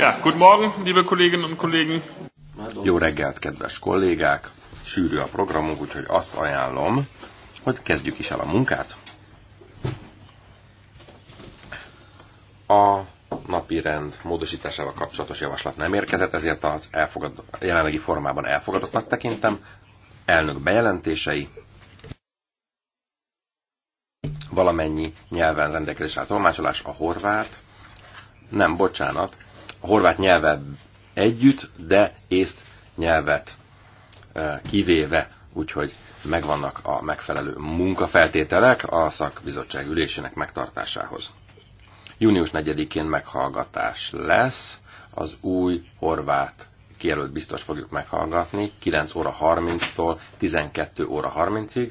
Ja, liebe Kolleginnen und Kollegen. Jó reggelt, kedves kollégák! Sűrű a programunk, úgyhogy azt ajánlom, hogy kezdjük is el a munkát. A napi rend módosításával kapcsolatos javaslat nem érkezett, ezért az elfogad, jelenlegi formában elfogadottnak tekintem. Elnök bejelentései, valamennyi nyelven rendelkezésre tolmácsolás a horvát, nem, bocsánat, a horvát nyelve együtt, de észt nyelvet e, kivéve, úgyhogy megvannak a megfelelő munkafeltételek a szakbizottság ülésének megtartásához. Június 4-én meghallgatás lesz, az új horvát kijelölt biztos fogjuk meghallgatni 9 óra 30-tól 12 óra 30-ig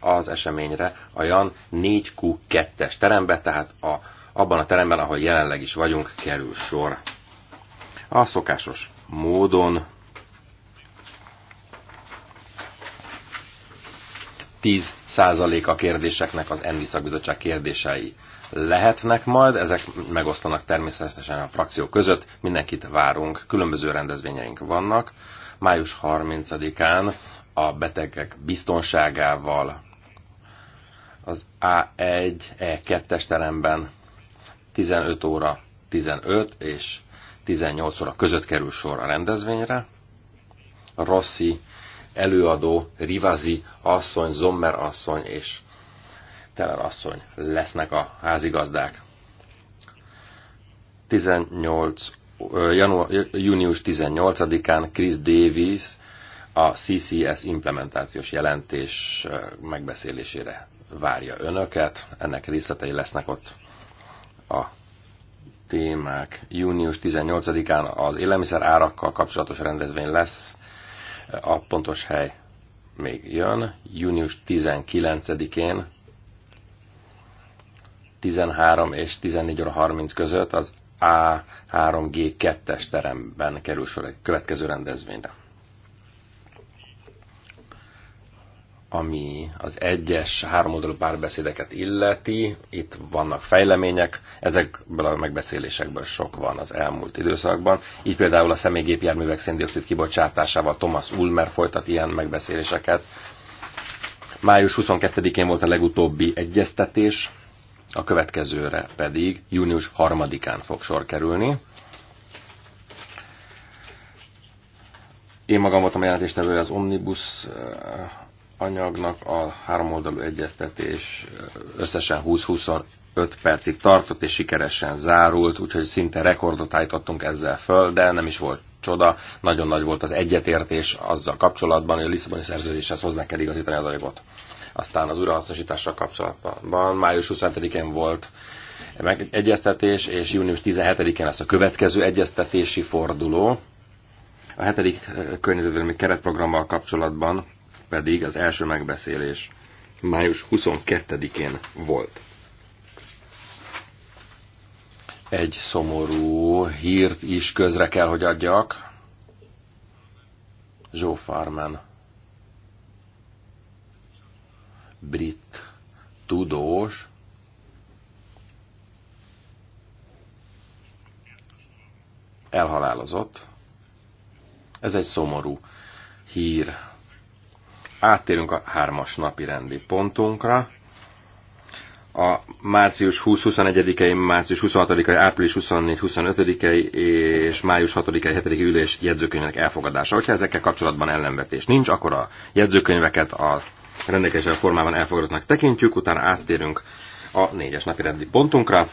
az eseményre a Jan 4Q2-es terembe, tehát a, abban a teremben, ahol jelenleg is vagyunk, kerül sor. A szokásos módon 10% a kérdéseknek az ENVI szakbizottság kérdései lehetnek majd, ezek megosztanak természetesen a frakció között, mindenkit várunk, különböző rendezvényeink vannak. Május 30-án a betegek biztonságával az A1, E2-es e teremben 15 óra 15 és 18 óra között kerül sor a rendezvényre. Rossi előadó, Rivazi asszony, Zommer asszony és Teller asszony lesznek a házigazdák. 18, január, június 18-án Chris Davis a CCS implementációs jelentés megbeszélésére várja önöket. Ennek részletei lesznek ott a témák. Június 18-án az élelmiszer árakkal kapcsolatos rendezvény lesz. A pontos hely még jön. Június 19-én 13 és 14 óra 30 között az A3G2-es teremben kerül sor egy következő rendezvényre. ami az egyes háromoldalú párbeszédeket illeti, itt vannak fejlemények, ezekből a megbeszélésekből sok van az elmúlt időszakban. Így például a személygépjárművek széndiokszid kibocsátásával Thomas Ulmer folytat ilyen megbeszéléseket. Május 22-én volt a legutóbbi egyeztetés, a következőre pedig június 3-án fog sor kerülni. Én magam voltam jelentéstevő az Omnibus anyagnak a háromoldalú egyeztetés összesen 20-25 percig tartott, és sikeresen zárult, úgyhogy szinte rekordot állítottunk ezzel föl, de nem is volt csoda. Nagyon nagy volt az egyetértés azzal kapcsolatban, hogy a Lisszaboni szerződéshez hozzá kell igazítani az anyagot. Aztán az újrahasznosítással kapcsolatban május 27-én volt egyeztetés, és június 17-én lesz a következő egyeztetési forduló. A hetedik környezetvédelmi keretprogrammal kapcsolatban pedig az első megbeszélés május 22-én volt. Egy szomorú hírt is közre kell, hogy adjak. Joe Farman, brit tudós, elhalálozott. Ez egy szomorú hír áttérünk a hármas napi rendi pontunkra. A március 20-21-ei, március 26-ai, április 24-25-ei és május 6-ai, 7 ülés jegyzőkönyvek elfogadása. Hogyha ezekkel kapcsolatban ellenvetés nincs, akkor a jegyzőkönyveket a rendelkező formában elfogadottnak tekintjük, utána áttérünk a négyes napi rendi pontunkra.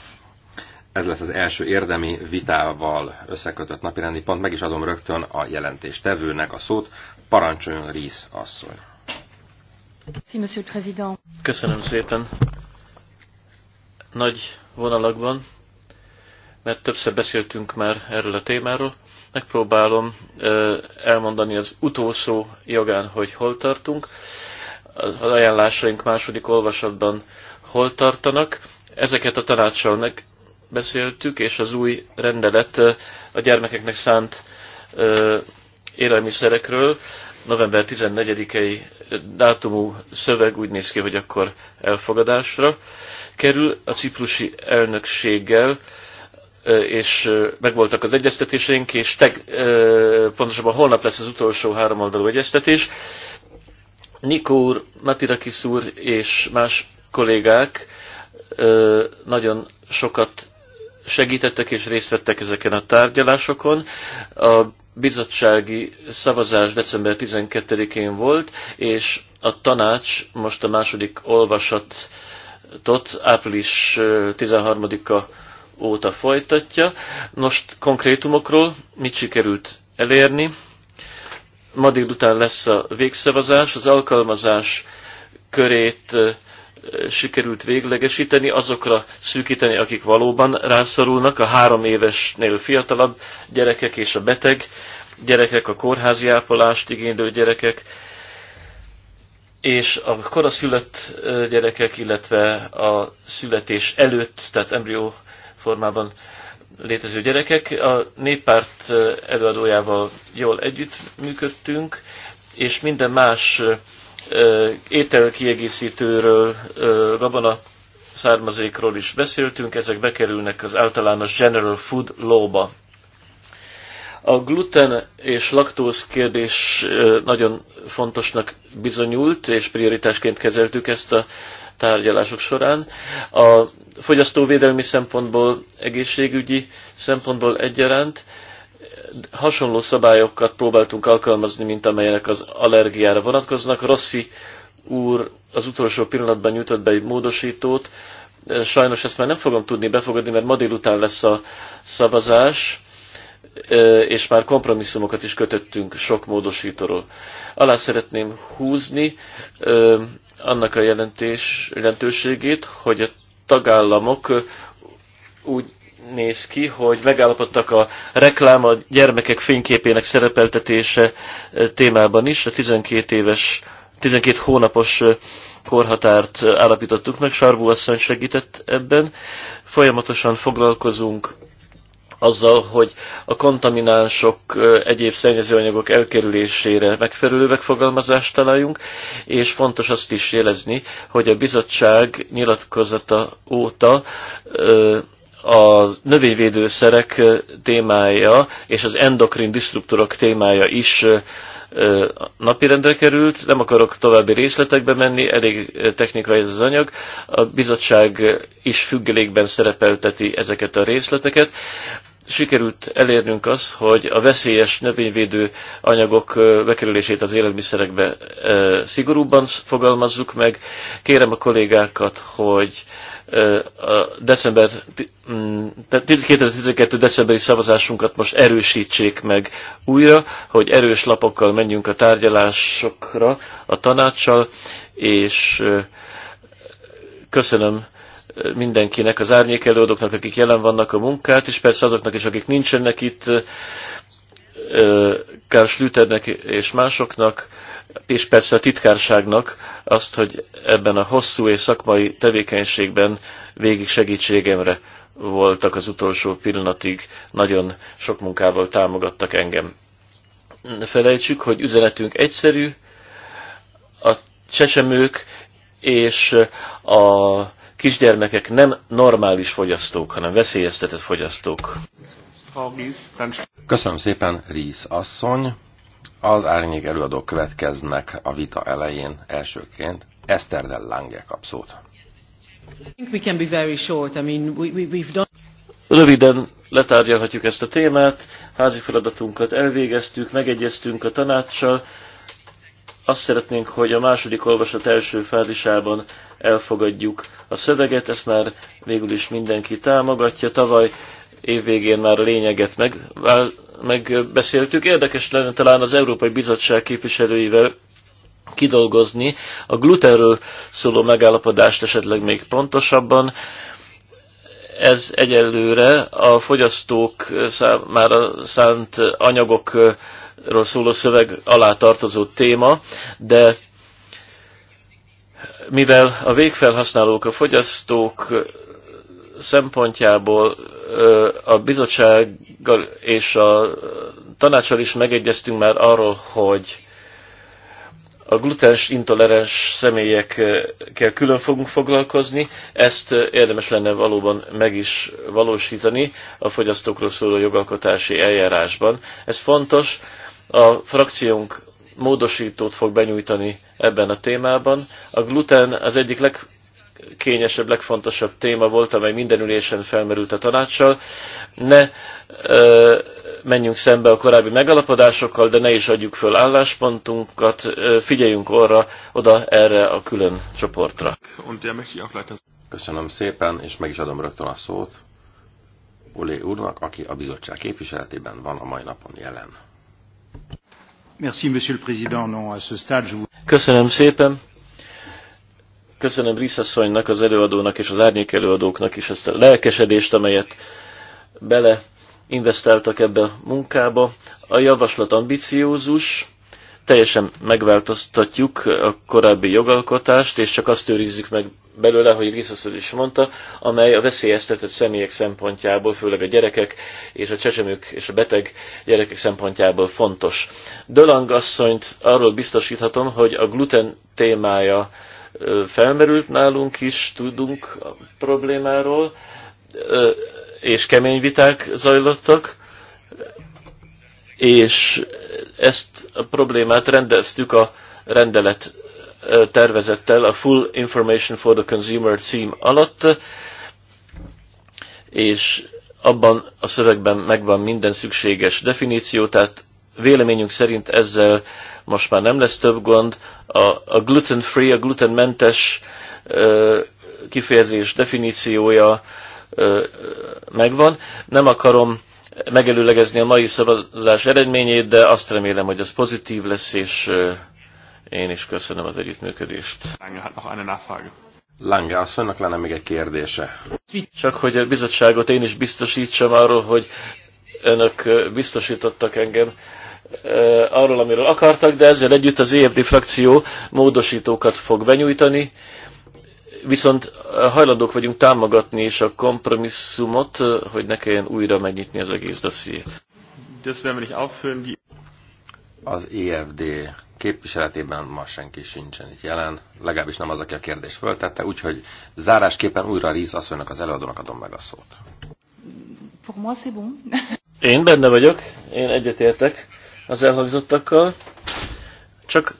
Ez lesz az első érdemi vitával összekötött napirendi pont. Meg is adom rögtön a jelentéstevőnek a szót. Parancsoljon Rísz asszony. Köszönöm szépen. Nagy vonalakban, mert többször beszéltünk már erről a témáról, megpróbálom elmondani az utolsó jogán, hogy hol tartunk. Az ajánlásaink második olvasatban hol tartanak. Ezeket a tanácssal megbeszéltük, és az új rendelet a gyermekeknek szánt élelmiszerekről november 14-i dátumú szöveg úgy néz ki, hogy akkor elfogadásra kerül. A ciprusi elnökséggel és megvoltak az egyeztetéseink, és teg, pontosabban holnap lesz az utolsó háromoldalú egyeztetés. Nikó úr, Matirakis úr és más kollégák nagyon sokat segítettek és részt vettek ezeken a tárgyalásokon. A bizottsági szavazás december 12-én volt, és a tanács most a második olvasatot április 13-a óta folytatja. Most konkrétumokról mit sikerült elérni? Ma délután lesz a végszavazás, az alkalmazás körét sikerült véglegesíteni, azokra szűkíteni, akik valóban rászorulnak, a három évesnél fiatalabb gyerekek és a beteg gyerekek, a kórházi ápolást igénylő gyerekek, és a koraszülött gyerekek, illetve a születés előtt, tehát embrió formában létező gyerekek. A néppárt előadójával jól együttműködtünk, és minden más ételkiegészítőről, gabona származékról is beszéltünk, ezek bekerülnek az általános General Food Law-ba. A gluten és laktóz kérdés nagyon fontosnak bizonyult, és prioritásként kezeltük ezt a tárgyalások során. A fogyasztóvédelmi szempontból, egészségügyi szempontból egyaránt, hasonló szabályokat próbáltunk alkalmazni, mint amelyek az allergiára vonatkoznak. Rossi úr az utolsó pillanatban nyújtott be egy módosítót. Sajnos ezt már nem fogom tudni befogadni, mert ma délután lesz a szavazás, és már kompromisszumokat is kötöttünk sok módosítóról. Alá szeretném húzni annak a jelentés, jelentőségét, hogy a tagállamok úgy néz ki, hogy megállapodtak a reklám a gyermekek fényképének szerepeltetése eh, témában is. A 12 éves, 12 hónapos eh, korhatárt eh, állapítottuk meg, Sarbú asszony segített ebben. Folyamatosan foglalkozunk azzal, hogy a kontaminánsok, egyéb szennyezőanyagok elkerülésére megfelelő megfogalmazást találjunk, és fontos azt is jelezni, hogy a bizottság nyilatkozata óta a növényvédőszerek témája és az endokrin disruptorok témája is napirendre került. Nem akarok további részletekbe menni, elég technikai ez az anyag. A bizottság is függelékben szerepelteti ezeket a részleteket sikerült elérnünk az, hogy a veszélyes növényvédő anyagok bekerülését az élelmiszerekbe szigorúbban fogalmazzuk meg. Kérem a kollégákat, hogy a december, 2012. Mm, decemberi szavazásunkat most erősítsék meg újra, hogy erős lapokkal menjünk a tárgyalásokra a tanácssal, és köszönöm mindenkinek, az árnyékelőadóknak, akik jelen vannak a munkát, és persze azoknak is, akik nincsenek itt, Karl Schlüternek és másoknak, és persze a titkárságnak azt, hogy ebben a hosszú és szakmai tevékenységben végig segítségemre voltak az utolsó pillanatig, nagyon sok munkával támogattak engem. Ne felejtsük, hogy üzenetünk egyszerű, a csecsemők és a kisgyermekek nem normális fogyasztók, hanem veszélyeztetett fogyasztók. Köszönöm szépen, Rísz asszony. Az árnyék előadók következnek a vita elején elsőként. Eszter Del Lange kap szót. Röviden letárgyalhatjuk ezt a témát, házi feladatunkat elvégeztük, megegyeztünk a tanácssal, azt szeretnénk, hogy a második olvasat első fázisában elfogadjuk a szöveget, ezt már végül is mindenki támogatja. Tavaly évvégén már a lényeget meg, megbeszéltük. Érdekes lenne talán az Európai Bizottság képviselőivel kidolgozni a glutenről szóló megállapodást esetleg még pontosabban. Ez egyelőre a fogyasztók számára szánt anyagok szóló szöveg alá tartozó téma, de mivel a végfelhasználók, a fogyasztók szempontjából a bizottsággal és a tanácsal is megegyeztünk már arról, hogy a glutens intoleráns személyekkel külön fogunk foglalkozni, ezt érdemes lenne valóban meg is valósítani a fogyasztókról szóló jogalkotási eljárásban. Ez fontos, a frakciónk módosítót fog benyújtani ebben a témában. A gluten az egyik legkényesebb, legfontosabb téma volt, amely minden ülésen felmerült a tanácssal. Ne ö, menjünk szembe a korábbi megalapodásokkal, de ne is adjuk föl álláspontunkat, ö, figyeljünk orra, oda erre a külön csoportra. Köszönöm szépen, és meg is adom rögtön a szót Olé úrnak, aki a bizottság képviseletében van a mai napon jelen. Köszönöm szépen. Köszönöm Rissasszonynak, az előadónak és az árnyék előadóknak is ezt a lelkesedést, amelyet bele investáltak ebbe a munkába. A javaslat ambiciózus, teljesen megváltoztatjuk a korábbi jogalkotást, és csak azt őrizzük meg belőle, hogy Griszaszöd is mondta, amely a veszélyeztetett személyek szempontjából, főleg a gyerekek és a csecsemők és a beteg gyerekek szempontjából fontos. Dölang asszonyt arról biztosíthatom, hogy a gluten témája felmerült nálunk is, tudunk a problémáról, és kemény viták zajlottak és ezt a problémát rendeztük a rendelet tervezettel a Full Information for the Consumer cím alatt, és abban a szövegben megvan minden szükséges definíció, tehát véleményünk szerint ezzel most már nem lesz több gond. A, a gluten-free, a glutenmentes ö, kifejezés definíciója ö, megvan. Nem akarom megelőlegezni a mai szavazás eredményét, de azt remélem, hogy az pozitív lesz, és én is köszönöm az együttműködést. Lange asszonynak lenne még egy kérdése. Csak hogy a bizottságot én is biztosítsam arról, hogy önök biztosítottak engem arról, amiről akartak, de ezzel együtt az EFD frakció módosítókat fog benyújtani, viszont eh, hajlandók vagyunk támogatni is a kompromisszumot, eh, hogy ne kelljen újra megnyitni az egész dossziét. Az EFD képviseletében ma senki sincsen itt jelen, legalábbis nem az, aki a kérdést föltette, úgyhogy zárásképpen újra Riz asszonynak az előadónak adom meg a szót. Én benne vagyok, én egyetértek az elhangzottakkal, csak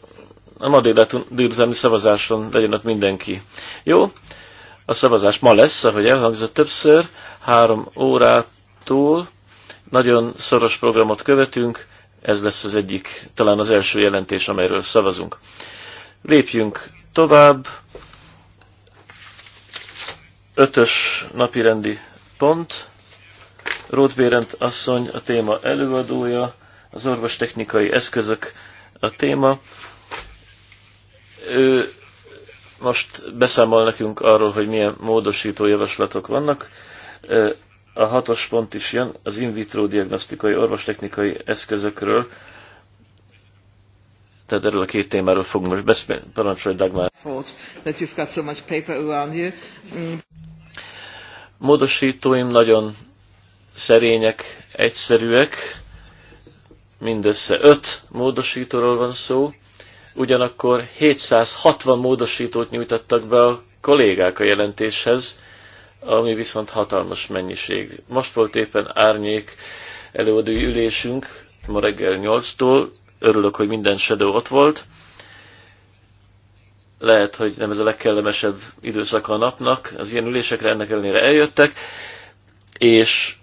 a ma délutáni szavazáson legyen ott mindenki. Jó? A szavazás ma lesz, ahogy elhangzott többször, három órától. Nagyon szoros programot követünk, ez lesz az egyik, talán az első jelentés, amelyről szavazunk. Lépjünk tovább. Ötös napirendi pont. Róth Bérent asszony a téma előadója, az orvostechnikai eszközök a téma. Ő most beszámol nekünk arról, hogy milyen módosító javaslatok vannak. A hatos pont is jön az in vitro diagnosztikai orvostechnikai eszközökről. Tehát erről a két témáról fogunk most beszélni. Parancsolj, Dagmar! Mm. Módosítóim nagyon szerények, egyszerűek. Mindössze öt módosítóról van szó ugyanakkor 760 módosítót nyújtottak be a kollégák a jelentéshez, ami viszont hatalmas mennyiség. Most volt éppen árnyék előadói ülésünk, ma reggel 8-tól, örülök, hogy minden sedő ott volt. Lehet, hogy nem ez a legkellemesebb időszaka a napnak, az ilyen ülésekre ennek ellenére eljöttek, és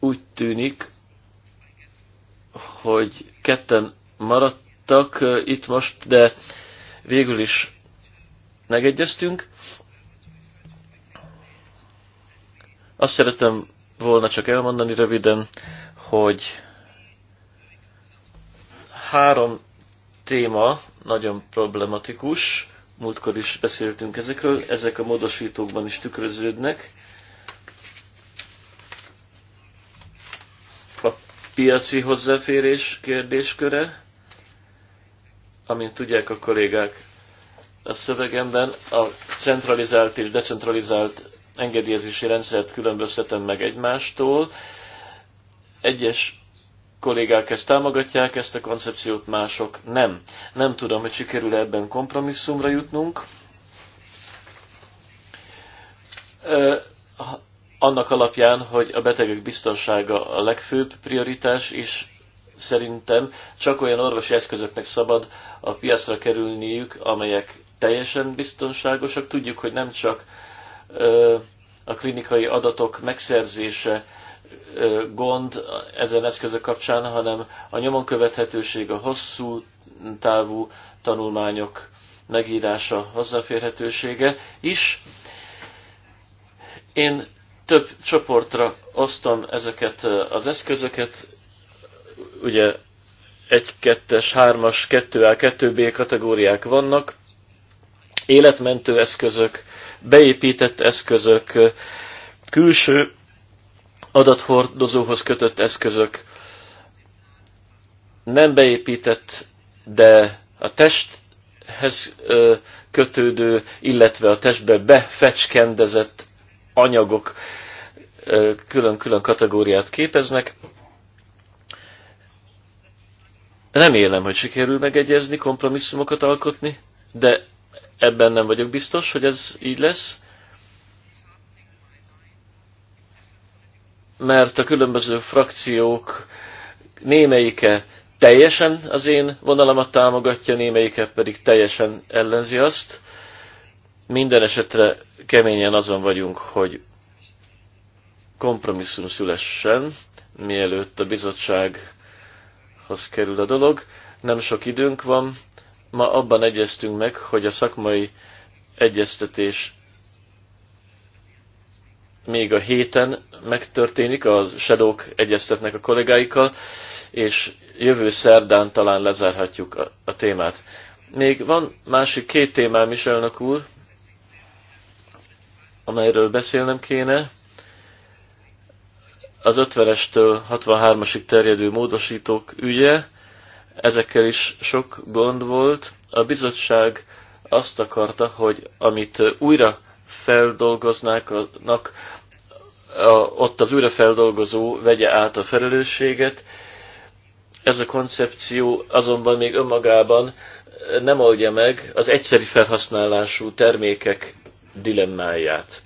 úgy tűnik, hogy ketten maradtak itt most, de végül is megegyeztünk. Azt szeretem volna csak elmondani röviden, hogy három téma nagyon problematikus, múltkor is beszéltünk ezekről, ezek a módosítókban is tükröződnek. A piaci hozzáférés kérdésköre, amint tudják a kollégák, a szövegemben a centralizált és decentralizált engedélyezési rendszert különböztetem meg egymástól. Egyes kollégák ezt támogatják, ezt a koncepciót mások nem. Nem tudom, hogy sikerül ebben kompromisszumra jutnunk. Annak alapján, hogy a betegek biztonsága a legfőbb prioritás, és szerintem csak olyan orvosi eszközöknek szabad a piacra kerülniük, amelyek teljesen biztonságosak. Tudjuk, hogy nem csak a klinikai adatok megszerzése gond ezen eszközök kapcsán, hanem a nyomon követhetőség, a hosszú távú tanulmányok megírása, hozzáférhetősége is. Én több csoportra osztom ezeket az eszközöket, ugye 1, 2-es, 3-as, 2A, 2B kategóriák vannak, életmentő eszközök, beépített eszközök, külső adathordozóhoz kötött eszközök, nem beépített, de a testhez kötődő, illetve a testbe befecskendezett anyagok külön-külön kategóriát képeznek. Remélem, hogy sikerül megegyezni, kompromisszumokat alkotni, de ebben nem vagyok biztos, hogy ez így lesz. Mert a különböző frakciók némelyike teljesen az én vonalamat támogatja, némelyike pedig teljesen ellenzi azt. Minden esetre keményen azon vagyunk, hogy kompromisszum szülessen, mielőtt a bizottság asztalhoz kerül a dolog. Nem sok időnk van. Ma abban egyeztünk meg, hogy a szakmai egyeztetés még a héten megtörténik, a sedók egyeztetnek a kollégáikkal, és jövő szerdán talán lezárhatjuk a, a témát. Még van másik két témám is, elnök úr, amelyről beszélnem kéne az 50-estől 63-asig terjedő módosítók ügye, ezekkel is sok gond volt. A bizottság azt akarta, hogy amit újra feldolgoznák, a, ott az újrafeldolgozó vegye át a felelősséget. Ez a koncepció azonban még önmagában nem oldja meg az egyszeri felhasználású termékek dilemmáját.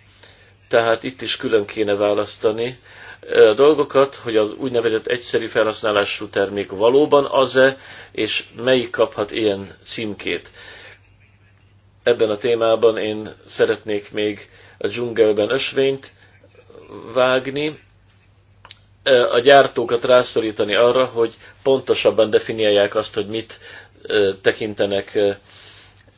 Tehát itt is külön kéne választani a dolgokat, hogy az úgynevezett egyszerű felhasználású termék valóban az-e, és melyik kaphat ilyen címkét. Ebben a témában én szeretnék még a dzsungelben ösvényt vágni, a gyártókat rászorítani arra, hogy pontosabban definiálják azt, hogy mit tekintenek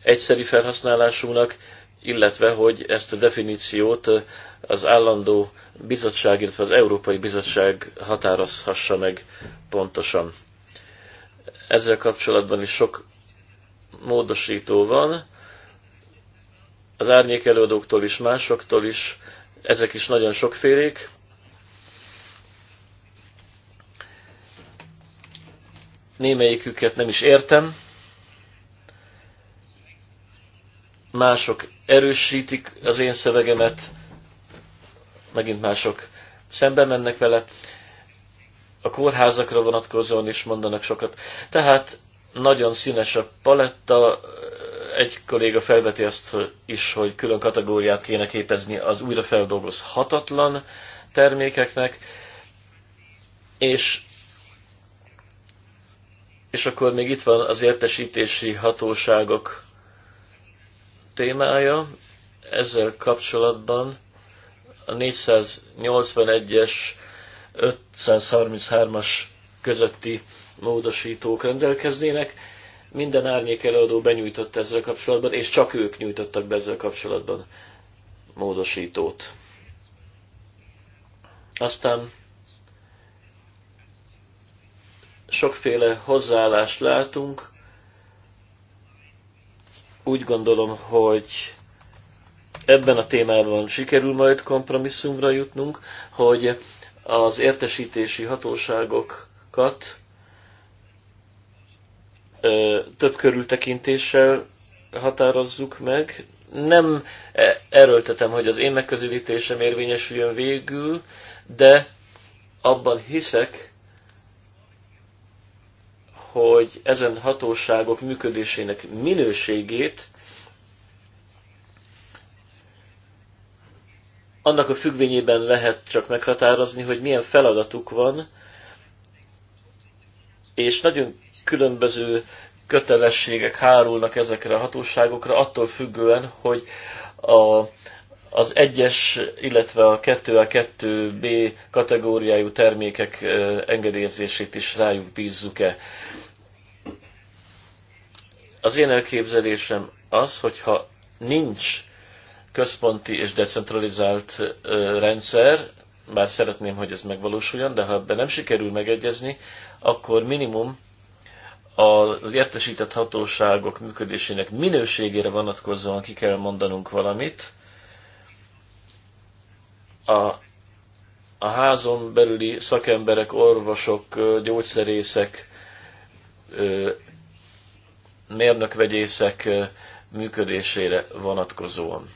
egyszerű felhasználásúnak, illetve hogy ezt a definíciót az állandó bizottság, illetve az Európai Bizottság határozhassa meg pontosan. Ezzel kapcsolatban is sok módosító van, az árnyék előadóktól is, másoktól is, ezek is nagyon sokfélék. Némelyiküket nem is értem, mások erősítik az én szövegemet, megint mások szembe mennek vele, a kórházakra vonatkozóan is mondanak sokat. Tehát nagyon színes a paletta, egy kolléga felveti azt is, hogy külön kategóriát kéne képezni az újrafeldolgozhatatlan termékeknek, és, és akkor még itt van az értesítési hatóságok témája. Ezzel kapcsolatban a 481-es 533-as közötti módosítók rendelkeznének. Minden árnyék előadó benyújtott ezzel kapcsolatban, és csak ők nyújtottak be ezzel kapcsolatban módosítót. Aztán sokféle hozzáállást látunk, úgy gondolom, hogy ebben a témában sikerül majd kompromisszumra jutnunk, hogy az értesítési hatóságokat ö, több körültekintéssel határozzuk meg. Nem e, erőltetem, hogy az én megközelítésem érvényesüljön végül, de abban hiszek, hogy ezen hatóságok működésének minőségét annak a függvényében lehet csak meghatározni, hogy milyen feladatuk van, és nagyon különböző kötelességek hárulnak ezekre a hatóságokra, attól függően, hogy a az egyes illetve a 2A2B kategóriájú termékek engedélyezését is rájuk bízzuk-e. Az én elképzelésem az, hogyha nincs központi és decentralizált rendszer, bár szeretném, hogy ez megvalósuljon, de ha ebben nem sikerül megegyezni, akkor minimum az értesített hatóságok működésének minőségére vonatkozóan ki kell mondanunk valamit, a, a házon belüli szakemberek, orvosok, gyógyszerészek, mérnökvegyészek működésére vonatkozóan.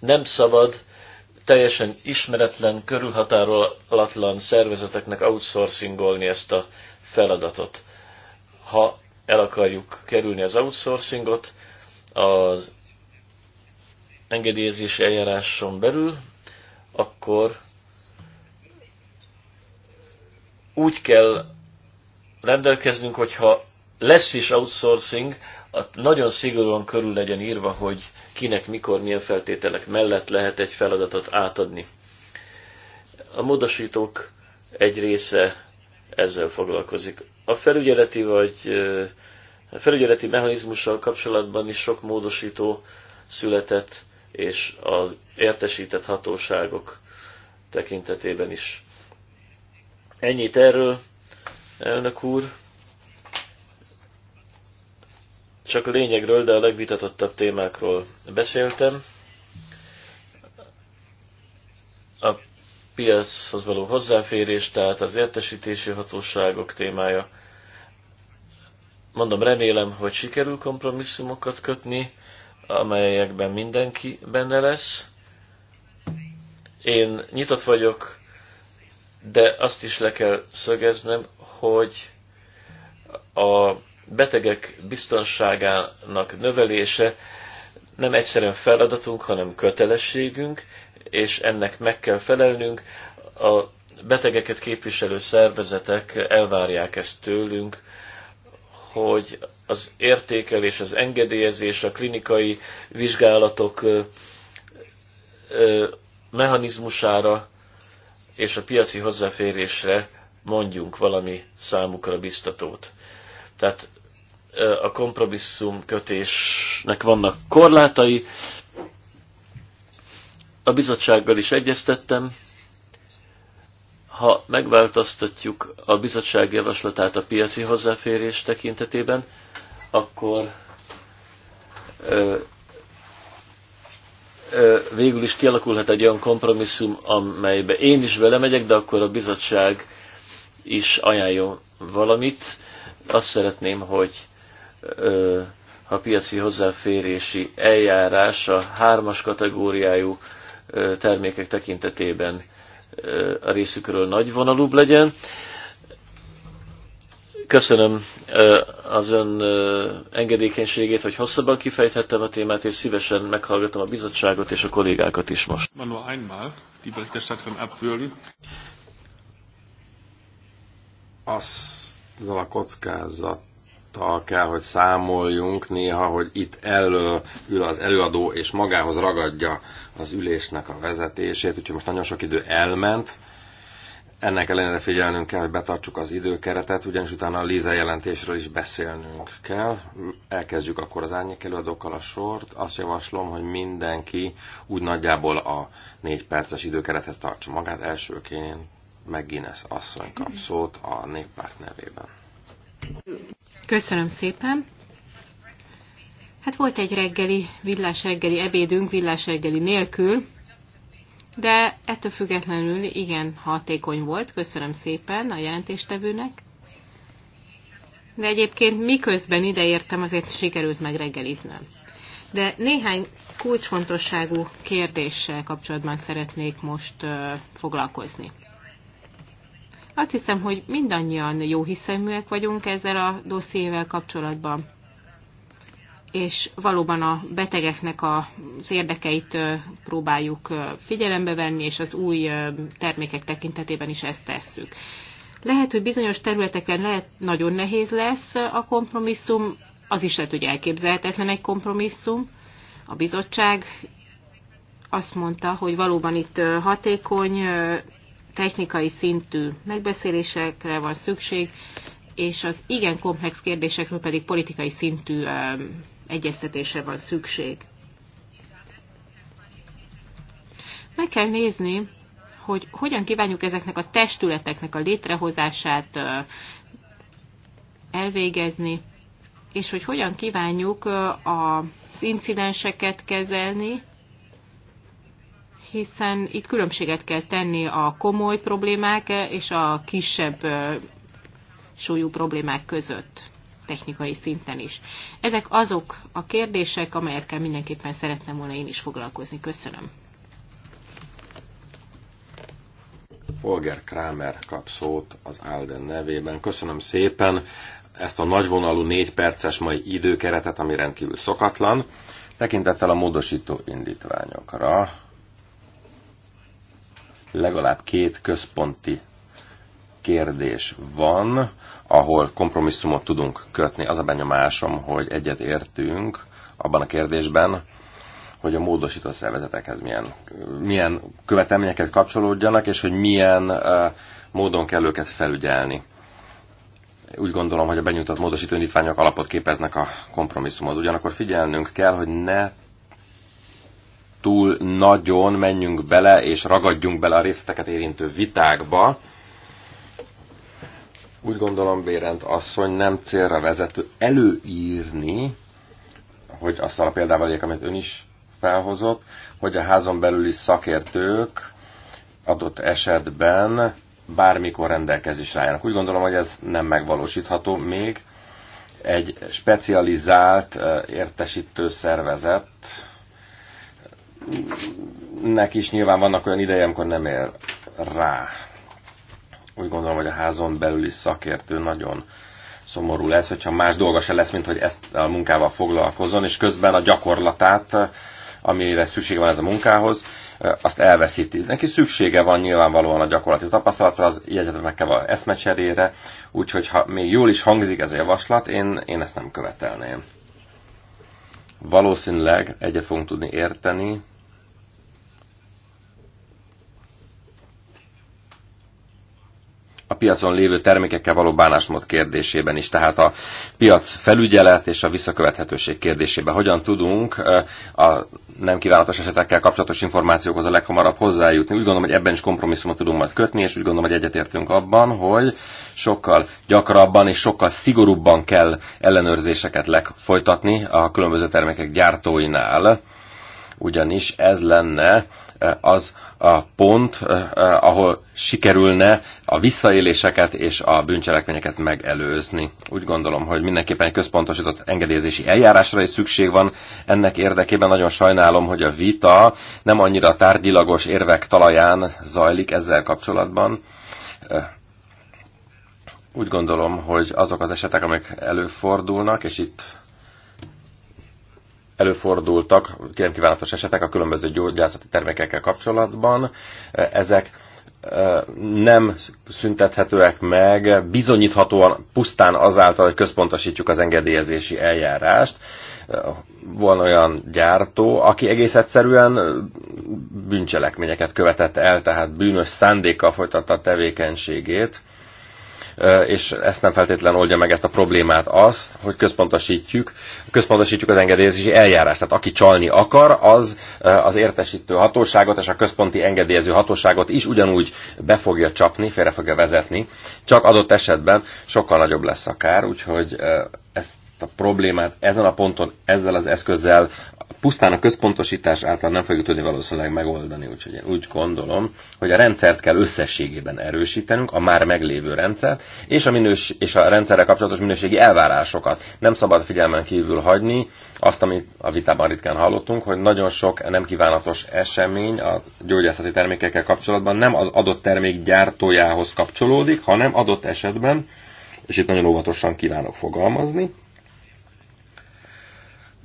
Nem szabad teljesen ismeretlen, körülhatárolatlan szervezeteknek outsourcingolni ezt a feladatot. Ha el akarjuk kerülni az outsourcingot, az engedélyezési eljáráson belül, akkor úgy kell rendelkeznünk, hogyha lesz is outsourcing, nagyon szigorúan körül legyen írva, hogy kinek, mikor, milyen feltételek mellett lehet egy feladatot átadni. A módosítók egy része ezzel foglalkozik. A felügyeleti vagy a felügyeleti mechanizmussal kapcsolatban is sok módosító született és az értesített hatóságok tekintetében is. Ennyit erről, elnök úr. Csak a lényegről, de a legvitatottabb témákról beszéltem. A piachoz való hozzáférés, tehát az értesítési hatóságok témája. Mondom, remélem, hogy sikerül kompromisszumokat kötni amelyekben mindenki benne lesz. Én nyitott vagyok, de azt is le kell szögeznem, hogy a betegek biztonságának növelése nem egyszerűen feladatunk, hanem kötelességünk, és ennek meg kell felelnünk. A betegeket képviselő szervezetek elvárják ezt tőlünk, hogy az értékelés, az engedélyezés, a klinikai vizsgálatok mechanizmusára és a piaci hozzáférésre mondjunk valami számukra biztatót. Tehát a kompromisszum kötésnek vannak korlátai. A bizottsággal is egyeztettem, ha megváltoztatjuk a bizottság javaslatát a piaci hozzáférés tekintetében, akkor ö, ö, végül is kialakulhat egy olyan kompromisszum, amelybe én is belemegyek, de akkor a bizottság is ajánljon valamit. Azt szeretném, hogy ö, a piaci hozzáférési eljárás a hármas kategóriájú termékek tekintetében a részükről nagy vonalúbb legyen. Köszönöm az ön engedékenységét, hogy hosszabban kifejthettem a témát, és szívesen meghallgatom a bizottságot és a kollégákat is most. Azzal a kockázat azzal kell, hogy számoljunk néha, hogy itt elő ül az előadó, és magához ragadja az ülésnek a vezetését, úgyhogy most nagyon sok idő elment. Ennek ellenére figyelnünk kell, hogy betartsuk az időkeretet, ugyanis utána a Liza jelentésről is beszélnünk kell. Elkezdjük akkor az árnyék előadókkal a sort. Azt javaslom, hogy mindenki úgy nagyjából a négy perces időkerethez tartsa magát. Elsőként Guinness asszony kap szót a néppárt nevében. Köszönöm szépen. Hát volt egy reggeli, villás reggeli ebédünk, villás reggeli nélkül, de ettől függetlenül igen hatékony volt. Köszönöm szépen a jelentéstevőnek. De egyébként miközben ideértem, azért sikerült megreggeliznem. De néhány kulcsfontosságú kérdéssel kapcsolatban szeretnék most foglalkozni. Azt hiszem, hogy mindannyian jó hiszeműek vagyunk ezzel a dossziével kapcsolatban, és valóban a betegeknek az érdekeit próbáljuk figyelembe venni, és az új termékek tekintetében is ezt tesszük. Lehet, hogy bizonyos területeken lehet, nagyon nehéz lesz a kompromisszum, az is lehet, hogy elképzelhetetlen egy kompromisszum. A bizottság azt mondta, hogy valóban itt hatékony technikai szintű megbeszélésekre van szükség, és az igen komplex kérdésekről pedig politikai szintű egyeztetésre van szükség. Meg kell nézni, hogy hogyan kívánjuk ezeknek a testületeknek a létrehozását elvégezni, és hogy hogyan kívánjuk az incidenseket kezelni, hiszen itt különbséget kell tenni a komoly problémák és a kisebb súlyú problémák között technikai szinten is. Ezek azok a kérdések, amelyekkel mindenképpen szeretném volna én is foglalkozni. Köszönöm. Volger Kramer kap szót az Alden nevében. Köszönöm szépen ezt a nagyvonalú négy perces mai időkeretet, ami rendkívül szokatlan. Tekintettel a módosító indítványokra legalább két központi kérdés van, ahol kompromisszumot tudunk kötni. Az a benyomásom, hogy egyet értünk abban a kérdésben, hogy a módosított szervezetekhez milyen, milyen követelményeket kapcsolódjanak, és hogy milyen uh, módon kell őket felügyelni. Úgy gondolom, hogy a benyújtott módosító indítványok alapot képeznek a kompromisszumot, Ugyanakkor figyelnünk kell, hogy ne túl nagyon menjünk bele és ragadjunk bele a részleteket érintő vitákba. Úgy gondolom, Bérent asszony nem célra vezető előírni, hogy azt a példával ég, amit ön is felhozott, hogy a házon belüli szakértők adott esetben bármikor rendelkezésre álljanak. Úgy gondolom, hogy ez nem megvalósítható még. Egy specializált eh, értesítő szervezet nek is nyilván vannak olyan ideje, amikor nem ér rá. Úgy gondolom, hogy a házon belüli szakértő nagyon szomorú lesz, hogyha más dolga se lesz, mint hogy ezt a munkával foglalkozzon, és közben a gyakorlatát, amire szüksége van ez a munkához, azt elveszíti. Neki szüksége van nyilvánvalóan a gyakorlati tapasztalatra, az egyetemekkel eszmecserére, úgyhogy ha még jól is hangzik ez a javaslat, én, én ezt nem követelném. Valószínűleg egyet fogunk tudni érteni, piacon lévő termékekkel való bánásmód kérdésében is, tehát a piac felügyelet és a visszakövethetőség kérdésében. Hogyan tudunk a nem kívánatos esetekkel kapcsolatos információkhoz a leghamarabb hozzájutni? Úgy gondolom, hogy ebben is kompromisszumot tudunk majd kötni, és úgy gondolom, hogy egyetértünk abban, hogy sokkal gyakrabban és sokkal szigorúbban kell ellenőrzéseket folytatni a különböző termékek gyártóinál ugyanis ez lenne az a pont, eh, eh, ahol sikerülne a visszaéléseket és a bűncselekményeket megelőzni. Úgy gondolom, hogy mindenképpen egy központosított engedélyezési eljárásra is szükség van. Ennek érdekében nagyon sajnálom, hogy a vita nem annyira tárgyilagos érvek talaján zajlik ezzel kapcsolatban. Eh, Úgy gondolom, hogy azok az esetek, amik előfordulnak, és itt előfordultak kívánatos esetek a különböző gyógyászati termékekkel kapcsolatban. Ezek nem szüntethetőek meg bizonyíthatóan pusztán azáltal, hogy központosítjuk az engedélyezési eljárást. Van olyan gyártó, aki egész egyszerűen bűncselekményeket követett el, tehát bűnös szándékkal folytatta a tevékenységét, és ezt nem feltétlenül oldja meg ezt a problémát azt, hogy központosítjuk, központosítjuk az engedélyezési eljárást. Tehát aki csalni akar, az az értesítő hatóságot és a központi engedélyező hatóságot is ugyanúgy be fogja csapni, félre fogja vezetni, csak adott esetben sokkal nagyobb lesz a kár, úgyhogy a problémát ezen a ponton, ezzel az eszközzel pusztán a központosítás által nem fogjuk tudni valószínűleg megoldani. Úgyhogy én úgy gondolom, hogy a rendszert kell összességében erősítenünk, a már meglévő rendszert, és a, minős, és a rendszerrel kapcsolatos minőségi elvárásokat. Nem szabad figyelmen kívül hagyni azt, amit a vitában ritkán hallottunk, hogy nagyon sok nem kívánatos esemény a gyógyászati termékekkel kapcsolatban nem az adott termék gyártójához kapcsolódik, hanem adott esetben, és itt nagyon óvatosan kívánok fogalmazni,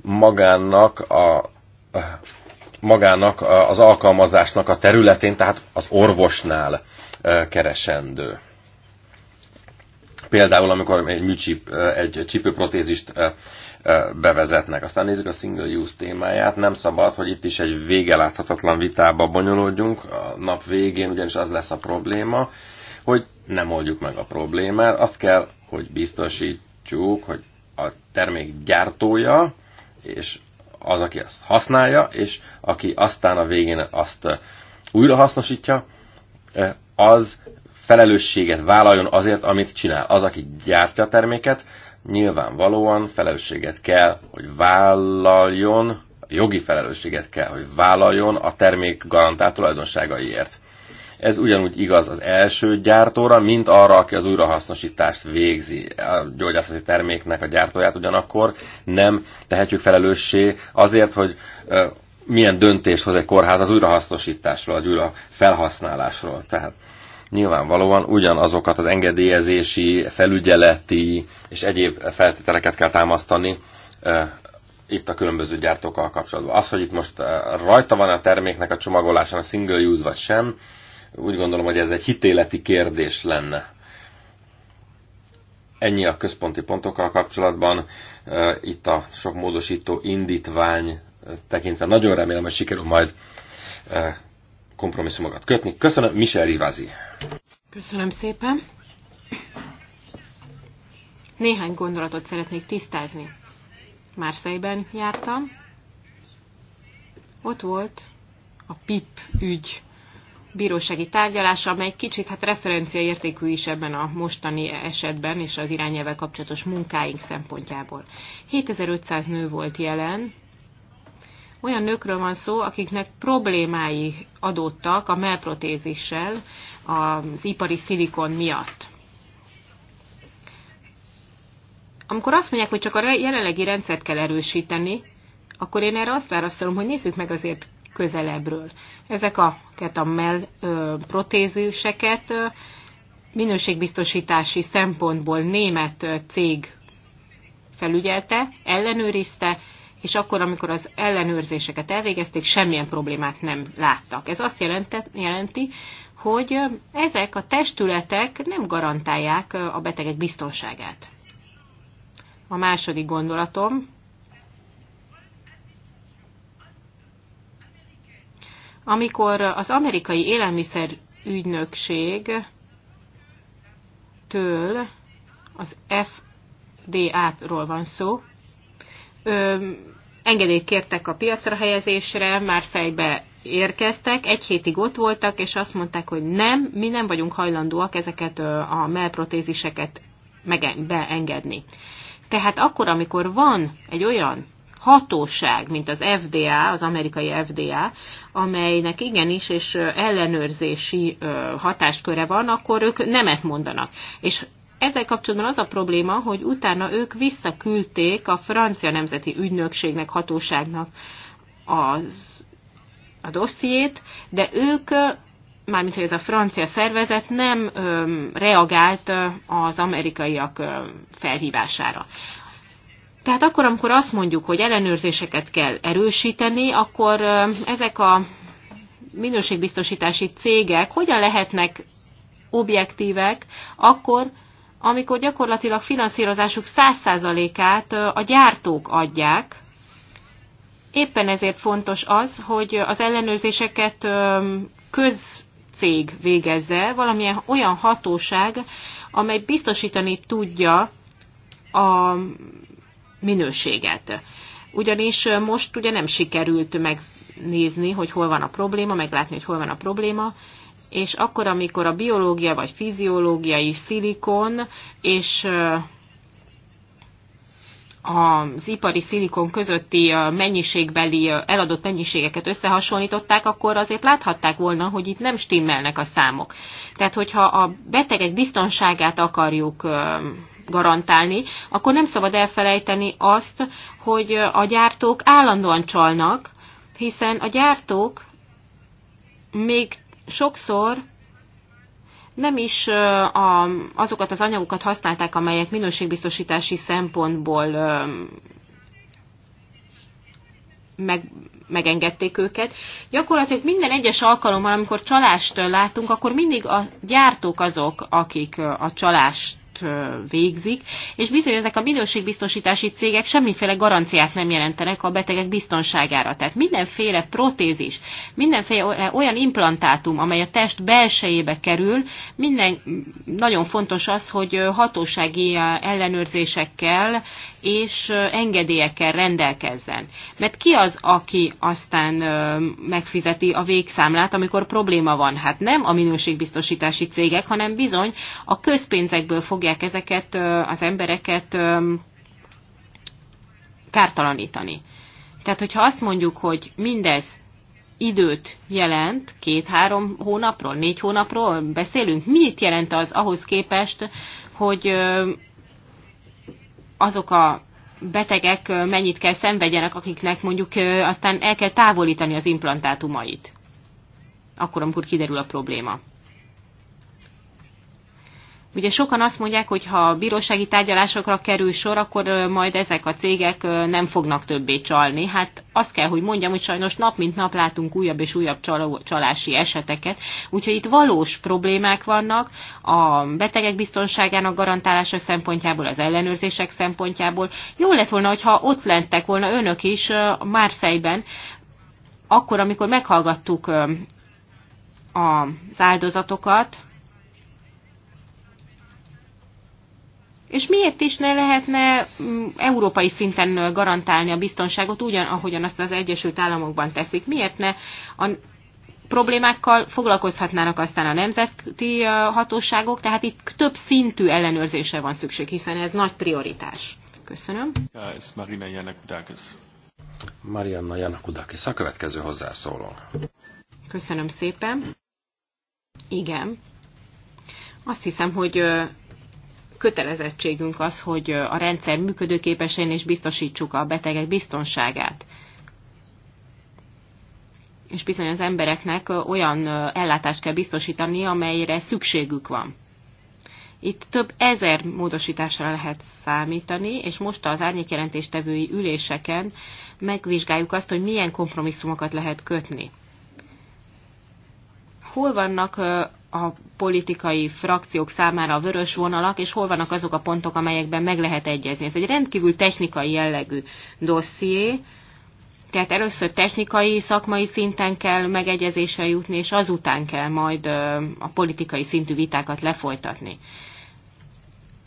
magának a magának az alkalmazásnak a területén, tehát az orvosnál keresendő. Például, amikor egy műcsip, egy csipőprotézist bevezetnek. Aztán nézzük a single use témáját. Nem szabad, hogy itt is egy végeláthatatlan vitába bonyolódjunk. A nap végén ugyanis az lesz a probléma, hogy nem oldjuk meg a problémát. Azt kell, hogy biztosítsuk, hogy a termék gyártója és az, aki azt használja, és aki aztán a végén azt újra hasznosítja, az felelősséget vállaljon azért, amit csinál. Az, aki gyártja a terméket, nyilvánvalóan felelősséget kell, hogy vállaljon, jogi felelősséget kell, hogy vállaljon a termék garantált tulajdonságaiért. Ez ugyanúgy igaz az első gyártóra, mint arra, aki az újrahasznosítást végzi a gyógyászati terméknek a gyártóját ugyanakkor. Nem tehetjük felelőssé azért, hogy milyen döntést hoz egy kórház az újrahasznosításról, az újra felhasználásról. Tehát nyilvánvalóan ugyanazokat az engedélyezési, felügyeleti és egyéb feltételeket kell támasztani itt a különböző gyártókkal kapcsolatban. Az, hogy itt most rajta van a terméknek a csomagolásán a single use vagy sem, úgy gondolom, hogy ez egy hitéleti kérdés lenne. Ennyi a központi pontokkal kapcsolatban. Itt a sok módosító indítvány tekintve nagyon remélem, hogy sikerül majd kompromisszumokat kötni. Köszönöm, Michel Rivazi. Köszönöm szépen. Néhány gondolatot szeretnék tisztázni. Márszeiben jártam. Ott volt a PIP ügy bírósági tárgyalása, amely kicsit hát referenciaértékű is ebben a mostani esetben és az irányelvel kapcsolatos munkáink szempontjából. 7500 nő volt jelen, olyan nőkről van szó, akiknek problémái adódtak a melprotézissel az ipari szilikon miatt. Amikor azt mondják, hogy csak a jelenlegi rendszert kell erősíteni, akkor én erre azt válaszolom, hogy nézzük meg azért közelebbről. Ezek a mell protéziseket minőségbiztosítási szempontból német cég felügyelte, ellenőrizte, és akkor, amikor az ellenőrzéseket elvégezték, semmilyen problémát nem láttak. Ez azt jelentett, jelenti, hogy ezek a testületek nem garantálják a betegek biztonságát. A második gondolatom amikor az amerikai élelmiszer ügynökség től az FDA-ról van szó, Ö, engedélyt kértek a piacra helyezésre, már fejbe érkeztek, egy hétig ott voltak, és azt mondták, hogy nem, mi nem vagyunk hajlandóak ezeket a melprotéziseket beengedni. Tehát akkor, amikor van egy olyan hatóság, mint az FDA, az amerikai FDA, amelynek igenis és ellenőrzési hatásköre van, akkor ők nemet mondanak. És ezzel kapcsolatban az a probléma, hogy utána ők visszaküldték a francia nemzeti ügynökségnek, hatóságnak az, a dossziét, de ők, mármint hogy ez a francia szervezet nem öm, reagált az amerikaiak öm, felhívására. Tehát akkor, amikor azt mondjuk, hogy ellenőrzéseket kell erősíteni, akkor ezek a minőségbiztosítási cégek hogyan lehetnek objektívek, akkor, amikor gyakorlatilag finanszírozásuk 100%-át a gyártók adják, Éppen ezért fontos az, hogy az ellenőrzéseket közcég végezze, valamilyen olyan hatóság, amely biztosítani tudja a minőséget. Ugyanis most ugye nem sikerült megnézni, hogy hol van a probléma, meglátni, hogy hol van a probléma, és akkor, amikor a biológia vagy fiziológiai szilikon és az ipari szilikon közötti mennyiségbeli eladott mennyiségeket összehasonlították, akkor azért láthatták volna, hogy itt nem stimmelnek a számok. Tehát, hogyha a betegek biztonságát akarjuk garantálni, akkor nem szabad elfelejteni azt, hogy a gyártók állandóan csalnak, hiszen a gyártók még sokszor nem is a, azokat az anyagokat használták, amelyek minőségbiztosítási szempontból meg, megengedték őket. Gyakorlatilag minden egyes alkalommal, amikor csalást látunk, akkor mindig a gyártók azok, akik a csalást végzik, és bizony ezek a minőségbiztosítási cégek semmiféle garanciát nem jelentenek a betegek biztonságára. Tehát mindenféle protézis, mindenféle e, olyan implantátum, amely a test belsejébe kerül, minden nagyon fontos az, hogy hatósági ellenőrzésekkel és engedélyekkel rendelkezzen. Mert ki az, aki aztán megfizeti a végszámlát, amikor probléma van? Hát nem a minőségbiztosítási cégek, hanem bizony a közpénzekből fogják ezeket az embereket kártalanítani. Tehát, hogyha azt mondjuk, hogy mindez időt jelent, két-három hónapról, négy hónapról beszélünk, mit jelent az ahhoz képest, hogy azok a betegek mennyit kell szenvedjenek, akiknek mondjuk aztán el kell távolítani az implantátumait. Akkor, amikor kiderül a probléma. Ugye sokan azt mondják, hogy ha a bírósági tárgyalásokra kerül sor, akkor majd ezek a cégek nem fognak többé csalni. Hát azt kell, hogy mondjam, hogy sajnos nap mint nap látunk újabb és újabb csalási eseteket. Úgyhogy itt valós problémák vannak a betegek biztonságának garantálása szempontjából, az ellenőrzések szempontjából. Jó lett volna, hogyha ott lentek volna önök is Márszejben, akkor, amikor meghallgattuk az áldozatokat, És miért is ne lehetne mm, európai szinten garantálni a biztonságot, ugyan ahogyan azt az Egyesült Államokban teszik? Miért ne a problémákkal foglalkozhatnának aztán a nemzeti hatóságok, tehát itt több szintű ellenőrzésre van szükség, hiszen ez nagy prioritás. Köszönöm. Ja, ez Marina Janakudakis. Marianna Janakudakis, a következő hozzászóló. Köszönöm szépen. Igen. Azt hiszem, hogy kötelezettségünk az, hogy a rendszer működőképesen és biztosítsuk a betegek biztonságát. És bizony az embereknek olyan ellátást kell biztosítani, amelyre szükségük van. Itt több ezer módosításra lehet számítani, és most az árnyékjelentéstevői üléseken megvizsgáljuk azt, hogy milyen kompromisszumokat lehet kötni. Hol vannak a politikai frakciók számára a vörös vonalak, és hol vannak azok a pontok, amelyekben meg lehet egyezni. Ez egy rendkívül technikai jellegű dosszié, tehát először technikai, szakmai szinten kell megegyezésre jutni, és azután kell majd a politikai szintű vitákat lefolytatni.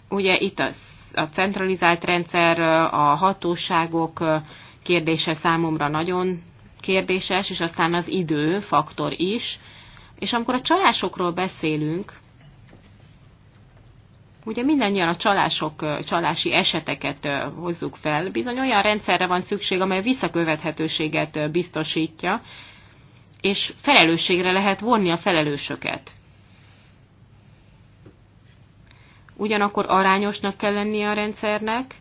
Ugye itt az, a centralizált rendszer, a hatóságok kérdése számomra nagyon kérdéses, és aztán az idő faktor is, és amikor a csalásokról beszélünk, ugye mindannyian a csalások, csalási eseteket hozzuk fel, bizony olyan rendszerre van szükség, amely visszakövethetőséget biztosítja, és felelősségre lehet vonni a felelősöket. Ugyanakkor arányosnak kell lennie a rendszernek,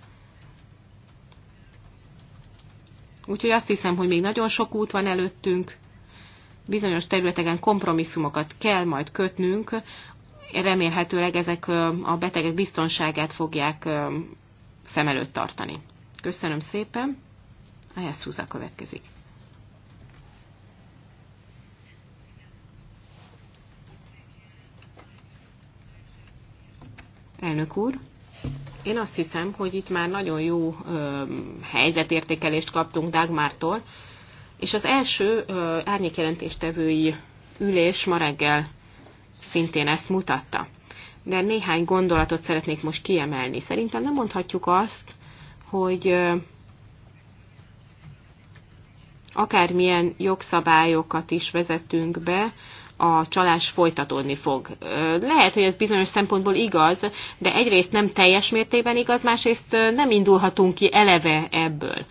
úgyhogy azt hiszem, hogy még nagyon sok út van előttünk, bizonyos területeken kompromisszumokat kell majd kötnünk, remélhetőleg ezek a betegek biztonságát fogják szem előtt tartani. Köszönöm szépen. A Jesszúza következik. Elnök úr, én azt hiszem, hogy itt már nagyon jó ö, helyzetértékelést kaptunk Dagmártól, és az első árnyékjelentéstevői ülés ma reggel szintén ezt mutatta. De néhány gondolatot szeretnék most kiemelni. Szerintem nem mondhatjuk azt, hogy akármilyen jogszabályokat is vezetünk be, a csalás folytatódni fog. Lehet, hogy ez bizonyos szempontból igaz, de egyrészt nem teljes mértékben igaz, másrészt nem indulhatunk ki eleve ebből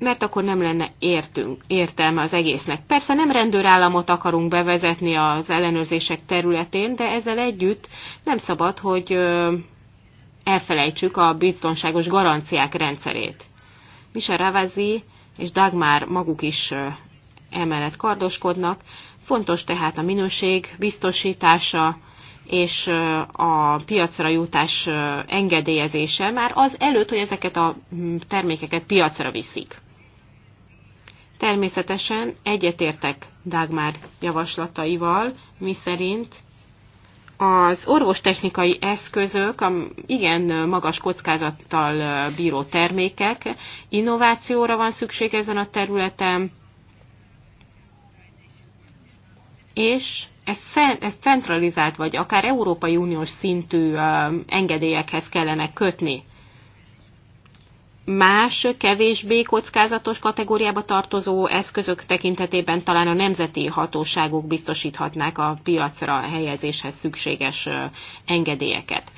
mert akkor nem lenne értünk, értelme az egésznek. Persze nem rendőrállamot akarunk bevezetni az ellenőrzések területén, de ezzel együtt nem szabad, hogy elfelejtsük a biztonságos garanciák rendszerét. Misa Ravazi és Dagmar maguk is emellett kardoskodnak. Fontos tehát a minőség biztosítása, és a piacra jutás engedélyezése már az előtt, hogy ezeket a termékeket piacra viszik. Természetesen egyetértek Dagmar javaslataival, miszerint az orvostechnikai eszközök, a igen magas kockázattal bíró termékek, innovációra van szükség ezen a területen, és ezt centralizált vagy akár Európai Uniós szintű engedélyekhez kellene kötni más, kevésbé kockázatos kategóriába tartozó eszközök tekintetében talán a nemzeti hatóságok biztosíthatnák a piacra helyezéshez szükséges engedélyeket.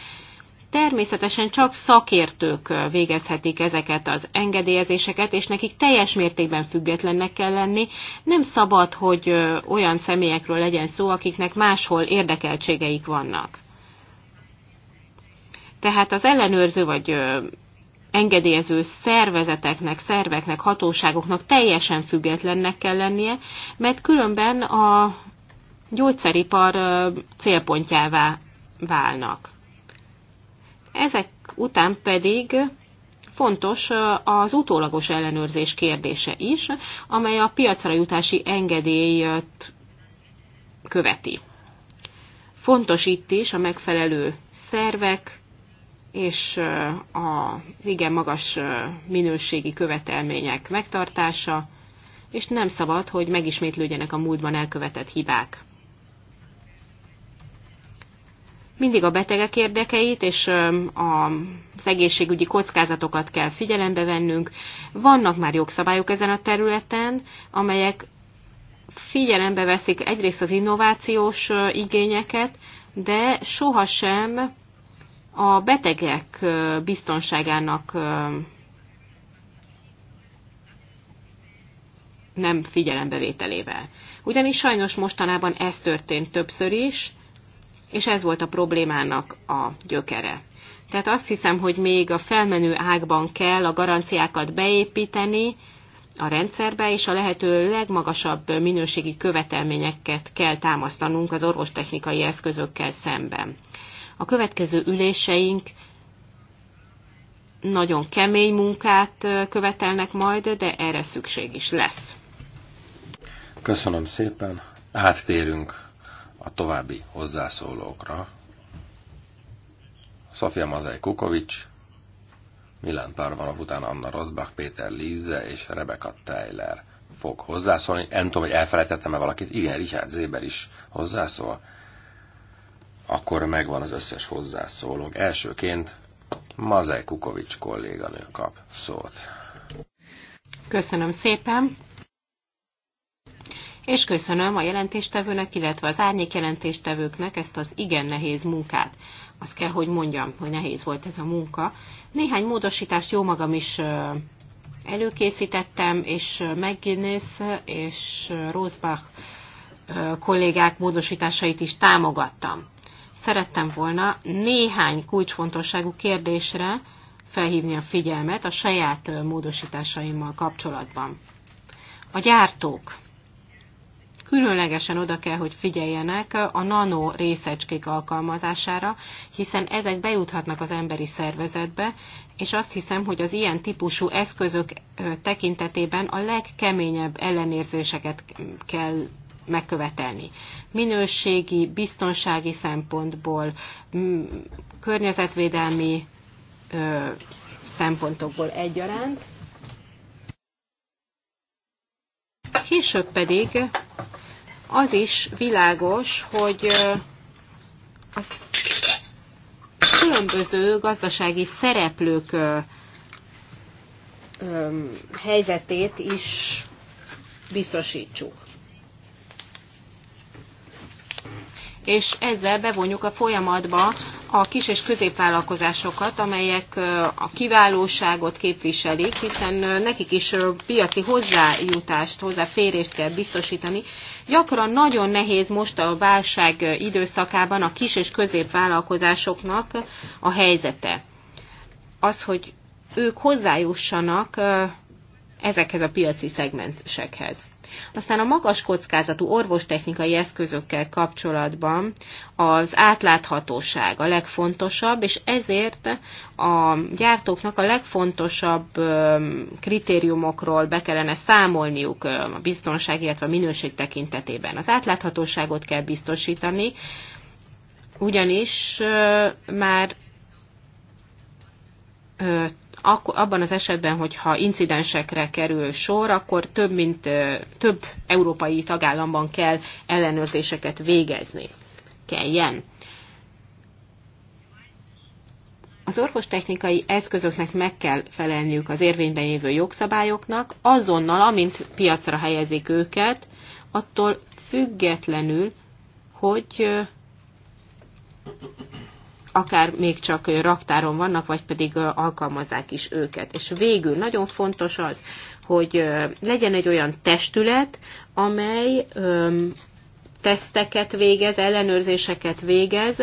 Természetesen csak szakértők végezhetik ezeket az engedélyezéseket, és nekik teljes mértékben függetlennek kell lenni. Nem szabad, hogy olyan személyekről legyen szó, akiknek máshol érdekeltségeik vannak. Tehát az ellenőrző vagy engedélyező szervezeteknek, szerveknek, hatóságoknak teljesen függetlennek kell lennie, mert különben a gyógyszeripar célpontjává válnak. Ezek után pedig fontos az utólagos ellenőrzés kérdése is, amely a piacra jutási engedélyt követi. Fontos itt is a megfelelő szervek és az igen magas minőségi követelmények megtartása, és nem szabad, hogy megismétlődjenek a múltban elkövetett hibák. Mindig a betegek érdekeit és az egészségügyi kockázatokat kell figyelembe vennünk. Vannak már jogszabályok ezen a területen, amelyek figyelembe veszik egyrészt az innovációs igényeket, de sohasem a betegek biztonságának nem figyelembevételével. Ugyanis sajnos mostanában ez történt többször is, és ez volt a problémának a gyökere. Tehát azt hiszem, hogy még a felmenő ágban kell a garanciákat beépíteni a rendszerbe, és a lehető legmagasabb minőségi követelményeket kell támasztanunk az orvostechnikai eszközökkel szemben. A következő üléseink nagyon kemény munkát követelnek majd, de erre szükség is lesz. Köszönöm szépen. Áttérünk a további hozzászólókra. Szofia Mazej Kukovics, Milán Párvanov után Anna Rosbach, Péter Líze és Rebecca Tyler fog hozzászólni. Nem tudom, hogy elfelejtettem-e valakit. Igen, Richard Zéber is hozzászól akkor megvan az összes hozzászólónk. Elsőként Mazel Kukovics kolléganő kap szót. Köszönöm szépen, és köszönöm a jelentéstevőnek, illetve az árnyék jelentéstevőknek ezt az igen nehéz munkát. Azt kell, hogy mondjam, hogy nehéz volt ez a munka. Néhány módosítást jó magam is előkészítettem, és McGuinness és Rosbach kollégák módosításait is támogattam szerettem volna néhány kulcsfontosságú kérdésre felhívni a figyelmet a saját módosításaimmal kapcsolatban. A gyártók különlegesen oda kell, hogy figyeljenek a nano részecskék alkalmazására, hiszen ezek bejuthatnak az emberi szervezetbe, és azt hiszem, hogy az ilyen típusú eszközök tekintetében a legkeményebb ellenérzéseket kell megkövetelni. Minőségi, biztonsági szempontból, környezetvédelmi ö, szempontokból egyaránt. Később pedig az is világos, hogy az különböző gazdasági szereplők helyzetét is biztosítsuk. és ezzel bevonjuk a folyamatba a kis és középvállalkozásokat, amelyek a kiválóságot képviselik, hiszen nekik is piaci hozzájutást, hozzáférést kell biztosítani. Gyakran nagyon nehéz most a válság időszakában a kis és középvállalkozásoknak a helyzete. Az, hogy ők hozzájussanak ezekhez a piaci szegmensekhez. Aztán a magas kockázatú orvostechnikai eszközökkel kapcsolatban az átláthatóság a legfontosabb, és ezért a gyártóknak a legfontosabb kritériumokról be kellene számolniuk a biztonság, illetve a minőség tekintetében. Az átláthatóságot kell biztosítani, ugyanis már abban az esetben, hogyha incidensekre kerül sor, akkor több mint több európai tagállamban kell ellenőrzéseket végezni. Kelljen. Az orvostechnikai eszközöknek meg kell felelniük az érvényben jövő jogszabályoknak, azonnal, amint piacra helyezik őket, attól függetlenül, hogy akár még csak raktáron vannak, vagy pedig alkalmazzák is őket. És végül nagyon fontos az, hogy legyen egy olyan testület, amely teszteket végez, ellenőrzéseket végez,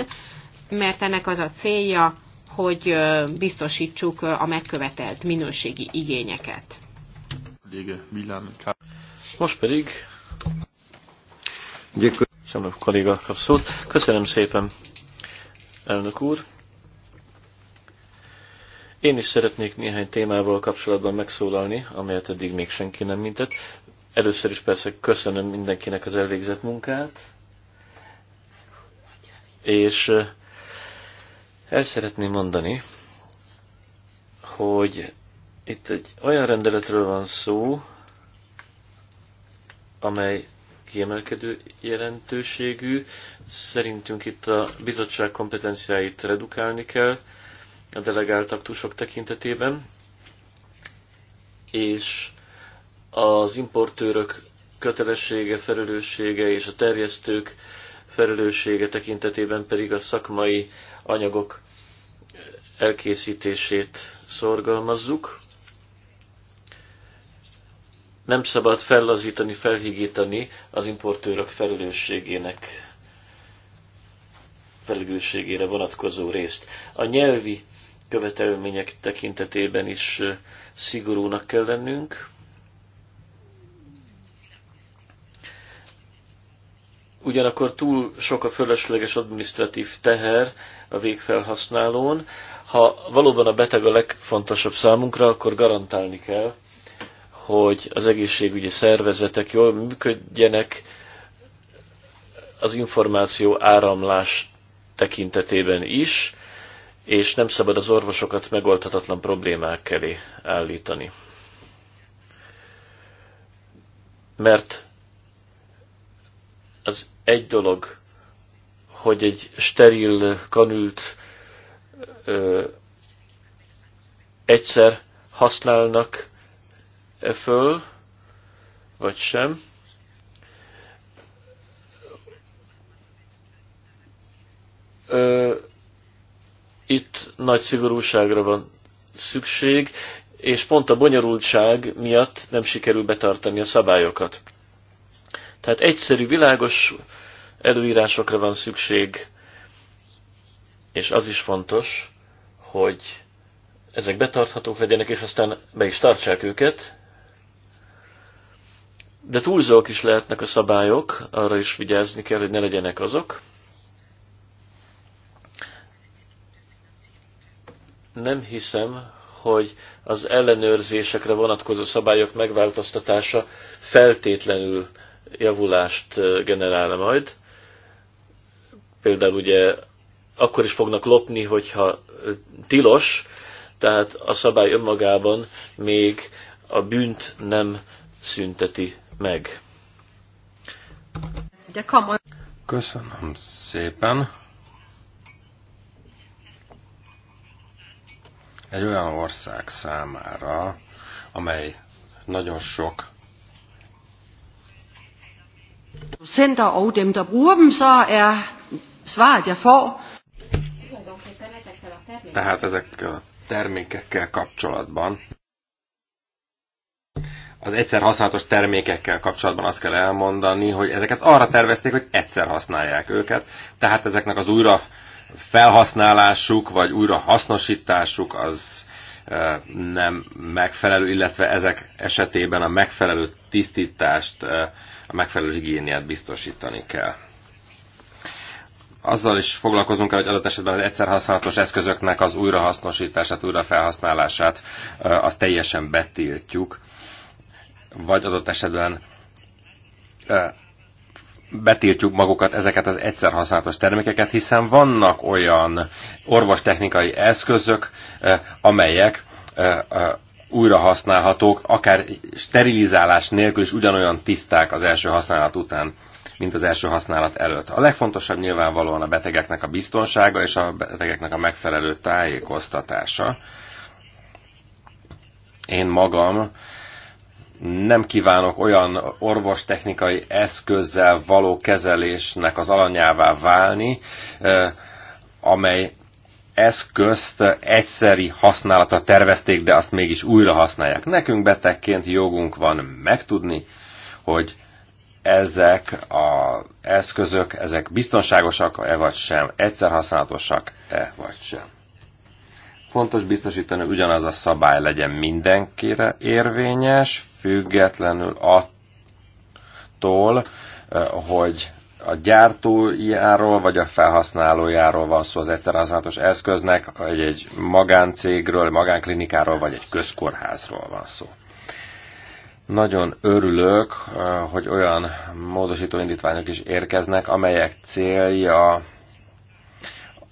mert ennek az a célja, hogy biztosítsuk a megkövetelt minőségi igényeket. Most pedig Semlev kolléga kap szót. Köszönöm szépen! elnök úr! Én is szeretnék néhány témával kapcsolatban megszólalni, amelyet eddig még senki nem mintett. Először is persze köszönöm mindenkinek az elvégzett munkát, és el szeretném mondani, hogy itt egy olyan rendeletről van szó, amely kiemelkedő jelentőségű. Szerintünk itt a bizottság kompetenciáit redukálni kell a delegált aktusok tekintetében, és az importőrök kötelessége, felelőssége és a terjesztők felelőssége tekintetében pedig a szakmai anyagok elkészítését szorgalmazzuk nem szabad fellazítani, felhigítani az importőrök felelősségének felelősségére vonatkozó részt. A nyelvi követelmények tekintetében is szigorúnak kell lennünk. Ugyanakkor túl sok a fölösleges adminisztratív teher a végfelhasználón. Ha valóban a beteg a legfontosabb számunkra, akkor garantálni kell, hogy az egészségügyi szervezetek jól működjenek az információ áramlás tekintetében is, és nem szabad az orvosokat megoldhatatlan problémák elé állítani. Mert az egy dolog, hogy egy steril kanült ö, egyszer használnak e föl, vagy sem. Ö, itt nagy szigorúságra van szükség, és pont a bonyolultság miatt nem sikerül betartani a szabályokat. Tehát egyszerű, világos előírásokra van szükség, és az is fontos, hogy ezek betarthatók legyenek, és aztán be is tartsák őket, de túlzók is lehetnek a szabályok, arra is vigyázni kell, hogy ne legyenek azok. Nem hiszem, hogy az ellenőrzésekre vonatkozó szabályok megváltoztatása feltétlenül javulást eh, generál majd. Például ugye akkor is fognak lopni, hogyha eh, tilos, tehát a szabály önmagában még a bűnt nem szünteti meg. Köszönöm szépen. Egy olyan ország számára, amely nagyon sok Center og dem, der bruger dem, så er svaret, jeg får. Tehát ezekkel a termékekkel kapcsolatban az egyszer használatos termékekkel kapcsolatban azt kell elmondani, hogy ezeket arra tervezték, hogy egyszer használják őket, tehát ezeknek az újra felhasználásuk, vagy újra hasznosításuk az e, nem megfelelő, illetve ezek esetében a megfelelő tisztítást, e, a megfelelő higiéniát biztosítani kell. Azzal is foglalkozunk el, hogy adott esetben az egyszer használatos eszközöknek az újrahasznosítását, újrafelhasználását e, azt teljesen betiltjuk vagy adott esetben betiltjuk magukat ezeket az egyszer használatos termékeket, hiszen vannak olyan orvostechnikai eszközök, amelyek újra használhatók, akár sterilizálás nélkül is ugyanolyan tiszták az első használat után, mint az első használat előtt. A legfontosabb nyilvánvalóan a betegeknek a biztonsága és a betegeknek a megfelelő tájékoztatása. Én magam nem kívánok olyan orvostechnikai eszközzel való kezelésnek az alanyává válni, amely eszközt egyszeri használata tervezték, de azt mégis újra használják. Nekünk betegként jogunk van megtudni, hogy ezek az eszközök, ezek biztonságosak-e vagy sem, egyszer használatosak-e vagy sem. Fontos biztosítani, hogy ugyanaz a szabály legyen mindenkire érvényes, függetlenül attól, hogy a gyártójáról vagy a felhasználójáról van szó az egyszer használatos eszköznek, vagy egy magáncégről, magánklinikáról, vagy egy közkórházról van szó. Nagyon örülök, hogy olyan módosító indítványok is érkeznek, amelyek célja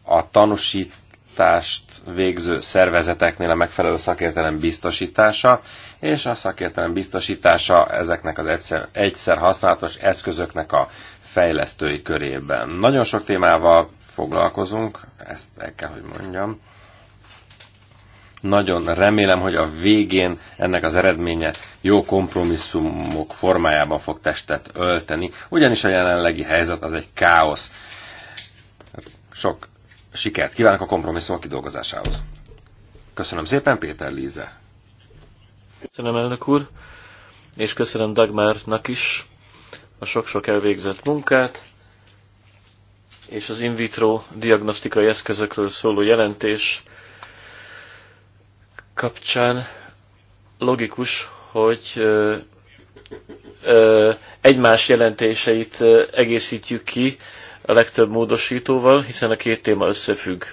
a tanúsít kutatást végző szervezeteknél a megfelelő szakértelem biztosítása, és a szakértelem biztosítása ezeknek az egyszer, egyszer használatos eszközöknek a fejlesztői körében. Nagyon sok témával foglalkozunk, ezt el kell, hogy mondjam. Nagyon remélem, hogy a végén ennek az eredménye jó kompromisszumok formájában fog testet ölteni, ugyanis a jelenlegi helyzet az egy káosz. Sok sikert kívánok a kompromisszum kidolgozásához. Köszönöm szépen, Péter Líze. Köszönöm, elnök úr, és köszönöm Dagmárnak is a sok-sok elvégzett munkát, és az in vitro diagnosztikai eszközökről szóló jelentés kapcsán logikus, hogy ö, ö, egymás jelentéseit egészítjük ki, a legtöbb módosítóval, hiszen a két téma összefügg,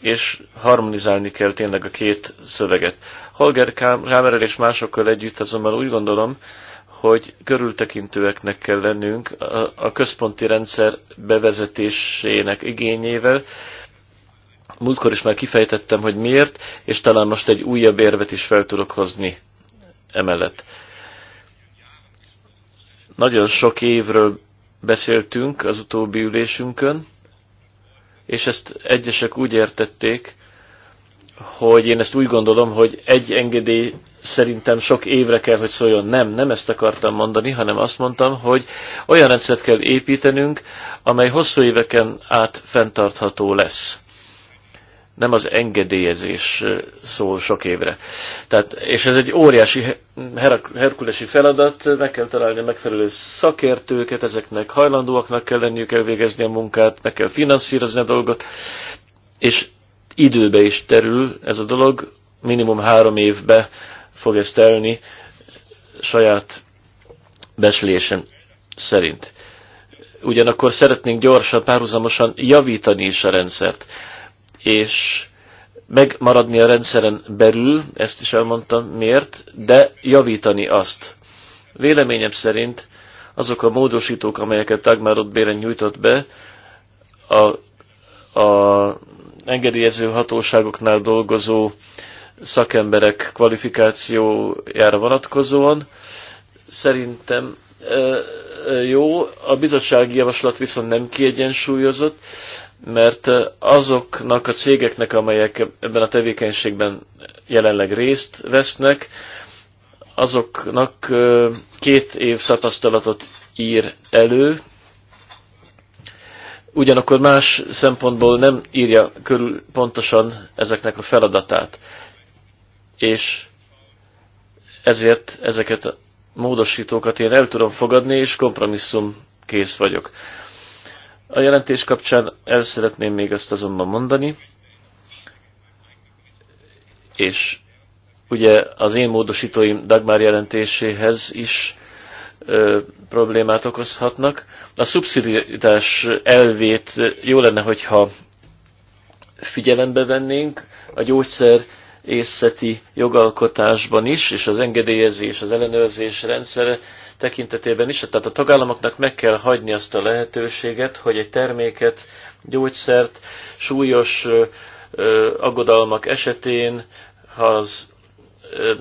és harmonizálni kell tényleg a két szöveget. Holger Kámerrel és másokkal együtt azonban úgy gondolom, hogy körültekintőeknek kell lennünk a központi rendszer bevezetésének igényével. Múltkor is már kifejtettem, hogy miért, és talán most egy újabb érvet is fel tudok hozni emellett. Nagyon sok évről beszéltünk az utóbbi ülésünkön, és ezt egyesek úgy értették, hogy én ezt úgy gondolom, hogy egy engedély szerintem sok évre kell, hogy szóljon. Nem, nem ezt akartam mondani, hanem azt mondtam, hogy olyan rendszert kell építenünk, amely hosszú éveken át fenntartható lesz nem az engedélyezés szól sok évre. Tehát, és ez egy óriási herkulesi feladat, meg kell találni a megfelelő szakértőket, ezeknek hajlandóaknak kell lenniük elvégezni a munkát, meg kell finanszírozni a dolgot, és időbe is terül ez a dolog, minimum három évbe fog ez telni saját beslésem szerint. Ugyanakkor szeretnénk gyorsan, párhuzamosan javítani is a rendszert és megmaradni a rendszeren belül, ezt is elmondtam miért, de javítani azt. Véleményem szerint azok a módosítók, amelyeket Dagmar Béren nyújtott be, a, a engedélyező hatóságoknál dolgozó szakemberek kvalifikációjára vonatkozóan, szerintem jó, a bizottsági javaslat viszont nem kiegyensúlyozott, mert azoknak a cégeknek, amelyek ebben a tevékenységben jelenleg részt vesznek, azoknak két év tapasztalatot ír elő, ugyanakkor más szempontból nem írja körül pontosan ezeknek a feladatát. És ezért ezeket a módosítókat én el tudom fogadni, és kompromisszum kész vagyok. A jelentés kapcsán el szeretném még ezt azonban mondani, és ugye az én módosítóim Dagmar jelentéséhez is ö, problémát okozhatnak. A szubszidiaritás elvét jó lenne, hogyha figyelembe vennénk a gyógyszer észszeti jogalkotásban is, és az engedélyezés, az ellenőrzés rendszere tekintetében is, tehát a tagállamoknak meg kell hagyni azt a lehetőséget, hogy egy terméket, gyógyszert súlyos aggodalmak esetén, ha az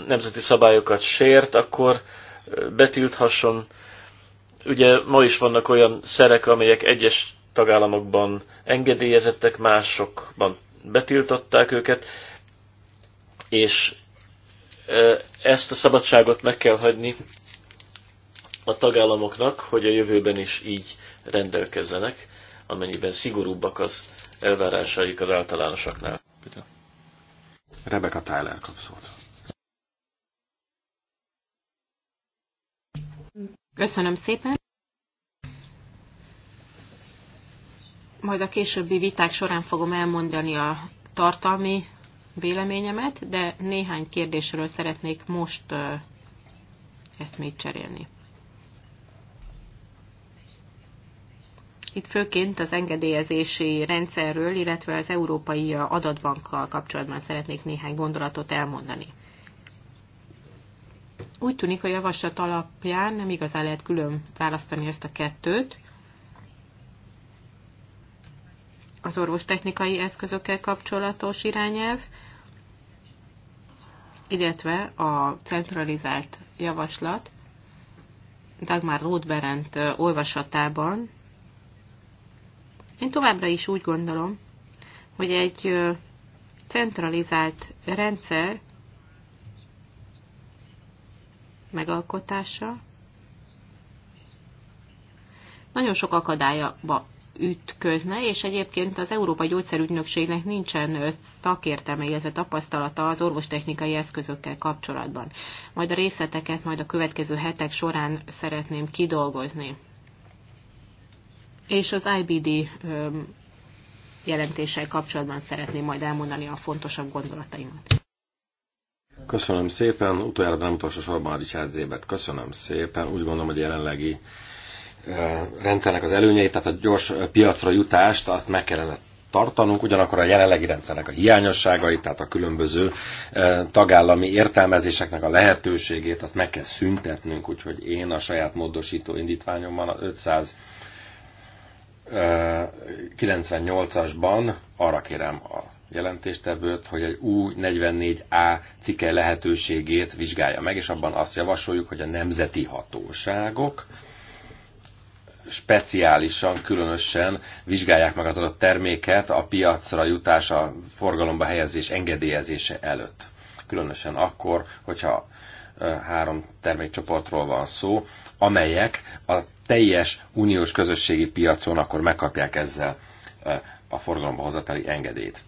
nemzeti szabályokat sért, akkor betilthasson. Ugye ma is vannak olyan szerek, amelyek egyes tagállamokban engedélyezettek, másokban betiltották őket, és ezt a szabadságot meg kell hagyni a tagállamoknak, hogy a jövőben is így rendelkezzenek, amennyiben szigorúbbak az elvárásaik az általánosaknál. Rebecca Tyler kap szót. Köszönöm szépen. Majd a későbbi viták során fogom elmondani a tartalmi véleményemet, de néhány kérdésről szeretnék most ezt még cserélni. Itt főként az engedélyezési rendszerről, illetve az Európai Adatbankkal kapcsolatban szeretnék néhány gondolatot elmondani. Úgy tűnik, a javaslat alapján nem igazán lehet külön választani ezt a kettőt. Az orvostechnikai eszközökkel kapcsolatos irányelv, illetve a centralizált javaslat Dagmar Rothberent olvasatában én továbbra is úgy gondolom, hogy egy centralizált rendszer megalkotása nagyon sok akadályba ütközne, és egyébként az Európai Gyógyszerügynökségnek nincsen szakértelme, illetve tapasztalata az orvostechnikai eszközökkel kapcsolatban. Majd a részleteket majd a következő hetek során szeretném kidolgozni és az IBD jelentéssel kapcsolatban szeretném majd elmondani a fontosabb gondolataimat. Köszönöm szépen, utoljára, de nem utolsó sorban Richard Zébet. Köszönöm szépen, úgy gondolom, hogy jelenlegi rendszernek az előnyeit, tehát a gyors piacra jutást, azt meg kellene tartanunk, ugyanakkor a jelenlegi rendszernek a hiányosságait, tehát a különböző tagállami értelmezéseknek a lehetőségét, azt meg kell szüntetnünk, úgyhogy én a saját módosító indítványommal a 500 98-asban arra kérem a jelentéstevőt, hogy egy új 44A cikke lehetőségét vizsgálja meg, és abban azt javasoljuk, hogy a nemzeti hatóságok speciálisan, különösen vizsgálják meg az adott terméket a piacra jutása, forgalomba helyezés engedélyezése előtt. Különösen akkor, hogyha három termékcsoportról van szó, amelyek a teljes uniós közösségi piacon akkor megkapják ezzel a forgalomba hozatali engedélyt.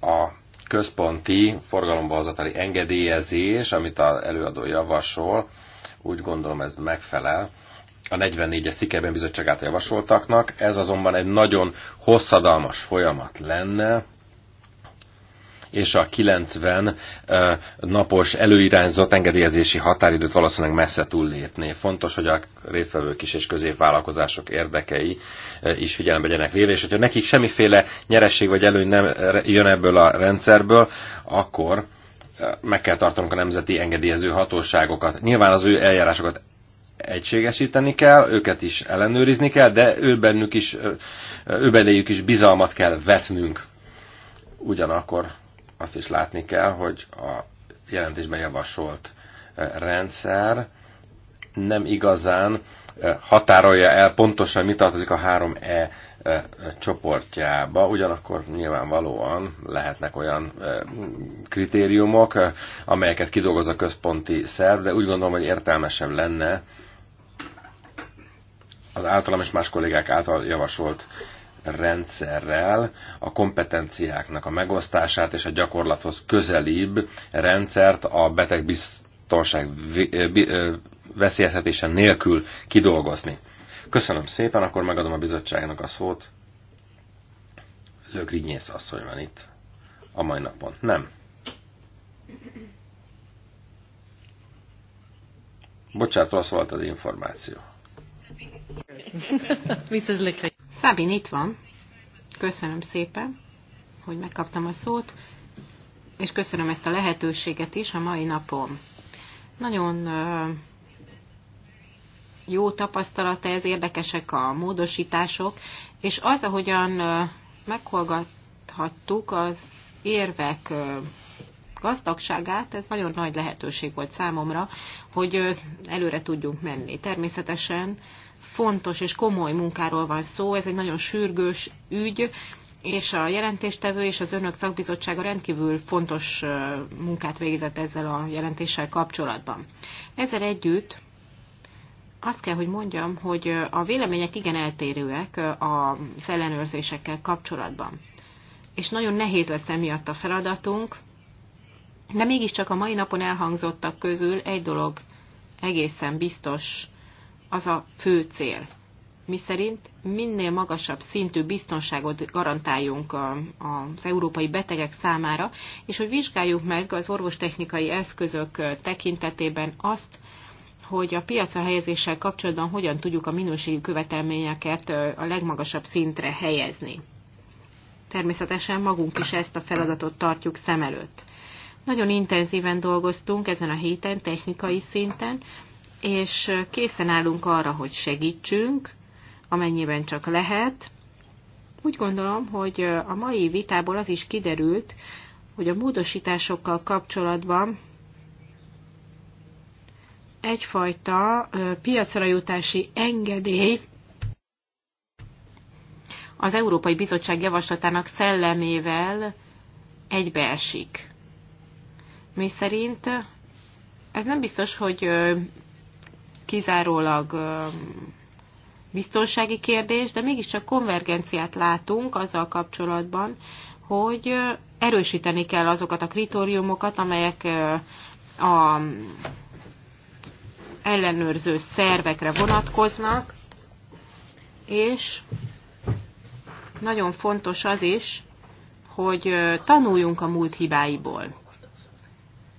A központi forgalomba hozatali engedélyezés, amit az előadó javasol, úgy gondolom ez megfelel a 44-es cikkeben bizottság által javasoltaknak. Ez azonban egy nagyon hosszadalmas folyamat lenne, és a 90 napos előirányzott engedélyezési határidőt valószínűleg messze túllépné. Fontos, hogy a résztvevő kis és középvállalkozások érdekei is figyelembe legyenek véve, és hogyha nekik semmiféle nyeresség vagy előny nem jön ebből a rendszerből, akkor meg kell tartanunk a nemzeti engedélyező hatóságokat. Nyilván az ő eljárásokat egységesíteni kell, őket is ellenőrizni kell, de ő bennük is, ő is bizalmat kell vetnünk. Ugyanakkor azt is látni kell, hogy a jelentésben javasolt e, rendszer nem igazán e, határolja el pontosan, mi tartozik a 3E e, csoportjába, ugyanakkor nyilvánvalóan lehetnek olyan kritériumok, amelyeket kidolgoz a központi szerv, de úgy gondolom, hogy értelmesebb lenne az általam és más kollégák által javasolt rendszerrel a kompetenciáknak a megosztását és a gyakorlathoz közelibb rendszert a betegbiztonság veszélyeztetése nélkül kidolgozni. Köszönöm szépen, akkor megadom a bizottságnak a szót. Lögrinyész asszony van itt a mai napon. Nem. Bocsánat, rossz volt az információ. Mrs. Le Szabin itt van. Köszönöm szépen, hogy megkaptam a szót, és köszönöm ezt a lehetőséget is a mai napon. Nagyon jó tapasztalat ez érdekesek a módosítások, és az, ahogyan meghallgathattuk az érvek gazdagságát, ez nagyon nagy lehetőség volt számomra, hogy előre tudjunk menni. Természetesen fontos és komoly munkáról van szó, ez egy nagyon sürgős ügy, és a jelentéstevő és az önök szakbizottsága rendkívül fontos munkát végzett ezzel a jelentéssel kapcsolatban. Ezzel együtt azt kell, hogy mondjam, hogy a vélemények igen eltérőek a ellenőrzésekkel kapcsolatban. És nagyon nehéz lesz emiatt a feladatunk, de mégiscsak a mai napon elhangzottak közül egy dolog egészen biztos az a fő cél, szerint minél magasabb szintű biztonságot garantáljunk az európai betegek számára, és hogy vizsgáljuk meg az orvostechnikai eszközök tekintetében azt, hogy a piacra helyezéssel kapcsolatban hogyan tudjuk a minőségi követelményeket a legmagasabb szintre helyezni. Természetesen magunk is ezt a feladatot tartjuk szem előtt. Nagyon intenzíven dolgoztunk ezen a héten, technikai szinten, és készen állunk arra, hogy segítsünk, amennyiben csak lehet. Úgy gondolom, hogy a mai vitából az is kiderült, hogy a módosításokkal kapcsolatban egyfajta piacra jutási engedély az Európai Bizottság javaslatának szellemével egybeesik. Mi szerint ez nem biztos, hogy kizárólag biztonsági kérdés, de mégiscsak konvergenciát látunk azzal kapcsolatban, hogy erősíteni kell azokat a kritériumokat, amelyek a ellenőrző szervekre vonatkoznak, és nagyon fontos az is, hogy tanuljunk a múlt hibáiból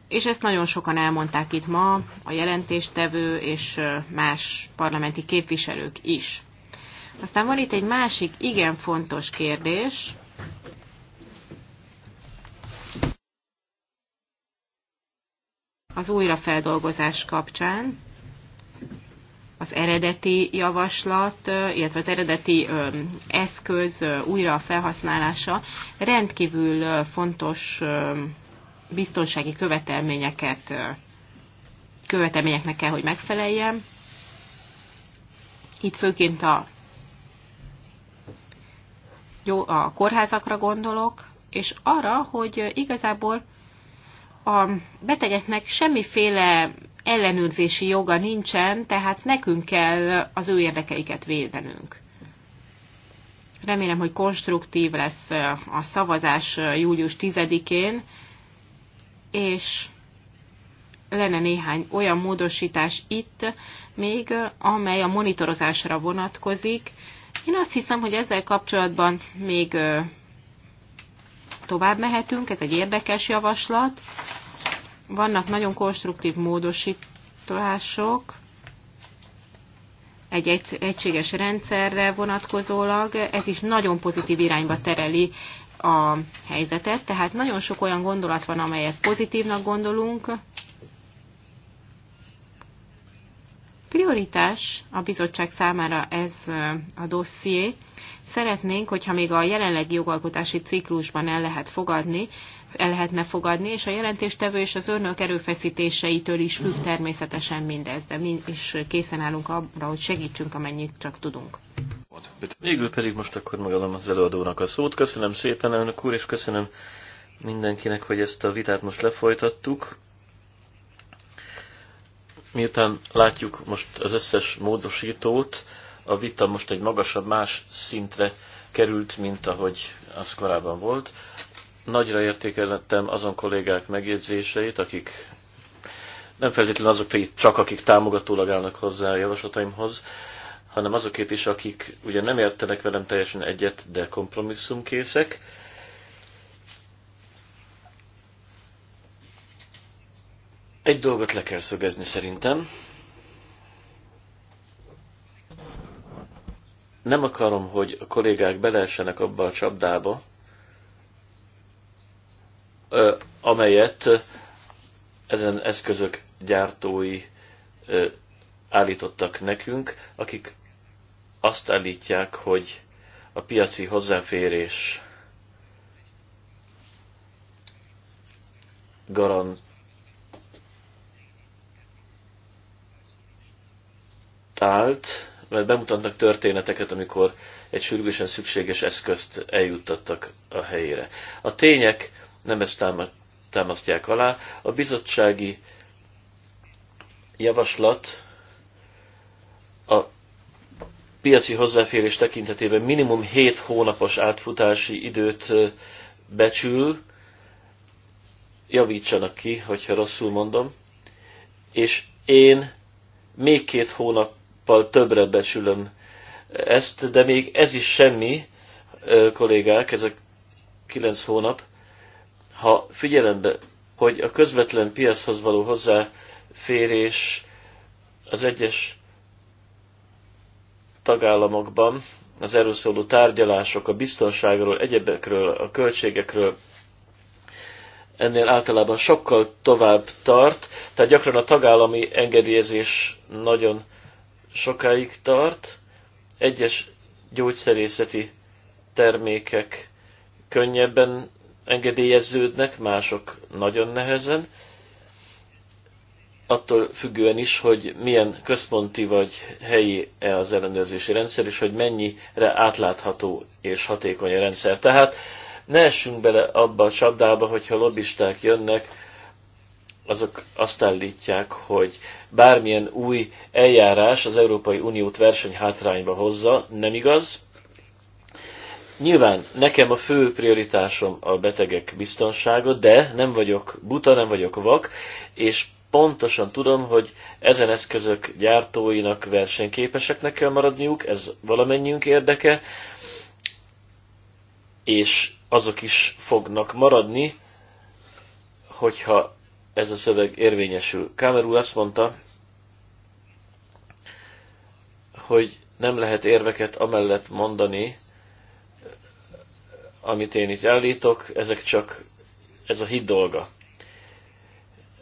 és ezt nagyon sokan elmondták itt ma, a jelentéstevő és más parlamenti képviselők is. Aztán van itt egy másik igen fontos kérdés, az újrafeldolgozás kapcsán az eredeti javaslat, illetve az eredeti eszköz újra felhasználása rendkívül fontos biztonsági követelményeket követelményeknek kell, hogy megfeleljen. Itt főként a, jó, a kórházakra gondolok, és arra, hogy igazából a betegeknek semmiféle ellenőrzési joga nincsen, tehát nekünk kell az ő érdekeiket védenünk. Remélem, hogy konstruktív lesz a szavazás július 10-én, és lenne néhány olyan módosítás itt még, amely a monitorozásra vonatkozik. Én azt hiszem, hogy ezzel kapcsolatban még tovább mehetünk, ez egy érdekes javaslat. Vannak nagyon konstruktív módosítások egy, egy egységes rendszerre vonatkozólag. Ez is nagyon pozitív irányba tereli a helyzetet, tehát nagyon sok olyan gondolat van, amelyet pozitívnak gondolunk. Prioritás a bizottság számára ez a dosszié. Szeretnénk, hogyha még a jelenlegi jogalkotási ciklusban el lehet fogadni el lehetne fogadni, és a jelentéstevő és az önök erőfeszítéseitől is függ természetesen mindez, de mi is készen állunk arra, hogy segítsünk, amennyit csak tudunk. Végül pedig most akkor megadom az előadónak a szót. Köszönöm szépen, elnök úr, és köszönöm mindenkinek, hogy ezt a vitát most lefolytattuk. Miután látjuk most az összes módosítót, a vita most egy magasabb, más szintre került, mint ahogy az korábban volt. Nagyra értékeltem azon kollégák megjegyzéseit, akik nem feltétlenül azok, csak akik támogatólag állnak hozzá a javaslataimhoz, hanem azokét is, akik ugye nem értenek velem teljesen egyet, de kompromisszumkészek. Egy dolgot le kell szögezni szerintem. Nem akarom, hogy a kollégák beleessenek abba a csapdába, amelyet ezen eszközök gyártói állítottak nekünk, akik azt állítják, hogy a piaci hozzáférés garantált, mert bemutatnak történeteket, amikor egy sürgősen szükséges eszközt eljuttattak a helyére. A tények nem ezt támasztják alá. A bizottsági javaslat a piaci hozzáférés tekintetében minimum 7 hónapos átfutási időt becsül, javítsanak ki, hogyha rosszul mondom, és én még két hónappal többre becsülöm ezt, de még ez is semmi, kollégák, ez a kilenc hónap, ha figyelembe, hogy a közvetlen piachoz való hozzáférés az egyes tagállamokban az erről szóló tárgyalások a biztonságról, egyebekről, a költségekről ennél általában sokkal tovább tart, tehát gyakran a tagállami engedélyezés nagyon sokáig tart, egyes gyógyszerészeti termékek könnyebben engedélyeződnek, mások nagyon nehezen. Attól függően is, hogy milyen központi vagy helyi -e az ellenőrzési rendszer, és hogy mennyire átlátható és hatékony a rendszer. Tehát ne essünk bele abba a csapdába, hogyha lobbisták jönnek, azok azt állítják, hogy bármilyen új eljárás az Európai Uniót versenyhátrányba hozza, nem igaz, Nyilván nekem a fő prioritásom a betegek biztonsága, de nem vagyok buta, nem vagyok vak, és pontosan tudom, hogy ezen eszközök gyártóinak versenyképeseknek kell maradniuk, ez valamennyiünk érdeke, és azok is fognak maradni, hogyha ez a szöveg érvényesül. Kámerú azt mondta, hogy nem lehet érveket amellett mondani, amit én itt állítok, ezek csak, ez a hit dolga.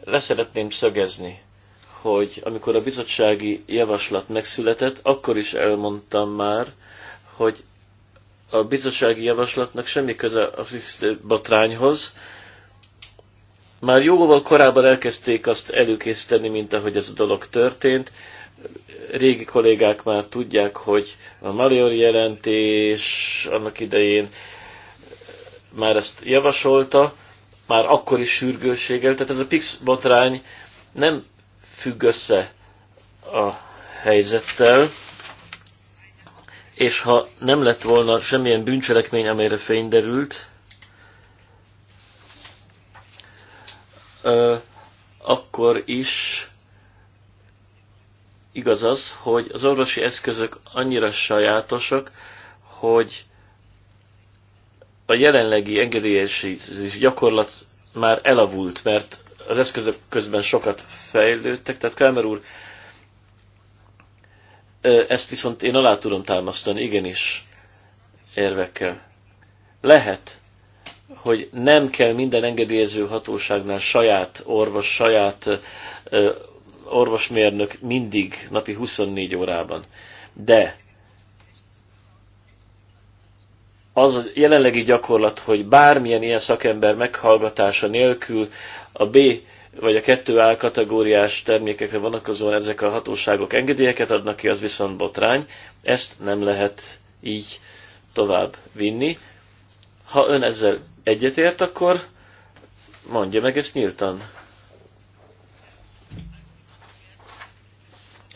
Leszeretném szögezni, hogy amikor a bizottsági javaslat megszületett, akkor is elmondtam már, hogy a bizottsági javaslatnak semmi köze a botrányhoz. Már jóval korábban elkezdték azt előkészíteni, mint ahogy ez a dolog történt. Régi kollégák már tudják, hogy a Maliori jelentés annak idején már ezt javasolta, már akkor is sürgősséggel, tehát ez a PIX botrány nem függ össze a helyzettel, és ha nem lett volna semmilyen bűncselekmény, amelyre fény derült, akkor is igaz az, hogy az orvosi eszközök annyira sajátosak, hogy a jelenlegi engedélyesítés gyakorlat már elavult, mert az eszközök közben sokat fejlődtek, tehát Kramer úr, ezt viszont én alá tudom támasztani, igenis, érvekkel. Lehet, hogy nem kell minden engedélyező hatóságnál saját orvos, saját orvosmérnök mindig napi 24 órában. De az a jelenlegi gyakorlat, hogy bármilyen ilyen szakember meghallgatása nélkül a B vagy a 2A kategóriás termékekre vonatkozóan ezek a hatóságok engedélyeket adnak ki, az viszont botrány. Ezt nem lehet így tovább vinni. Ha ön ezzel egyetért, akkor mondja meg ezt nyíltan.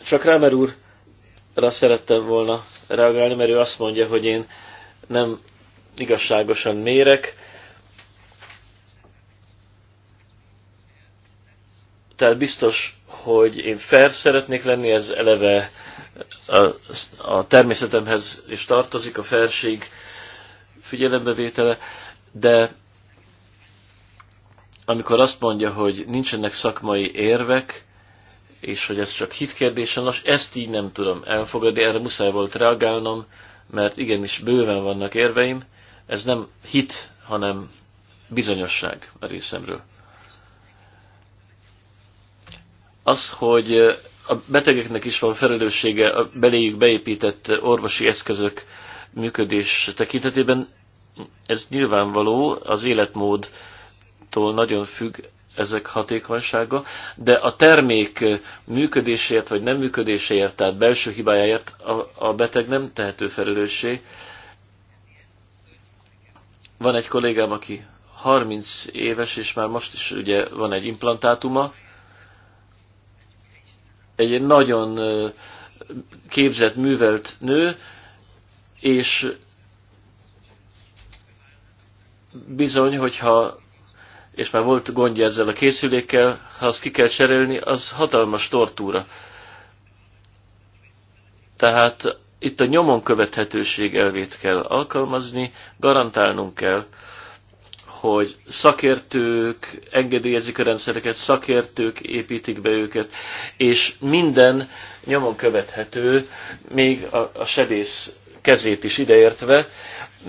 Csak Rámer úrra szerettem volna reagálni, mert ő azt mondja, hogy én nem igazságosan mérek. Tehát biztos, hogy én fair szeretnék lenni, ez eleve a, a természetemhez is tartozik, a felség figyelembevétele, de amikor azt mondja, hogy nincsenek szakmai érvek, és hogy ez csak hitkérdése, nos, ezt így nem tudom elfogadni, erre muszáj volt reagálnom, mert igenis bőven vannak érveim, ez nem hit, hanem bizonyosság a részemről. Az, hogy a betegeknek is van felelőssége a beléjük beépített orvosi eszközök működés tekintetében, ez nyilvánvaló, az életmódtól nagyon függ ezek hatékonysága, de a termék működéséért vagy nem működéséért, tehát belső hibájáért a, a beteg nem tehető felelőssé, van egy kollégám, aki 30 éves, és már most is ugye van egy implantátuma. Egy nagyon képzett, művelt nő, és bizony, hogyha és már volt gondja ezzel a készülékkel, ha azt ki kell cserélni, az hatalmas tortúra. Tehát itt a nyomon követhetőség elvét kell alkalmazni, garantálnunk kell, hogy szakértők engedélyezik a rendszereket, szakértők építik be őket, és minden nyomon követhető, még a, a sedész kezét is ideértve,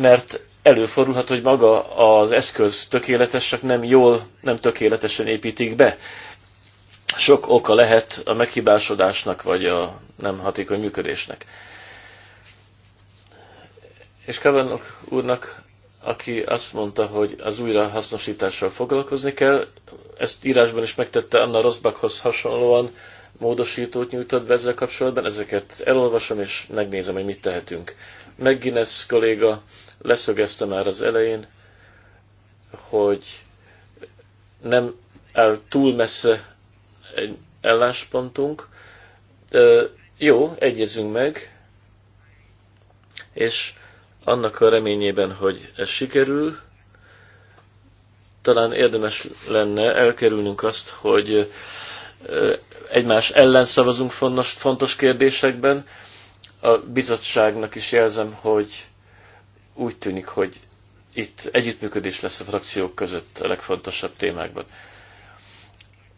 mert előfordulhat, hogy maga az eszköz tökéletes, csak nem jól, nem tökéletesen építik be. Sok oka lehet a meghibásodásnak, vagy a nem hatékony működésnek és Kavanok úrnak, aki azt mondta, hogy az újrahasznosítással foglalkozni kell, ezt írásban is megtette, Anna Rosbachhoz hasonlóan módosítót nyújtott be ezzel kapcsolatban, ezeket elolvasom és megnézem, hogy mit tehetünk. Megginesz kolléga leszögezte már az elején, hogy nem áll túl messze egy elláspontunk. jó, egyezünk meg, és annak a reményében, hogy ez sikerül, talán érdemes lenne elkerülnünk azt, hogy egymás ellen szavazunk fontos kérdésekben. A bizottságnak is jelzem, hogy úgy tűnik, hogy itt együttműködés lesz a frakciók között a legfontosabb témákban.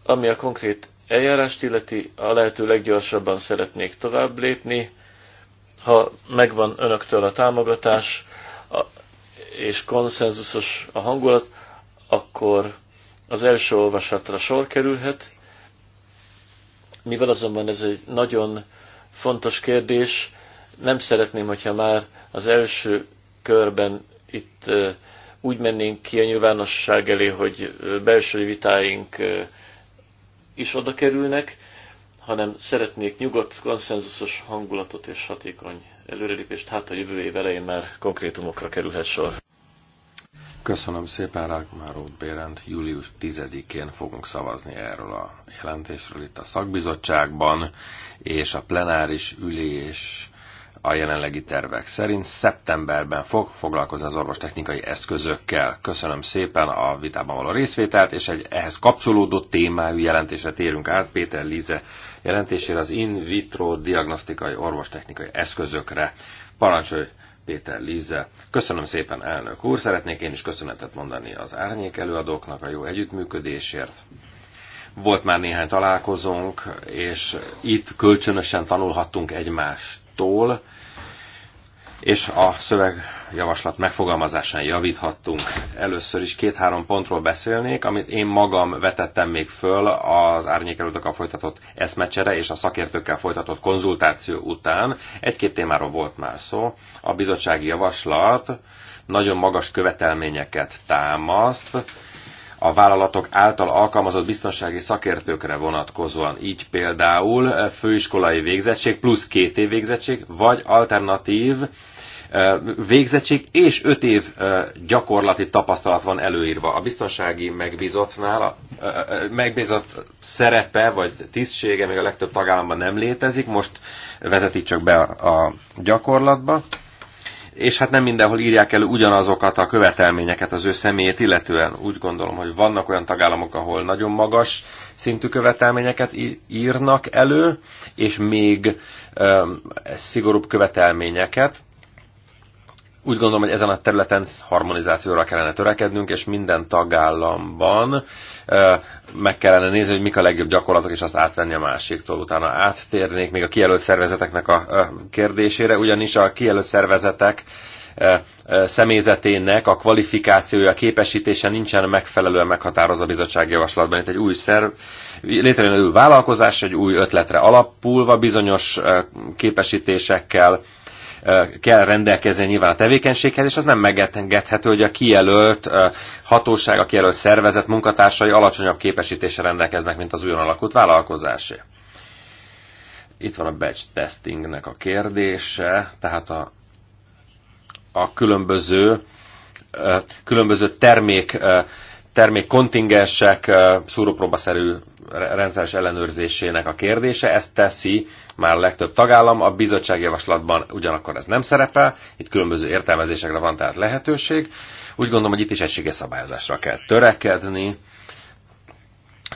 Ami a konkrét eljárást illeti, a lehető leggyorsabban szeretnék tovább lépni, ha megvan önöktől a támogatás, a, és konszenzusos a hangulat, akkor az első olvasatra sor kerülhet. Mivel azonban ez egy nagyon fontos kérdés, nem szeretném, hogyha már az első körben itt úgy mennénk ki a nyilvánosság elé, hogy belső vitáink is oda kerülnek, hanem szeretnék nyugodt, konszenzusos hangulatot és hatékony előrelépést, hát a jövő év elején már konkrétumokra kerülhet sor. Köszönöm szépen Rákmárót Bérend. Július 10-én fogunk szavazni erről a jelentésről itt a szakbizottságban, és a plenáris ülés a jelenlegi tervek szerint szeptemberben fog foglalkozni az orvostechnikai eszközökkel. Köszönöm szépen a vitában való részvételt, és egy ehhez kapcsolódó témájú jelentésre térünk át Péter Líze jelentésére az in vitro diagnosztikai orvostechnikai eszközökre. Parancsolj Péter Líze. Köszönöm szépen, elnök úr! Szeretnék én is köszönetet mondani az árnyék előadóknak a jó együttműködésért. Volt már néhány találkozónk, és itt kölcsönösen tanulhattunk egymástól, és a szöveg javaslat megfogalmazásán javíthattunk. Először is két-három pontról beszélnék, amit én magam vetettem még föl az árnyékelőtökkel folytatott eszmecsere és a szakértőkkel folytatott konzultáció után. Egy-két témáról volt már szó. A bizottsági javaslat nagyon magas követelményeket támaszt, a vállalatok által alkalmazott biztonsági szakértőkre vonatkozóan, így például főiskolai végzettség plusz két év végzettség, vagy alternatív végzettség és 5 év gyakorlati tapasztalat van előírva. A biztonsági megbízottnál megbízott szerepe vagy tisztsége még a legtöbb tagállamban nem létezik, most vezetik csak be a gyakorlatba és hát nem mindenhol írják elő ugyanazokat a követelményeket az ő személyét, illetően úgy gondolom, hogy vannak olyan tagállamok, ahol nagyon magas szintű követelményeket írnak elő, és még um, szigorúbb követelményeket, úgy gondolom, hogy ezen a területen harmonizációra kellene törekednünk, és minden tagállamban meg kellene nézni, hogy mik a legjobb gyakorlatok, és azt átvenni a másiktól. Utána áttérnék még a kijelölt szervezeteknek a kérdésére, ugyanis a kijelölt szervezetek személyzetének a kvalifikációja, a képesítése nincsen megfelelően meghatározva a bizottsági javaslatban. Itt egy új szerv, létrejön egy új vállalkozás, egy új ötletre alapulva, bizonyos képesítésekkel, kell rendelkezni nyilván a tevékenységhez, és az nem megengedhető, hogy a kijelölt hatóság, a kijelölt szervezet munkatársai alacsonyabb képesítése rendelkeznek, mint az újon alakult vállalkozásé. Itt van a batch testingnek a kérdése, tehát a, a különböző, különböző termék termék kontingensek szúrópróbaszerű rendszeres ellenőrzésének a kérdése. Ezt teszi már a legtöbb tagállam, a bizottságjavaslatban ugyanakkor ez nem szerepel, itt különböző értelmezésekre van tehát lehetőség. Úgy gondolom, hogy itt is egységes szabályozásra kell törekedni,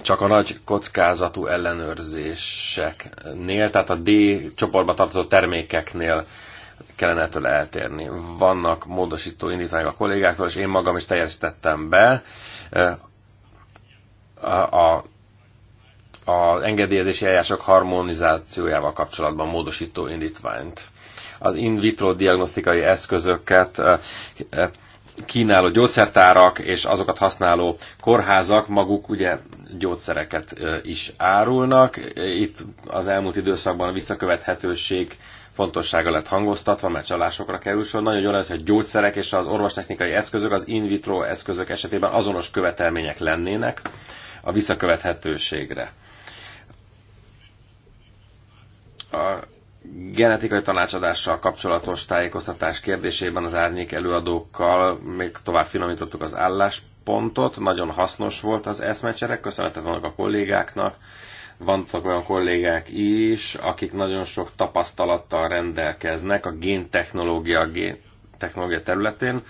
csak a nagy kockázatú ellenőrzéseknél, tehát a D csoportba tartozó termékeknél kellene ettől eltérni. Vannak módosító indítványok a kollégáktól, és én magam is teljesítettem be a az engedélyezési eljárások harmonizációjával kapcsolatban módosító indítványt. Az in vitro diagnosztikai eszközöket kínáló gyógyszertárak és azokat használó kórházak maguk ugye gyógyszereket is árulnak. Itt az elmúlt időszakban a visszakövethetőség fontossága lett hangoztatva, mert csalásokra kerül sor. Nagyon jól hogy hogy gyógyszerek és az orvostechnikai eszközök az in vitro eszközök esetében azonos követelmények lennének a visszakövethetőségre. A genetikai tanácsadással kapcsolatos tájékoztatás kérdésében az árnyék előadókkal még tovább finomítottuk az álláspontot. Nagyon hasznos volt az eszmecsere, köszönetet vannak a kollégáknak. Vannak olyan kollégák is, akik nagyon sok tapasztalattal rendelkeznek a géntechnológia, géntechnológia területén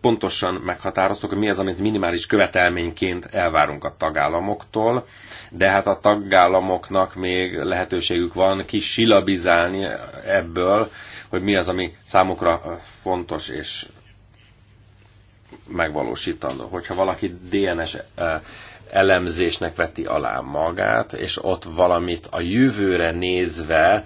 pontosan meghatároztuk, hogy mi az, amit minimális követelményként elvárunk a tagállamoktól, de hát a tagállamoknak még lehetőségük van kisilabizálni ebből, hogy mi az, ami számukra fontos és megvalósítandó. Hogyha valaki DNS eh, elemzésnek veti alá magát, és ott valamit a jövőre nézve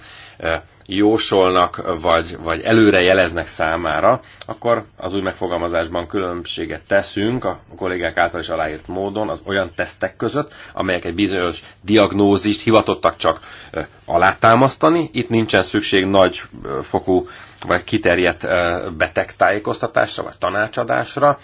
jósolnak, vagy, vagy előre jeleznek számára, akkor az új megfogalmazásban különbséget teszünk a kollégák által is aláírt módon az olyan tesztek között, amelyek egy bizonyos diagnózist hivatottak csak alátámasztani. Itt nincsen szükség nagy fokú vagy kiterjedt betegtájékoztatásra, vagy tanácsadásra,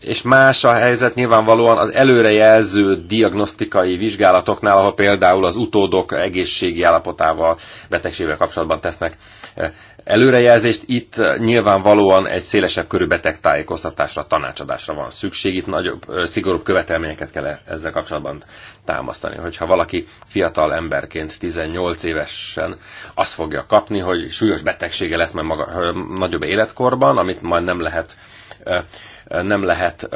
és más a helyzet nyilvánvalóan az előrejelző diagnosztikai vizsgálatoknál, ahol például az utódok egészségi állapotával, betegségével kapcsolatban tesznek eh, előrejelzést. Itt eh, nyilvánvalóan egy szélesebb körű betegtájékoztatásra, tanácsadásra van szükség. Itt nagyobb, eh, szigorúbb követelményeket kell ezzel kapcsolatban támasztani. Hogyha valaki fiatal emberként 18 évesen azt fogja kapni, hogy súlyos betegsége lesz majd maga, nagyobb életkorban, amit majd nem lehet nem lehet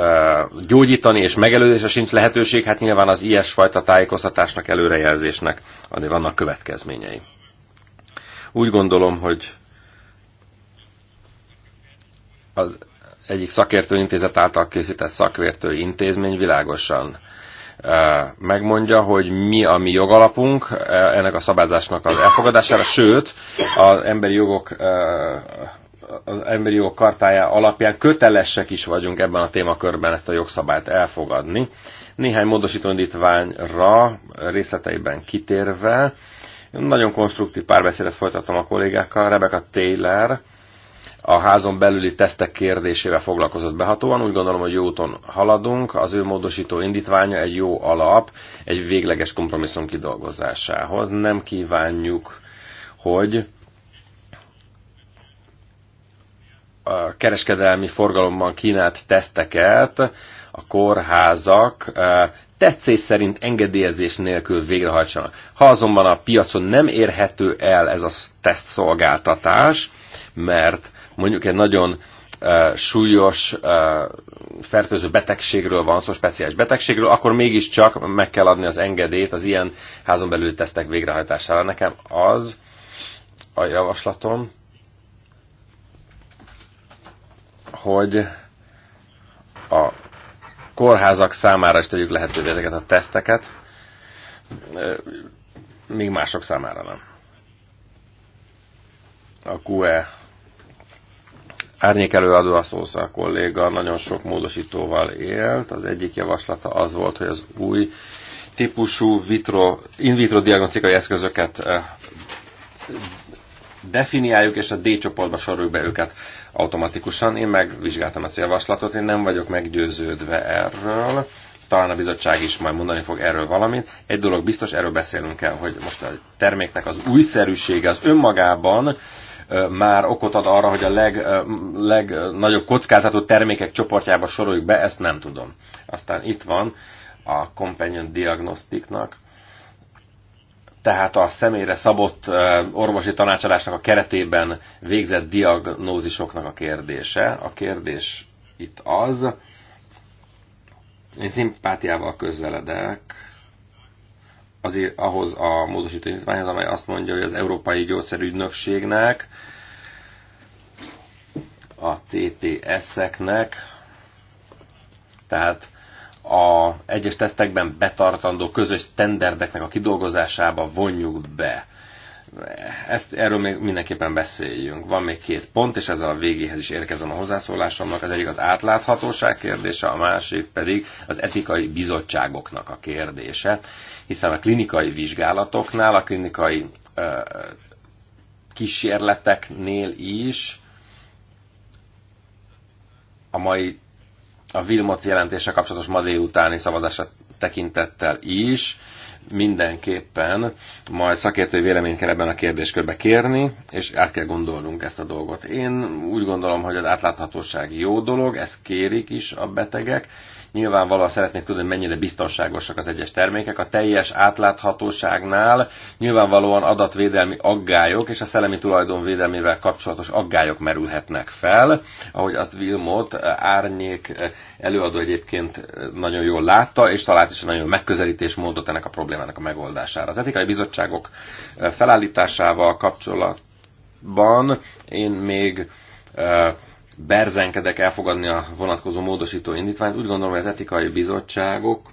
gyógyítani, és megelőzésre sincs lehetőség, hát nyilván az ilyesfajta tájékoztatásnak, előrejelzésnek azért vannak következményei. Úgy gondolom, hogy az egyik szakértőintézet által készített szakértői intézmény világosan megmondja, hogy mi a mi jogalapunk ennek a szabályzásnak az elfogadására, sőt, az emberi jogok az emberi jogok kartája alapján kötelesek is vagyunk ebben a témakörben ezt a jogszabályt elfogadni. Néhány módosító indítványra részleteiben kitérve, nagyon konstruktív párbeszédet folytattam a kollégákkal, Rebecca Taylor, a házon belüli tesztek kérdésével foglalkozott behatóan. Úgy gondolom, hogy jó úton haladunk. Az ő módosító indítványa egy jó alap egy végleges kompromisszum kidolgozásához. Nem kívánjuk, hogy a kereskedelmi forgalomban kínált teszteket a kórházak e, tetszés szerint engedélyezés nélkül végrehajtsanak. Ha azonban a piacon nem érhető el ez a tesztszolgáltatás, mert mondjuk egy nagyon e, súlyos e, fertőző betegségről van szó, speciális betegségről, akkor mégiscsak meg kell adni az engedélyt az ilyen házon belül tesztek végrehajtására. Nekem az a javaslatom, hogy a kórházak számára is tegyük lehetővé ezeket a teszteket, még mások számára nem. A QE árnyék előadó a Szósza kolléga nagyon sok módosítóval élt. Az egyik javaslata az volt, hogy az új típusú vitro, in vitro diagnosztikai eszközöket definiáljuk, és a D csoportba soroljuk be őket automatikusan. Én megvizsgáltam ezt a javaslatot, én nem vagyok meggyőződve erről. Talán a bizottság is majd mondani fog erről valamit. Egy dolog biztos, erről beszélünk kell, hogy most a terméknek az újszerűsége az önmagában már okot ad arra, hogy a leg, legnagyobb kockázatú termékek csoportjába soroljuk be, ezt nem tudom. Aztán itt van a Companion Diagnostiknak tehát a személyre szabott orvosi tanácsadásnak a keretében végzett diagnózisoknak a kérdése. A kérdés itt az, én szimpátiával közeledek azért ahhoz a módosító indítványhoz, amely azt mondja, hogy az Európai Gyógyszerügynökségnek, a CTS-eknek, tehát a egyes tesztekben betartandó közös standardeknek a kidolgozásába vonjuk be. Ezt, erről még mindenképpen beszéljünk. Van még két pont, és ezzel a végéhez is érkezem a hozzászólásomnak. Az egyik az átláthatóság kérdése, a másik pedig az etikai bizottságoknak a kérdése, hiszen a klinikai vizsgálatoknál, a klinikai ö, kísérleteknél is a mai a Vilmot jelentése kapcsolatos ma délutáni szavazása tekintettel is mindenképpen majd szakértői véleményt kell ebben a kérdéskörbe kérni, és át kell gondolnunk ezt a dolgot. Én úgy gondolom, hogy az átláthatóság jó dolog, ezt kérik is a betegek, Nyilvánvalóan szeretnék tudni, mennyire biztonságosak az egyes termékek. A teljes átláthatóságnál nyilvánvalóan adatvédelmi aggályok és a szellemi tulajdonvédelmével kapcsolatos aggályok merülhetnek fel. Ahogy azt Vilmot eh, árnyék eh, előadó egyébként eh, nagyon jól látta, és talált is nagyon megközelítés módot ennek a problémának a megoldására. Az etikai bizottságok felállításával kapcsolatban én még berzenkedek elfogadni a vonatkozó módosító indítványt. Úgy gondolom, hogy az etikai bizottságok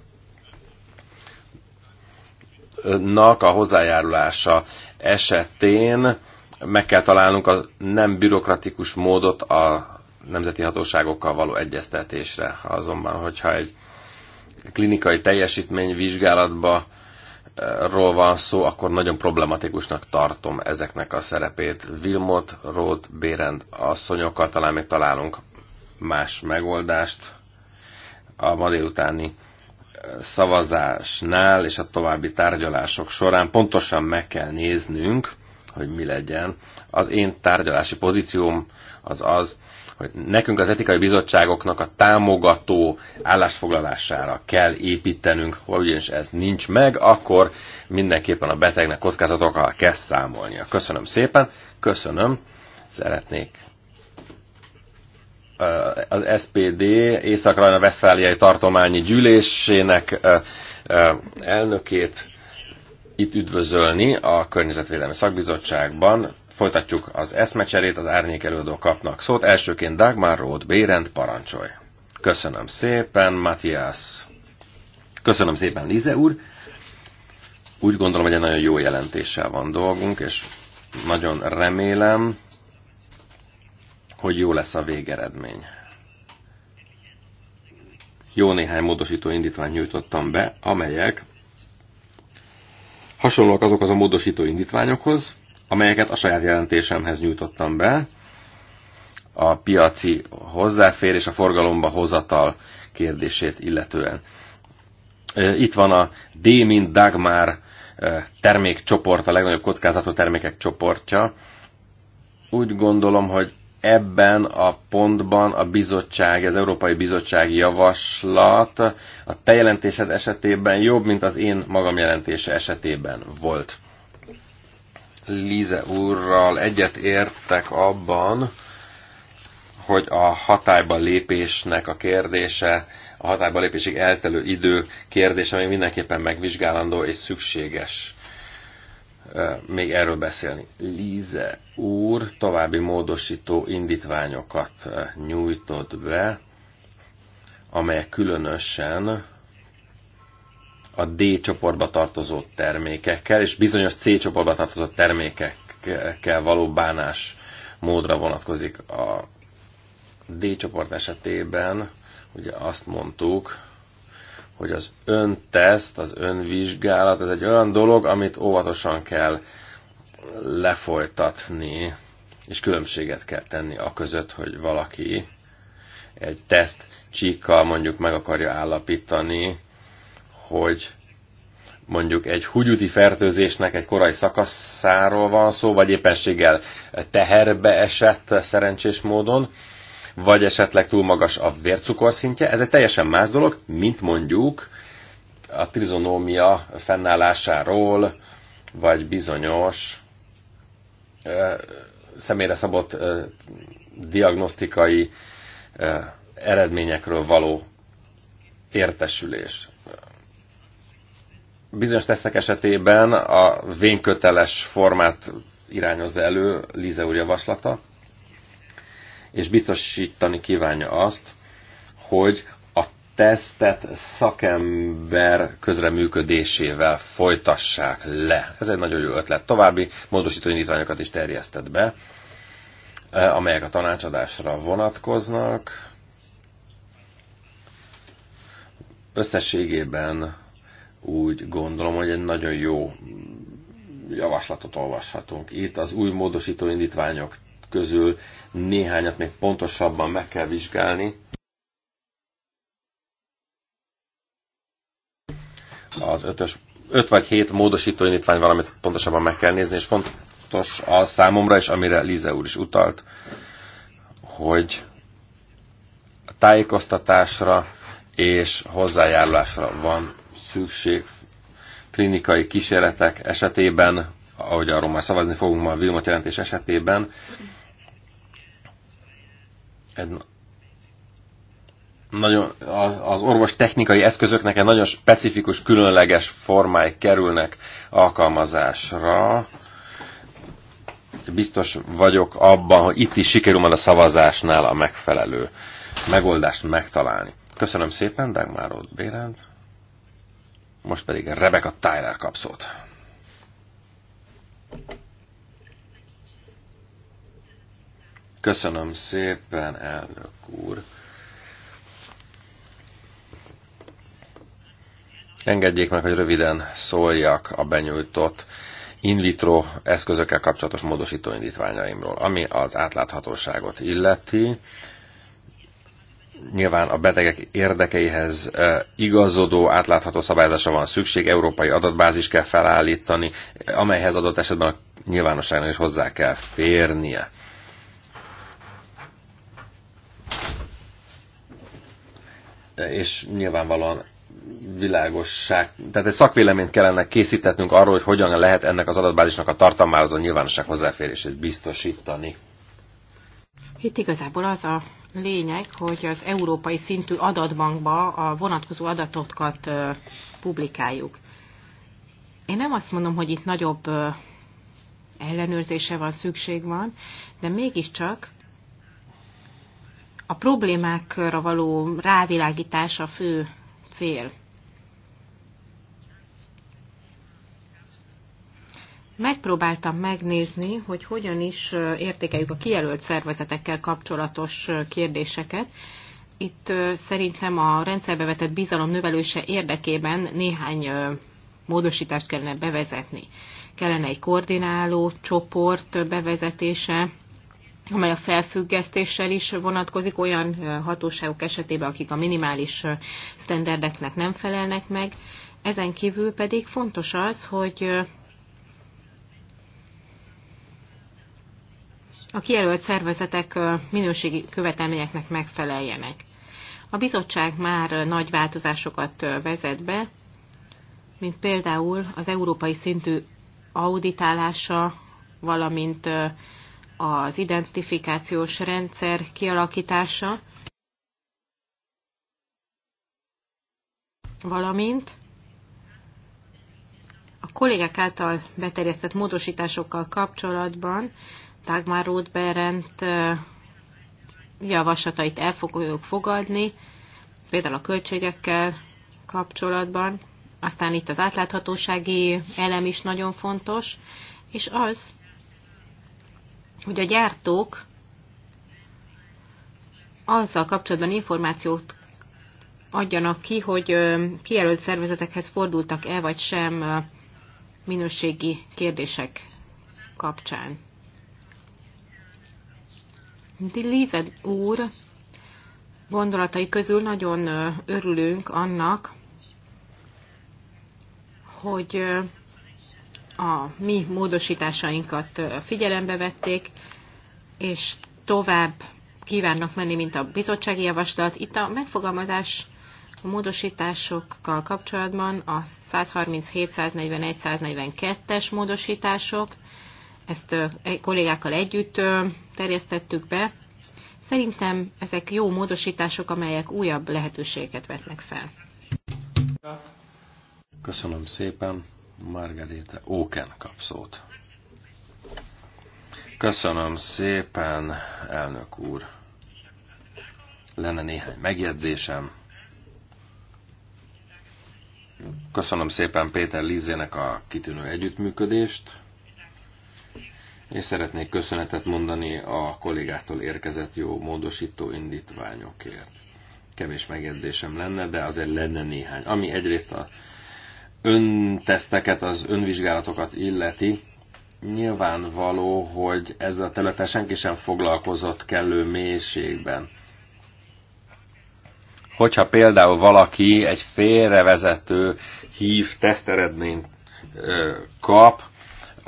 nak a hozzájárulása esetén meg kell találnunk a nem bürokratikus módot a nemzeti hatóságokkal való egyeztetésre. Azonban, hogyha egy klinikai teljesítményvizsgálatba ról van szó, akkor nagyon problematikusnak tartom ezeknek a szerepét. Vilmot, Rót, Bérend asszonyokkal talán még találunk más megoldást a ma délutáni eh, szavazásnál és a további tárgyalások során pontosan meg kell néznünk, hogy mi legyen. Az én tárgyalási pozícióm az az, hogy nekünk az etikai bizottságoknak a támogató állásfoglalására kell építenünk, ha ugyanis ez nincs meg, akkor mindenképpen a betegnek kockázatokkal kell számolnia. Köszönöm szépen, köszönöm, szeretnék az SPD Észak-Rajna Veszfáliai Tartományi Gyűlésének elnökét itt üdvözölni a Környezetvédelmi Szakbizottságban. Folytatjuk az eszmecserét, az árnyék előadó kapnak szót. Elsőként Dagmar Roth Bérend parancsolj. Köszönöm szépen, Matthias. Köszönöm szépen, Lize úr. Úgy gondolom, hogy egy nagyon jó jelentéssel van dolgunk, és nagyon remélem, hogy jó lesz a végeredmény. Jó néhány módosító indítványt nyújtottam be, amelyek hasonlóak azok az a módosító indítványokhoz, amelyeket a saját jelentésemhez nyújtottam be, a piaci hozzáférés, a forgalomba hozatal kérdését illetően. Itt van a D, mint Dagmar termékcsoport, a legnagyobb kockázatú termékek csoportja. Úgy gondolom, hogy ebben a pontban a bizottság, az Európai Bizottság javaslat a te jelentésed esetében jobb, mint az én magam jelentése esetében volt. Líze úrral egyet értek abban, hogy a hatályba lépésnek a kérdése, a hatályba lépésig eltelő idő kérdése még mindenképpen megvizsgálandó és szükséges még erről beszélni. Líze úr további módosító indítványokat nyújtott be, amelyek különösen a D csoportba tartozó termékekkel és bizonyos C csoportba tartozó termékekkel való bánás módra vonatkozik. A D csoport esetében ugye azt mondtuk, hogy az önteszt, az önvizsgálat, ez egy olyan dolog, amit óvatosan kell lefolytatni, és különbséget kell tenni a között, hogy valaki egy teszt csíkkal mondjuk meg akarja állapítani, hogy mondjuk egy húgyúti fertőzésnek egy korai szakaszáról van szó, vagy éppenséggel teherbe esett szerencsés módon, vagy esetleg túl magas a vércukorszintje. Ez egy teljesen más dolog, mint mondjuk a trizonómia fennállásáról, vagy bizonyos ö, személyre szabott ö, diagnosztikai ö, eredményekről való értesülés bizonyos tesztek esetében a vényköteles formát irányozza elő Lize úr javaslata, és biztosítani kívánja azt, hogy a tesztet szakember közreműködésével folytassák le. Ez egy nagyon jó ötlet. További módosító indítványokat is terjesztett be, eh, amelyek a tanácsadásra vonatkoznak. Összességében úgy gondolom, hogy egy nagyon jó javaslatot olvashatunk. Itt az új módosító indítványok közül néhányat még pontosabban meg kell vizsgálni. Az ötös, öt vagy hét módosító indítvány valamit pontosabban meg kell nézni, és fontos a számomra, és amire Lize úr is utalt, hogy a tájékoztatásra és hozzájárulásra van szükség klinikai kísérletek esetében, ahogy arról már szavazni fogunk ma a Vilmot jelentés esetében, egy nagyon, az orvos technikai eszközöknek egy nagyon specifikus, különleges formái kerülnek alkalmazásra. Biztos vagyok abban, hogy itt is sikerül majd a szavazásnál a megfelelő megoldást megtalálni. Köszönöm szépen, Dagmarod Bérend. Most pedig Rebecca Tyler kap szót. Köszönöm szépen, elnök úr. Engedjék meg, hogy röviden szóljak a benyújtott in vitro eszközökkel kapcsolatos módosító indítványaimról, ami az átláthatóságot illeti nyilván a betegek érdekeihez igazodó, átlátható szabályozásra van szükség, európai adatbázis kell felállítani, amelyhez adott esetben a nyilvánosságnak is hozzá kell férnie. És nyilvánvalóan világosság, tehát egy szakvéleményt kellene készítetnünk arról, hogy hogyan lehet ennek az adatbázisnak a tartalmához a nyilvánosság hozzáférését biztosítani. Itt igazából az a lényeg, hogy az európai szintű adatbankba a vonatkozó adatokat publikáljuk. Én nem azt mondom, hogy itt nagyobb ellenőrzése van, szükség van, de mégiscsak a problémákra való rávilágítás a fő cél. megpróbáltam megnézni, hogy hogyan is értékeljük a kijelölt szervezetekkel kapcsolatos kérdéseket. Itt szerintem a rendszerbe vetett bizalom növelése érdekében néhány módosítást kellene bevezetni. Kellene egy koordináló csoport bevezetése, amely a felfüggesztéssel is vonatkozik olyan hatóságok esetében, akik a minimális sztenderdeknek nem felelnek meg. Ezen kívül pedig fontos az, hogy a kijelölt szervezetek minőségi követelményeknek megfeleljenek. A bizottság már nagy változásokat vezet be, mint például az európai szintű auditálása, valamint az identifikációs rendszer kialakítása, valamint a kollégák által beterjesztett módosításokkal kapcsolatban Dagmar Berendt javaslatait el fogjuk fogadni, például a költségekkel kapcsolatban. Aztán itt az átláthatósági elem is nagyon fontos, és az, hogy a gyártók azzal kapcsolatban információt adjanak ki, hogy kijelölt szervezetekhez fordultak-e vagy sem minőségi kérdések kapcsán. Lízed úr gondolatai közül nagyon örülünk annak, hogy a mi módosításainkat figyelembe vették, és tovább kívánnak menni, mint a bizottsági javaslat. Itt a megfogalmazás a módosításokkal kapcsolatban a 137, 141, 142-es módosítások ezt kollégákkal együtt terjesztettük be. Szerintem ezek jó módosítások, amelyek újabb lehetőséget vetnek fel. Köszönöm szépen, Margaréta Óken kap szót. Köszönöm szépen, elnök úr. Lenne néhány megjegyzésem. Köszönöm szépen Péter Lizének a kitűnő együttműködést és szeretnék köszönetet mondani a kollégától érkezett jó módosító indítványokért. Kevés megjegyzésem lenne, de azért lenne néhány. Ami egyrészt a önteszteket, az önvizsgálatokat illeti, nyilvánvaló, hogy ez a területen senki sem foglalkozott kellő mélységben. Hogyha például valaki egy félrevezető hív teszteredményt kap,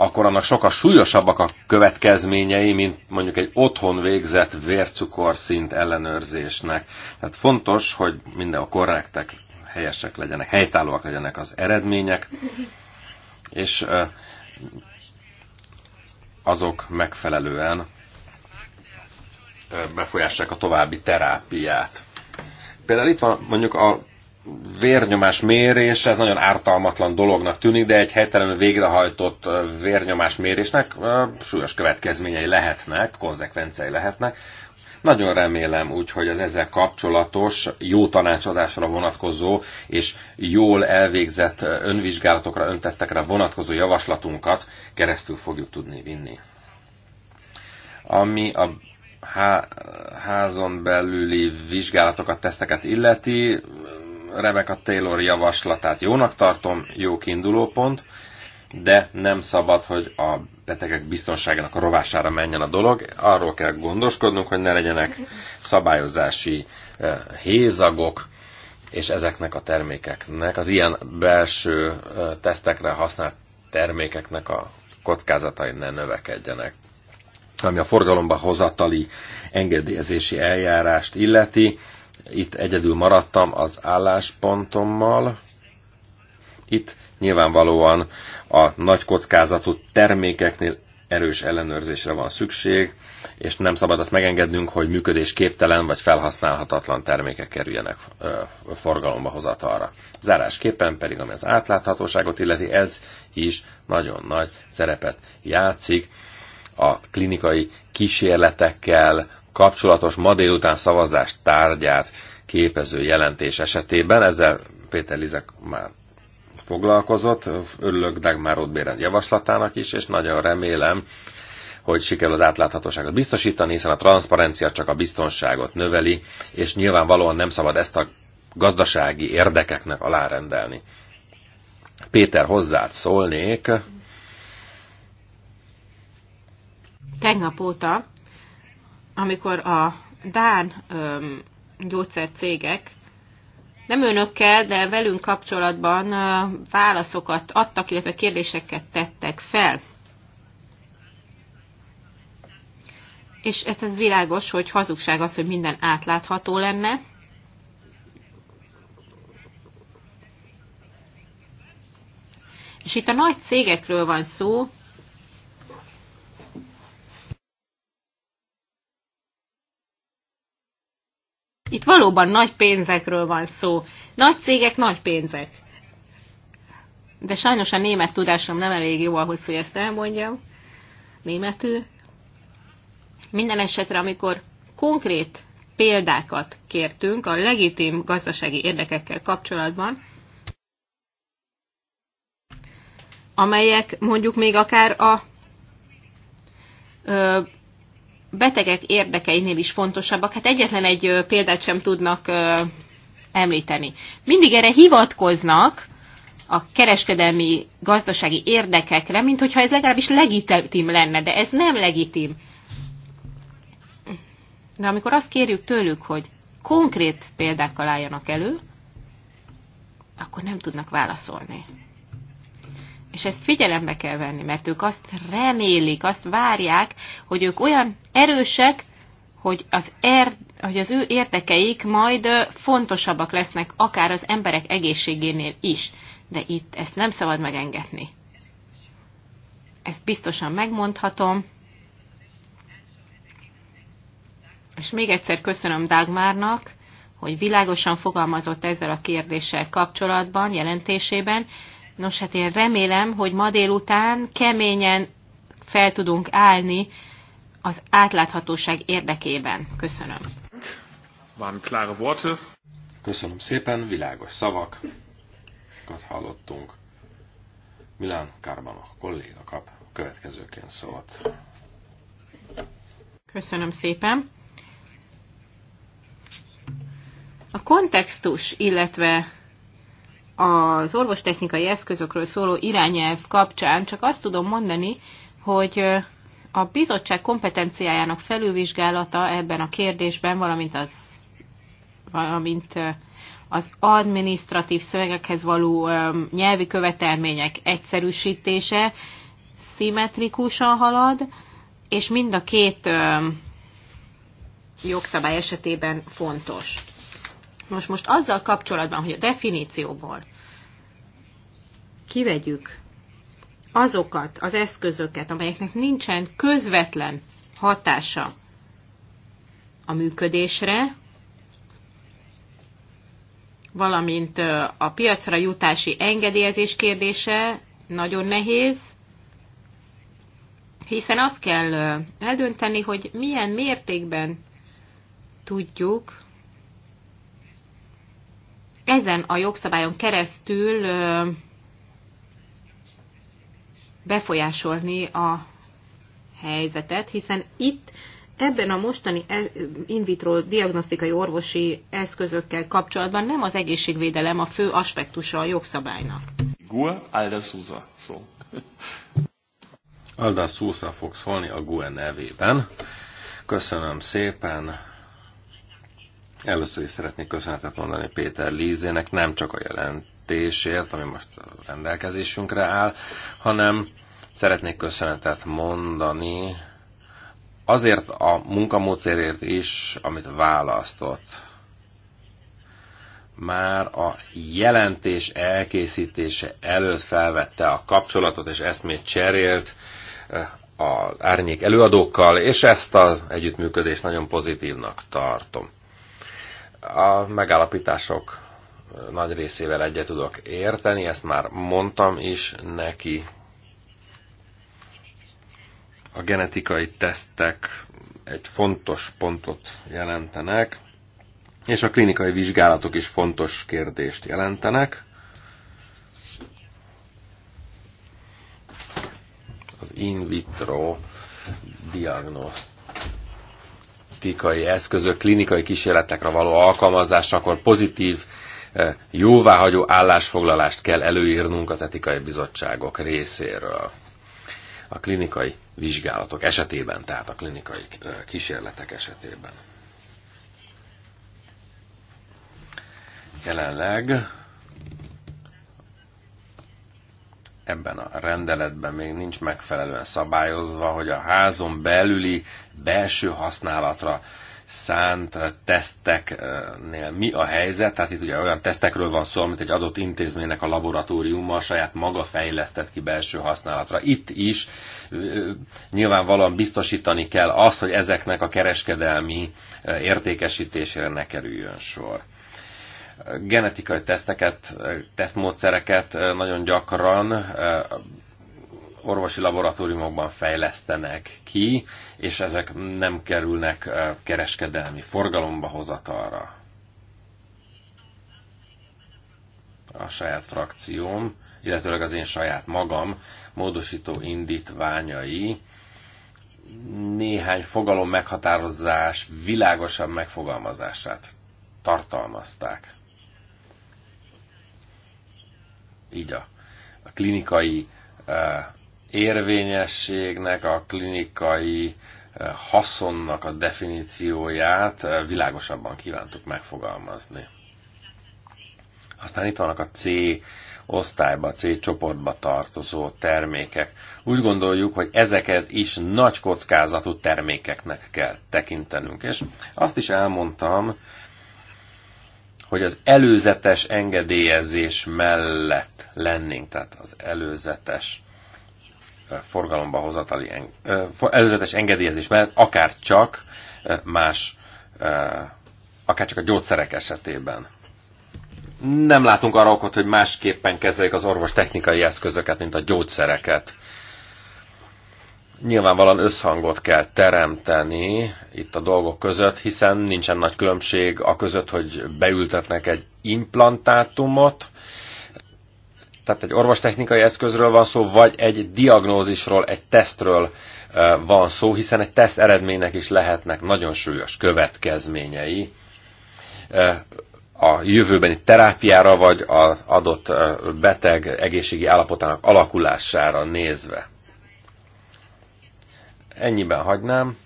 akkor annak sokkal súlyosabbak a következményei, mint mondjuk egy otthon végzett vércukorszint ellenőrzésnek. Tehát fontos, hogy a korrektek, helyesek legyenek, helytállóak legyenek az eredmények, és azok megfelelően befolyássák a további terápiát. Például itt van mondjuk a vérnyomás mérés, ez nagyon ártalmatlan dolognak tűnik, de egy helytelenül végrehajtott vérnyomás mérésnek súlyos következményei lehetnek, konzekvencei lehetnek. Nagyon remélem úgy, hogy az ezzel kapcsolatos, jó tanácsadásra vonatkozó és jól elvégzett önvizsgálatokra, öntesztekre vonatkozó javaslatunkat keresztül fogjuk tudni vinni. Ami a házon belüli vizsgálatokat, teszteket illeti, Rebecca Taylor javaslatát jónak tartom, jó kiinduló pont, de nem szabad, hogy a betegek biztonságának a rovására menjen a dolog. Arról kell gondoskodnunk, hogy ne legyenek szabályozási eh, hézagok, és ezeknek a termékeknek, az ilyen belső eh, tesztekre használt termékeknek a kockázatai ne növekedjenek. Ami a forgalomba hozatali engedélyezési eljárást illeti, itt egyedül maradtam az álláspontommal. Itt nyilvánvalóan a nagy kockázatú termékeknél erős ellenőrzésre van szükség, és nem szabad azt megengednünk, hogy működésképtelen vagy felhasználhatatlan termékek kerüljenek forgalomba hozatalra. Zárásképpen pedig, ami az átláthatóságot illeti, ez is nagyon nagy szerepet játszik a klinikai kísérletekkel, kapcsolatos ma délután szavazás tárgyát képező jelentés esetében. Ezzel Péter Lizek már foglalkozott. Örülök Dagmar Rothbérend javaslatának is, és nagyon remélem, hogy sikerül az átláthatóságot biztosítani, hiszen a transzparencia csak a biztonságot növeli, és nyilvánvalóan nem szabad ezt a gazdasági érdekeknek alárendelni. Péter, hozzád szólnék. Tegnap óta amikor a Dán öm, gyógyszercégek nem önökkel, de velünk kapcsolatban válaszokat adtak, illetve kérdéseket tettek fel. És ez, ez világos, hogy hazugság az, hogy minden átlátható lenne. És itt a nagy cégekről van szó, Itt valóban nagy pénzekről van szó. Nagy cégek, nagy pénzek. De sajnos a német tudásom nem elég jó ahhoz, hogy ezt elmondjam. Németül. Minden esetre, amikor konkrét példákat kértünk a legitim gazdasági érdekekkel kapcsolatban, amelyek mondjuk még akár a betegek érdekeinél is fontosabbak, hát egyetlen egy példát sem tudnak említeni. Mindig erre hivatkoznak a kereskedelmi gazdasági érdekekre, mint hogyha ez legalábbis legitim lenne, de ez nem legitim. De amikor azt kérjük tőlük, hogy konkrét példákkal álljanak elő, akkor nem tudnak válaszolni. És ezt figyelembe kell venni, mert ők azt remélik, azt várják, hogy ők olyan erősek, hogy az, er, hogy az ő értekeik majd fontosabbak lesznek, akár az emberek egészségénél is. De itt ezt nem szabad megengedni. Ezt biztosan megmondhatom. És még egyszer köszönöm Dagmárnak, hogy világosan fogalmazott ezzel a kérdéssel kapcsolatban, jelentésében, Nos, hát én remélem, hogy ma délután keményen fel tudunk állni az átláthatóság érdekében. Köszönöm. Van klare Worte. Köszönöm szépen, világos szavakat hallottunk. Milán Kárbanok kolléga kap a következőként szólt. Köszönöm szépen. A kontextus, illetve az orvostechnikai eszközökről szóló irányelv kapcsán csak azt tudom mondani, hogy a bizottság kompetenciájának felülvizsgálata ebben a kérdésben, valamint az, valamint az administratív szövegekhez való nyelvi követelmények egyszerűsítése szimmetrikusan halad, és mind a két jogszabály esetében fontos. Most most azzal kapcsolatban, hogy a definícióból kivegyük azokat az eszközöket, amelyeknek nincsen közvetlen hatása a működésre, valamint a piacra jutási engedélyezés kérdése nagyon nehéz, hiszen azt kell eldönteni, hogy milyen mértékben tudjuk ezen a jogszabályon keresztül befolyásolni a helyzetet, hiszen itt ebben a mostani e, in vitro diagnosztikai orvosi eszközökkel kapcsolatban nem az egészségvédelem a fő aspektusa a jogszabálynak. Gua Aldasusa szó. Aldasusa fog szólni a GUE nevében. Köszönöm szépen, Először is szeretnék köszönetet mondani Péter Lízének, nem csak a jelentésért, ami most a rendelkezésünkre áll, hanem szeretnék köszönetet mondani azért a munkamódszerért is, amit választott. Már a jelentés elkészítése előtt felvette a kapcsolatot, és eszmét cserélt eh, az árnyék előadókkal, és ezt az együttműködést nagyon pozitívnak tartom. A megállapítások nagy részével egyet tudok érteni, ezt már mondtam is neki. A genetikai tesztek egy fontos pontot jelentenek, és a klinikai vizsgálatok is fontos kérdést jelentenek. Az in vitro diagnoszt diagnosztikai eszközök klinikai kísérletekre való akkor pozitív, eh, jóváhagyó állásfoglalást kell előírnunk az etikai bizottságok részéről. A klinikai vizsgálatok esetében, tehát a klinikai eh, kísérletek esetében. Jelenleg ebben a rendeletben még nincs megfelelően szabályozva, hogy a házon belüli belső használatra szánt teszteknél mi a helyzet. Tehát itt ugye olyan tesztekről van szó, amit egy adott intézménynek a laboratóriuma a saját maga fejlesztett ki belső használatra. Itt is nyilvánvalóan biztosítani kell azt, hogy ezeknek a kereskedelmi értékesítésére ne kerüljön sor genetikai teszteket, tesztmódszereket nagyon gyakran orvosi laboratóriumokban fejlesztenek ki, és ezek nem kerülnek kereskedelmi forgalomba hozatalra. A saját frakcióm, illetőleg az én saját magam módosító indítványai néhány fogalom meghatározás világosabb megfogalmazását tartalmazták. így a, a klinikai e, érvényességnek, a klinikai e, haszonnak a definícióját e, világosabban kívántuk megfogalmazni. Aztán itt vannak a C osztályba, C csoportba tartozó termékek. Úgy gondoljuk, hogy ezeket is nagy kockázatú termékeknek kell tekintenünk. És azt is elmondtam, hogy az előzetes engedélyezés mellett lennénk, tehát az előzetes forgalomba hozatali, előzetes engedélyezés mellett akár csak más, akár csak a gyógyszerek esetében. Nem látunk arra okot, hogy másképpen kezeljük az orvos technikai eszközöket, mint a gyógyszereket. Nyilvánvalóan összhangot kell teremteni itt a dolgok között, hiszen nincsen nagy különbség a között, hogy beültetnek egy implantátumot, tehát egy orvostechnikai eszközről van szó, vagy egy diagnózisról, egy tesztről van szó, hiszen egy teszt eredménynek is lehetnek nagyon súlyos következményei a jövőbeni terápiára, vagy az adott beteg egészségi állapotának alakulására nézve. Ennyiben hagynám.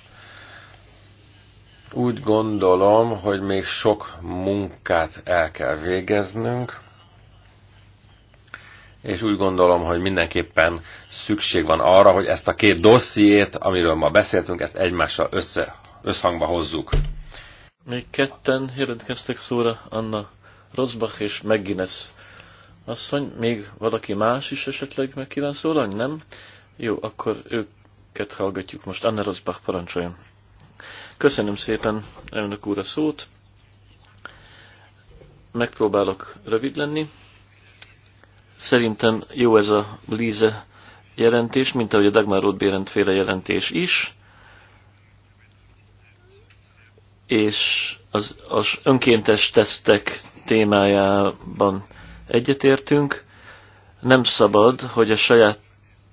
Úgy gondolom, hogy még sok munkát el kell végeznünk és úgy gondolom, hogy mindenképpen szükség van arra, hogy ezt a két dossziét, amiről ma beszéltünk, ezt egymással össze, összhangba hozzuk. Még ketten jelentkeztek szóra, Anna Rosbach és McGuinness. Asszony, még valaki más is esetleg meg kíván szólalni, nem? Jó, akkor őket hallgatjuk most. Anna Rosbach parancsoljon. Köszönöm szépen, elnök úr, a szót. Megpróbálok rövid lenni. Szerintem jó ez a Líze jelentés, mint ahogy a Dagmar Roth féle jelentés is, és az, az önkéntes tesztek témájában egyetértünk. Nem szabad, hogy a saját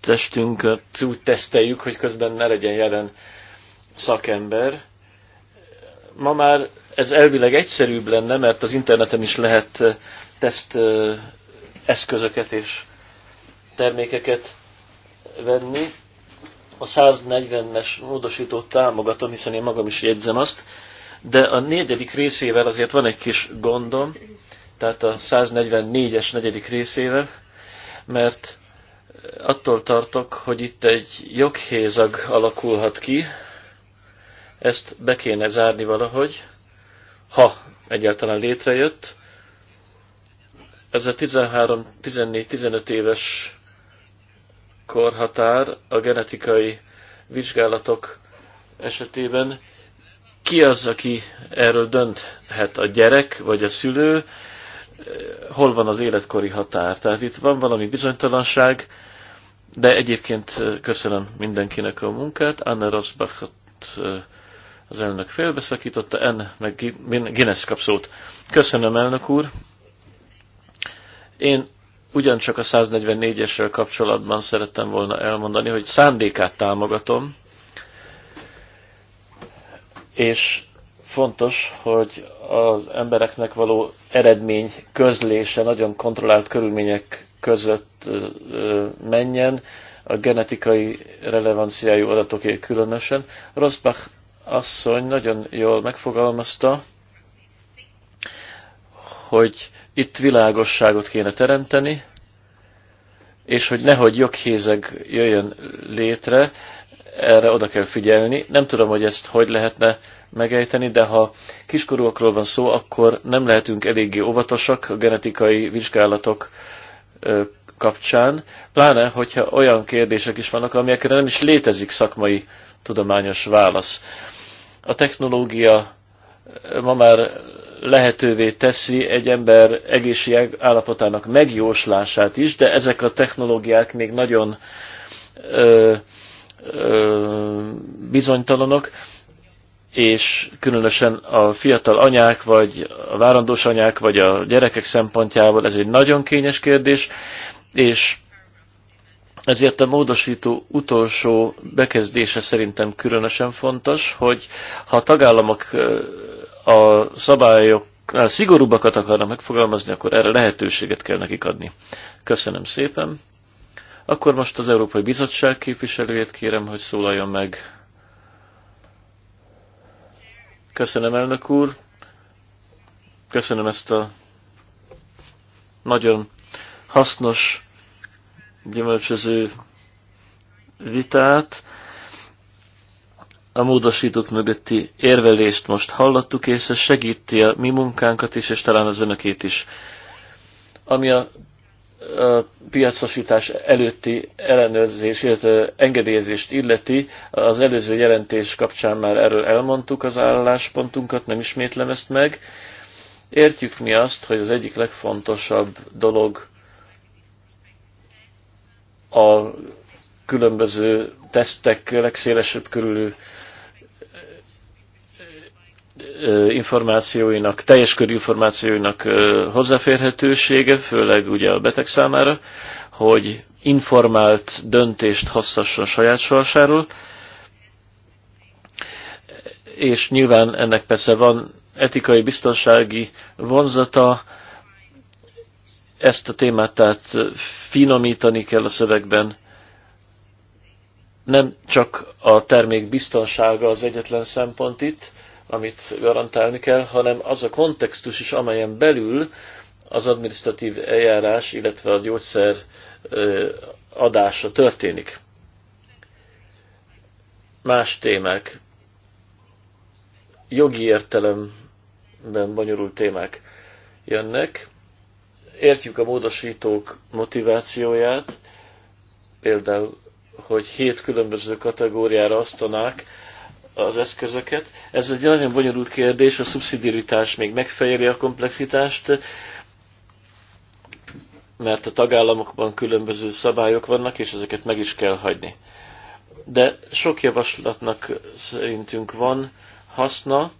testünket úgy teszteljük, hogy közben ne legyen jelen szakember. Ma már ez elvileg egyszerűbb lenne, mert az interneten is lehet teszt eszközöket és termékeket venni. A 140-es módosítót támogatom, hiszen én magam is jegyzem azt, de a negyedik részével azért van egy kis gondom, tehát a 144-es negyedik részével, mert attól tartok, hogy itt egy joghézag alakulhat ki, ezt be kéne zárni valahogy, ha egyáltalán létrejött, ez a 13-14-15 éves korhatár a genetikai vizsgálatok esetében ki az, aki erről dönthet? A gyerek vagy a szülő? Hol van az életkori határ? Tehát itt van valami bizonytalanság, de egyébként köszönöm mindenkinek a munkát. Anna Rosbachot eh, az elnök félbeszakította, en meg Guinness kapszót. Köszönöm, elnök úr! Én ugyancsak a 144-esről kapcsolatban szerettem volna elmondani, hogy szándékát támogatom, és fontos, hogy az embereknek való eredmény közlése nagyon kontrollált körülmények között menjen, a genetikai relevanciájú adatokért különösen. Rosbach asszony nagyon jól megfogalmazta, hogy itt világosságot kéne teremteni, és hogy nehogy joghézeg jöjjön létre, erre oda kell figyelni. Nem tudom, hogy ezt hogy lehetne megejteni, de ha kiskorúakról van szó, akkor nem lehetünk eléggé óvatosak a genetikai vizsgálatok kapcsán, pláne, hogyha olyan kérdések is vannak, amelyekre nem is létezik szakmai tudományos válasz. A technológia ma már lehetővé teszi egy ember egészség állapotának megjóslását is, de ezek a technológiák még nagyon ö, ö, bizonytalanok, és különösen a fiatal anyák, vagy a várandós anyák, vagy a gyerekek szempontjából ez egy nagyon kényes kérdés, és ezért a módosító utolsó bekezdése szerintem különösen fontos, hogy ha a tagállamok a szabályok szigorúbbakat akarna megfogalmazni, akkor erre lehetőséget kell nekik adni. Köszönöm szépen. Akkor most az Európai Bizottság képviselőjét kérem, hogy szólaljon meg. Köszönöm, elnök úr. Köszönöm ezt a nagyon hasznos, gyümölcsöző vitát a módosítók mögötti érvelést most hallottuk, és ez segíti a mi munkánkat is, és talán az önökét is. Ami a, a piacosítás előtti ellenőrzés, illetve engedélyezést illeti, az előző jelentés kapcsán már erről elmondtuk az álláspontunkat, nem ismétlem ezt meg. Értjük mi azt, hogy az egyik legfontosabb dolog a különböző tesztek legszélesebb körülű információinak, teljes körű információinak hozzáférhetősége, főleg ugye a beteg számára, hogy informált döntést hozhasson saját sorsáról, és nyilván ennek persze van etikai, biztonsági vonzata, ezt a témát tehát finomítani kell a szövegben. Nem csak a termék biztonsága az egyetlen szempont itt, amit garantálni kell, hanem az a kontextus is, amelyen belül az administratív eljárás, illetve a gyógyszer adása történik. Más témák, jogi értelemben bonyolult témák jönnek. Értjük a módosítók motivációját, például, hogy hét különböző kategóriára osztanák az eszközöket. Ez egy nagyon bonyolult kérdés, a szubszidiaritás még megfejeli a komplexitást, mert a tagállamokban különböző szabályok vannak, és ezeket meg is kell hagyni. De sok javaslatnak szerintünk van haszna,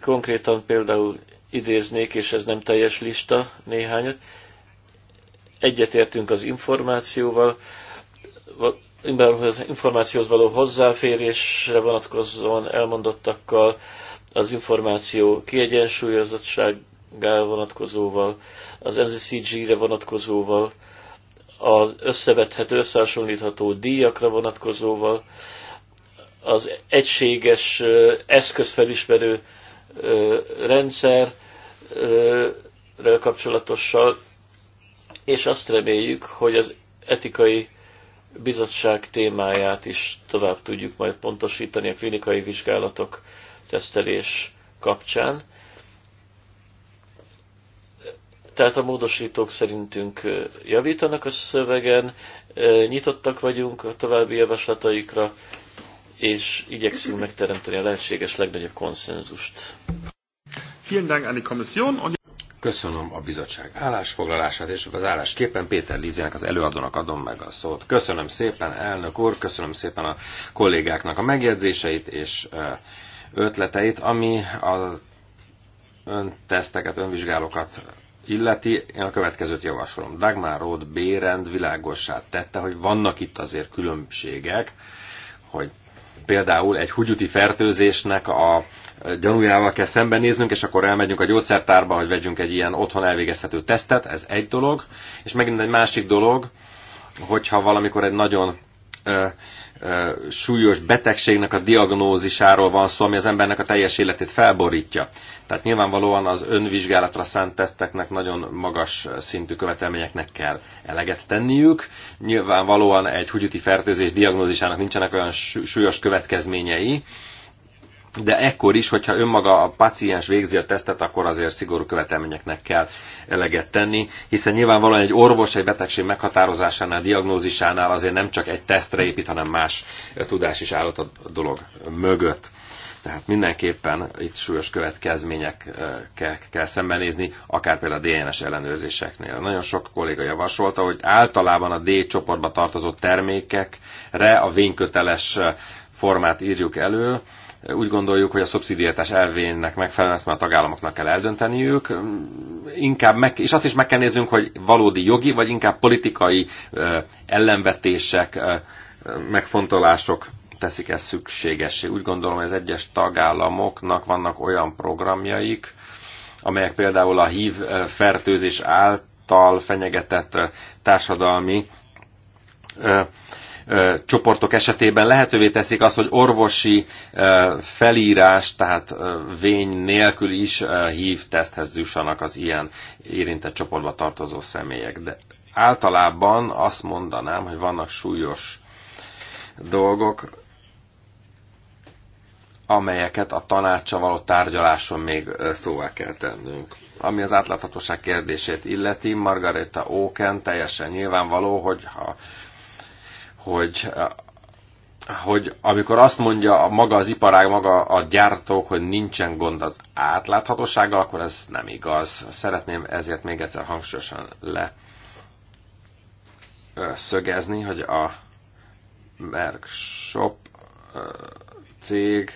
konkrétan például idéznék, és ez nem teljes lista néhányat, egyetértünk az információval, az információhoz való hozzáférésre vonatkozóan elmondottakkal, az információ kiegyensúlyozottságára vonatkozóval, az NZCG-re vonatkozóval, az összevethető, összehasonlítható díjakra vonatkozóval, az egységes eszközfelismerő rendszerrel kapcsolatossal, és azt reméljük, hogy az etikai bizottság témáját is tovább tudjuk majd pontosítani a klinikai vizsgálatok tesztelés kapcsán. Tehát a módosítók szerintünk javítanak a szövegen, nyitottak vagyunk a további javaslataikra, és igyekszünk megteremteni a lehetséges legnagyobb konszenzust. Vielen Dank an die Kommission. Köszönöm a bizottság állásfoglalását, és az állásképpen Péter Lízének, az előadónak adom meg a szót. Köszönöm szépen, elnök úr, köszönöm szépen a kollégáknak a megjegyzéseit és ötleteit, ami a önteszteket, önvizsgálókat illeti, én a következőt javasolom. Dagmar Roth Bérend világossá tette, hogy vannak itt azért különbségek, hogy például egy húgyuti fertőzésnek a gyanújával kell szembenéznünk, és akkor elmegyünk a gyógyszertárba, hogy vegyünk egy ilyen otthon elvégezhető tesztet, ez egy dolog, és megint egy másik dolog, hogyha valamikor egy nagyon ö, ö, súlyos betegségnek a diagnózisáról van szó, ami az embernek a teljes életét felborítja. Tehát nyilvánvalóan az önvizsgálatra szánt teszteknek nagyon magas szintű követelményeknek kell eleget tenniük. Nyilvánvalóan egy húgyuti fertőzés diagnózisának nincsenek olyan súlyos következményei, de ekkor is, hogyha önmaga a paciens végzi a tesztet, akkor azért szigorú követelményeknek kell eleget tenni, hiszen nyilvánvalóan egy orvos egy betegség meghatározásánál, diagnózisánál azért nem csak egy tesztre épít, hanem más tudás is állott a dolog mögött. Tehát mindenképpen itt súlyos következményekkel kell szembenézni, akár például a DNS ellenőrzéseknél. Nagyon sok kolléga javasolta, hogy általában a D csoportba tartozó termékekre a vényköteles formát írjuk elő, úgy gondoljuk, hogy a szubszidiátás elvének megfelelően ezt már a tagállamoknak kell eldönteniük. Inkább meg, és azt is meg kell néznünk, hogy valódi jogi, vagy inkább politikai ellenvetések, megfontolások teszik ezt szükségessé. Úgy gondolom, hogy az egyes tagállamoknak vannak olyan programjaik, amelyek például a hív fertőzés által fenyegetett társadalmi csoportok esetében lehetővé teszik azt, hogy orvosi felírás, tehát vény nélkül is hív teszthez jussanak az ilyen érintett csoportba tartozó személyek. De általában azt mondanám, hogy vannak súlyos dolgok, amelyeket a tanácsa való tárgyaláson még szóvá kell tennünk. Ami az átláthatóság kérdését illeti, Margareta Oken teljesen nyilvánvaló, hogy ha hogy hogy amikor azt mondja maga az iparág, maga a gyártók, hogy nincsen gond az átláthatósággal, akkor ez nem igaz. Szeretném ezért még egyszer hangsúlyosan le szögezni, hogy a workshop cég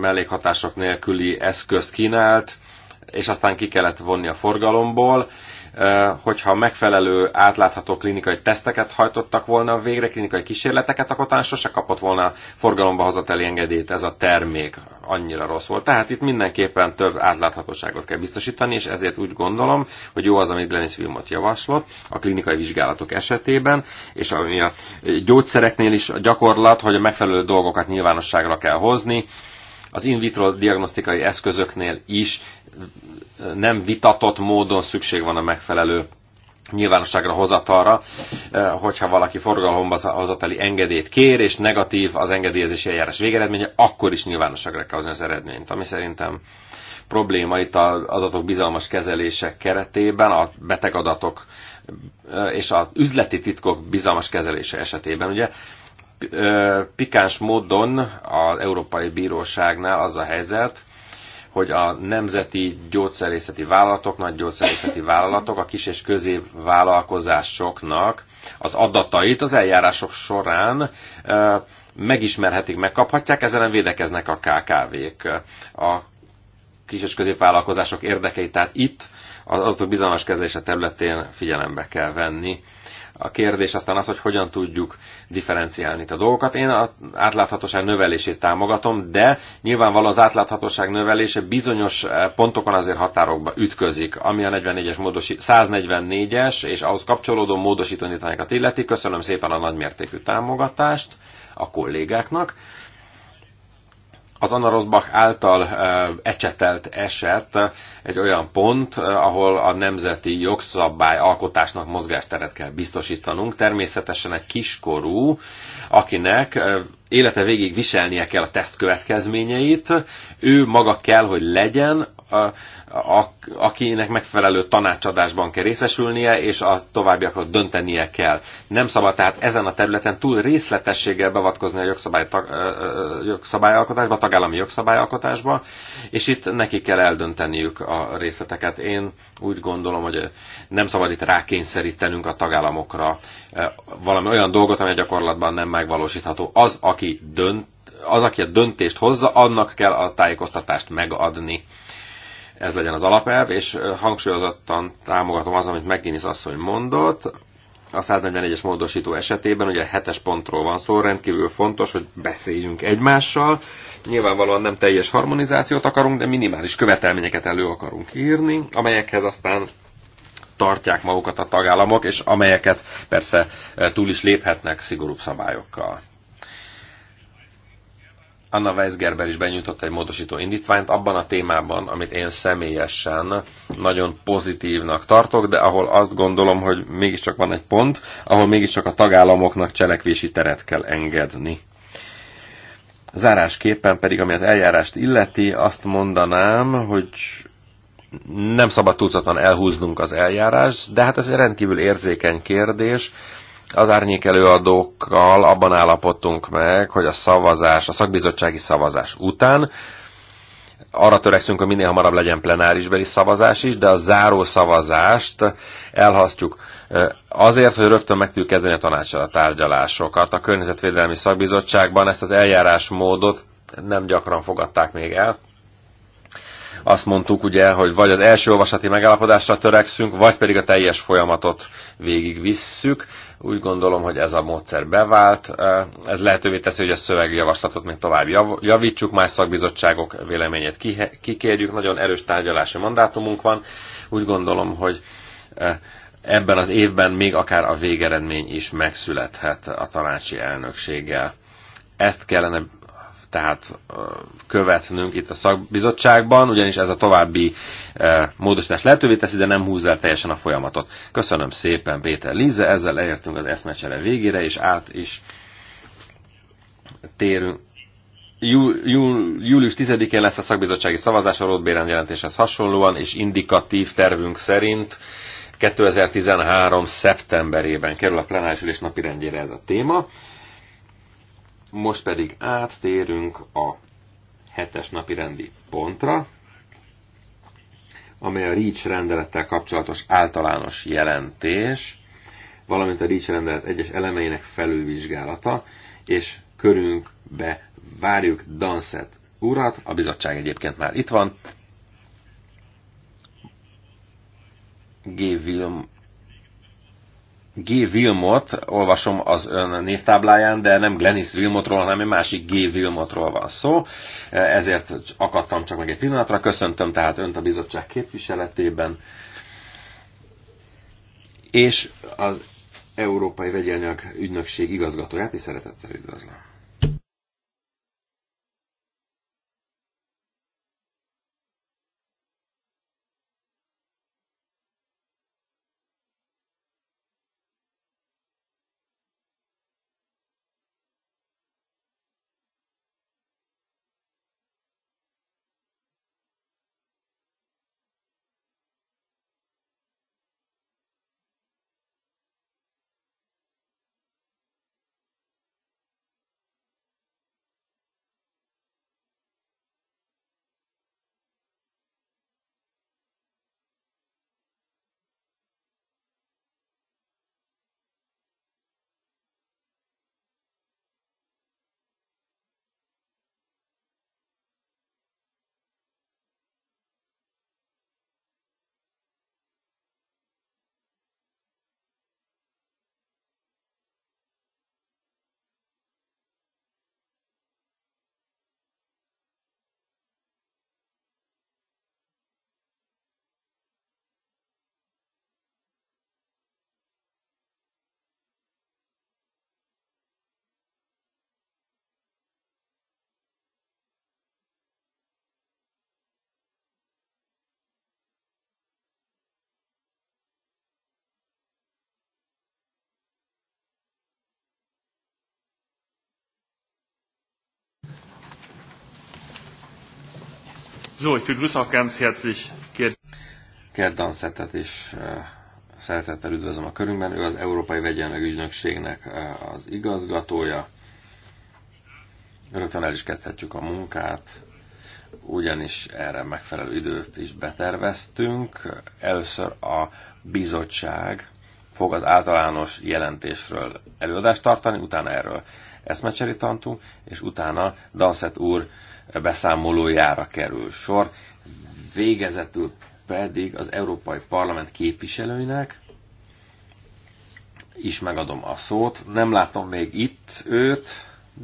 mellékhatások nélküli eszközt kínált, és aztán ki kellett vonni a forgalomból, Eh, hogyha megfelelő átlátható klinikai teszteket hajtottak volna végre, klinikai kísérleteket, akkor talán sose kapott volna forgalomba hozateli engedélyt ez a termék. Annyira rossz volt. Tehát itt mindenképpen több átláthatóságot kell biztosítani, és ezért úgy gondolom, hogy jó az, amit Glenis Wilmot javaslott a klinikai vizsgálatok esetében, és ami a gyógyszereknél is a gyakorlat, hogy a megfelelő dolgokat nyilvánosságra kell hozni, az in vitro diagnosztikai eszközöknél is nem vitatott módon szükség van a megfelelő nyilvánosságra hozatalra, eh, hogyha valaki forgalomba hozatali engedélyt kér, és negatív az engedélyezési eljárás végeredménye, akkor is nyilvánosságra kell hozni az eredményt, ami szerintem probléma itt az adatok bizalmas kezelése keretében, a betegadatok eh, és az üzleti titkok bizalmas kezelése esetében. Ugye pikáns módon az Európai Bíróságnál az a helyzet, hogy a nemzeti gyógyszerészeti vállalatok, nagy gyógyszerészeti vállalatok, a kis és középvállalkozásoknak az adatait az eljárások során megismerhetik, megkaphatják, nem védekeznek a KKV-k, a kis és középvállalkozások érdekeit, tehát itt az adatok bizalmas kezelése területén figyelembe kell venni a kérdés aztán az, hogy hogyan tudjuk differenciálni a dolgokat. Én az átláthatóság növelését támogatom, de nyilvánvalóan az átláthatóság növelése bizonyos eh, pontokon azért határokba ütközik, ami a 44-es módosi, 144-es és ahhoz kapcsolódó nyitányokat illeti. Köszönöm szépen a nagymértékű támogatást a kollégáknak az Anna Rosbach által ecsetelt eset egy olyan pont, ahol a nemzeti jogszabály alkotásnak mozgásteret kell biztosítanunk. Természetesen egy kiskorú, akinek élete végig viselnie kell a teszt következményeit, ő maga kell, hogy legyen, a, a, akinek megfelelő tanácsadásban kell részesülnie, és a továbbiakról döntenie kell. Nem szabad tehát ezen a területen túl részletességgel beavatkozni a jogszabály, tag, jogszabályalkotásba, a tagállami jogszabályalkotásba, és itt neki kell eldönteniük a részleteket. Én úgy gondolom, hogy nem szabad itt rákényszerítenünk a tagállamokra valami olyan dolgot, ami a gyakorlatban nem megvalósítható. Az, a aki dönt, az, aki a döntést hozza, annak kell a tájékoztatást megadni. Ez legyen az alapelv, és hangsúlyozottan támogatom az, amit McGinnis asszony mondott. A 141-es módosító esetében, ugye a 7 pontról van szó, rendkívül fontos, hogy beszéljünk egymással. Nyilvánvalóan nem teljes harmonizációt akarunk, de minimális követelményeket elő akarunk írni, amelyekhez aztán tartják magukat a tagállamok, és amelyeket persze túl is léphetnek szigorúbb szabályokkal. Anna Weisgerber is benyújtott egy módosító indítványt abban a témában, amit én személyesen nagyon pozitívnak tartok, de ahol azt gondolom, hogy mégiscsak van egy pont, ahol mégiscsak a tagállamoknak cselekvési teret kell engedni. Zárásképpen pedig, ami az eljárást illeti, azt mondanám, hogy nem szabad tudatlan elhúznunk az eljárást, de hát ez egy rendkívül érzékeny kérdés, az árnyék előadókkal abban állapodtunk meg, hogy a szavazás, a szakbizottsági szavazás után arra törekszünk, hogy minél hamarabb legyen plenárisbeli szavazás is, de a záró szavazást elhasztjuk azért, hogy rögtön meg tudjuk kezdeni a tanácsal a tárgyalásokat. A Környezetvédelmi Szakbizottságban ezt az eljárásmódot nem gyakran fogadták még el. Azt mondtuk ugye, hogy vagy az első olvasati megállapodásra törekszünk, vagy pedig a teljes folyamatot végigvisszük. Úgy gondolom, hogy ez a módszer bevált. Ez lehetővé teszi, hogy a szövegjavaslatot még tovább javítsuk, más szakbizottságok véleményét kikérjük. Nagyon erős tárgyalási mandátumunk van. Úgy gondolom, hogy ebben az évben még akár a végeredmény is megszülethet a tanácsi elnökséggel. Ezt kellene tehát követnünk itt a szakbizottságban, ugyanis ez a további módosítás lehetővé teszi, de nem húzza el teljesen a folyamatot. Köszönöm szépen Péter Lize, ezzel elértünk az eszmecsere végére, és át is térünk. Jú, jú, július 10-én lesz a szakbizottsági szavazás a Rodbéren jelentéshez hasonlóan, és indikatív tervünk szerint 2013. szeptemberében kerül a plenáris ülés napirendjére ez a téma. Most pedig áttérünk a hetes napi rendi pontra, amely a REACH rendelettel kapcsolatos általános jelentés, valamint a REACH rendelet egyes elemeinek felülvizsgálata, és körünkbe várjuk Danset urat, a bizottság egyébként már itt van, G. Wilm G. Wilmot olvasom az ön névtábláján, de nem Glenis Wilmotról, hanem egy másik G. Wilmotról van szó. Ezért akadtam csak meg egy pillanatra. Köszöntöm tehát önt a bizottság képviseletében. És az Európai Vegyelnyag Ügynökség igazgatóját is szeretettel üdvözlöm. So, ich begrüße auch ganz herzlich Gerd. Gerd Dansettet is eh, szeretettel üdvözlöm a körünkben. Ő az Európai Vegyenleg Ügynökségnek eh, az igazgatója. Rögtön el is kezdhetjük a munkát, ugyanis erre megfelelő időt is beterveztünk. Először a bizottság fog az általános jelentésről előadást tartani, utána erről eszmecseri tantunk, és utána Danszett úr beszámolójára kerül sor. Végezetül pedig az Európai Parlament képviselőinek is megadom a szót. Nem látom még itt őt,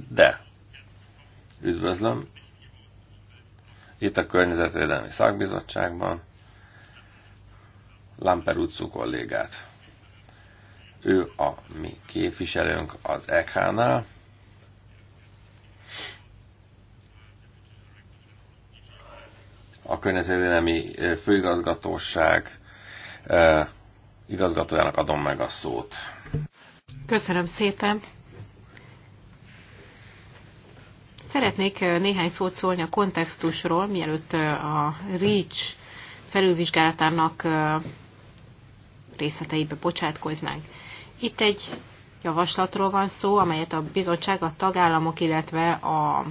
de üdvözlöm. Itt a Környezetvédelmi Szakbizottságban utcú kollégát. Ő a mi képviselőnk az EKH-nál. a környezetvédelmi főigazgatóság igazgatójának adom meg a szót. Köszönöm szépen. Szeretnék néhány szót szólni a kontextusról, mielőtt a REACH felülvizsgálatának részleteibe bocsátkoznánk. Itt egy javaslatról van szó, amelyet a bizottság, a tagállamok, illetve a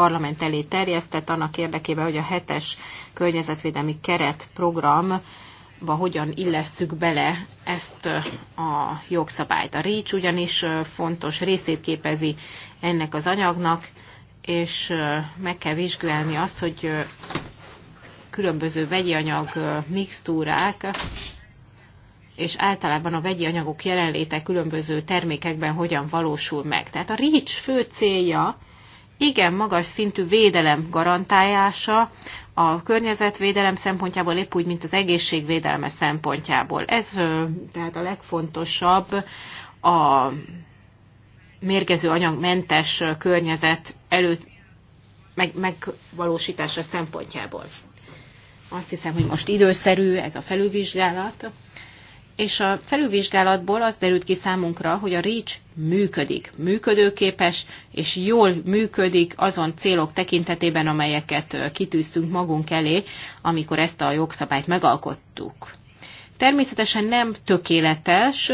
Parlament elé terjesztett annak érdekében, hogy a hetes környezetvédelmi keret program hogyan illesszük bele ezt a jogszabályt. A REACH ugyanis fontos részét képezi ennek az anyagnak, és meg kell vizsgálni azt, hogy különböző vegyi anyag mixtúrák, és általában a vegyi anyagok jelenléte különböző termékekben hogyan valósul meg. Tehát a REACH fő célja igen magas szintű védelem garantálása a környezetvédelem szempontjából, épp úgy, mint az egészségvédelme szempontjából. Ez tehát a legfontosabb a mérgező anyagmentes környezet előtt meg, megvalósítása szempontjából. Azt hiszem, hogy most időszerű ez a felülvizsgálat és a felülvizsgálatból az derült ki számunkra, hogy a REACH működik, működőképes, és jól működik azon célok tekintetében, amelyeket kitűztünk magunk elé, amikor ezt a jogszabályt megalkottuk. Természetesen nem tökéletes,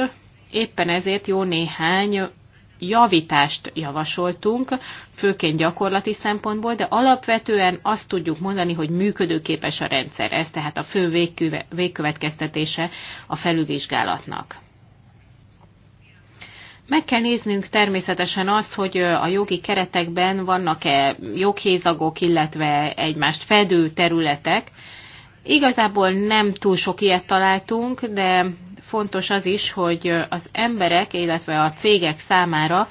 éppen ezért jó néhány javítást javasoltunk, főként gyakorlati szempontból, de alapvetően azt tudjuk mondani, hogy működőképes a rendszer. Ez tehát a fő végkövetkeztetése a felülvizsgálatnak. Meg kell néznünk természetesen azt, hogy a jogi keretekben vannak-e joghézagok, illetve egymást fedő területek. Igazából nem túl sok ilyet találtunk, de fontos az is, hogy az emberek, illetve a cégek számára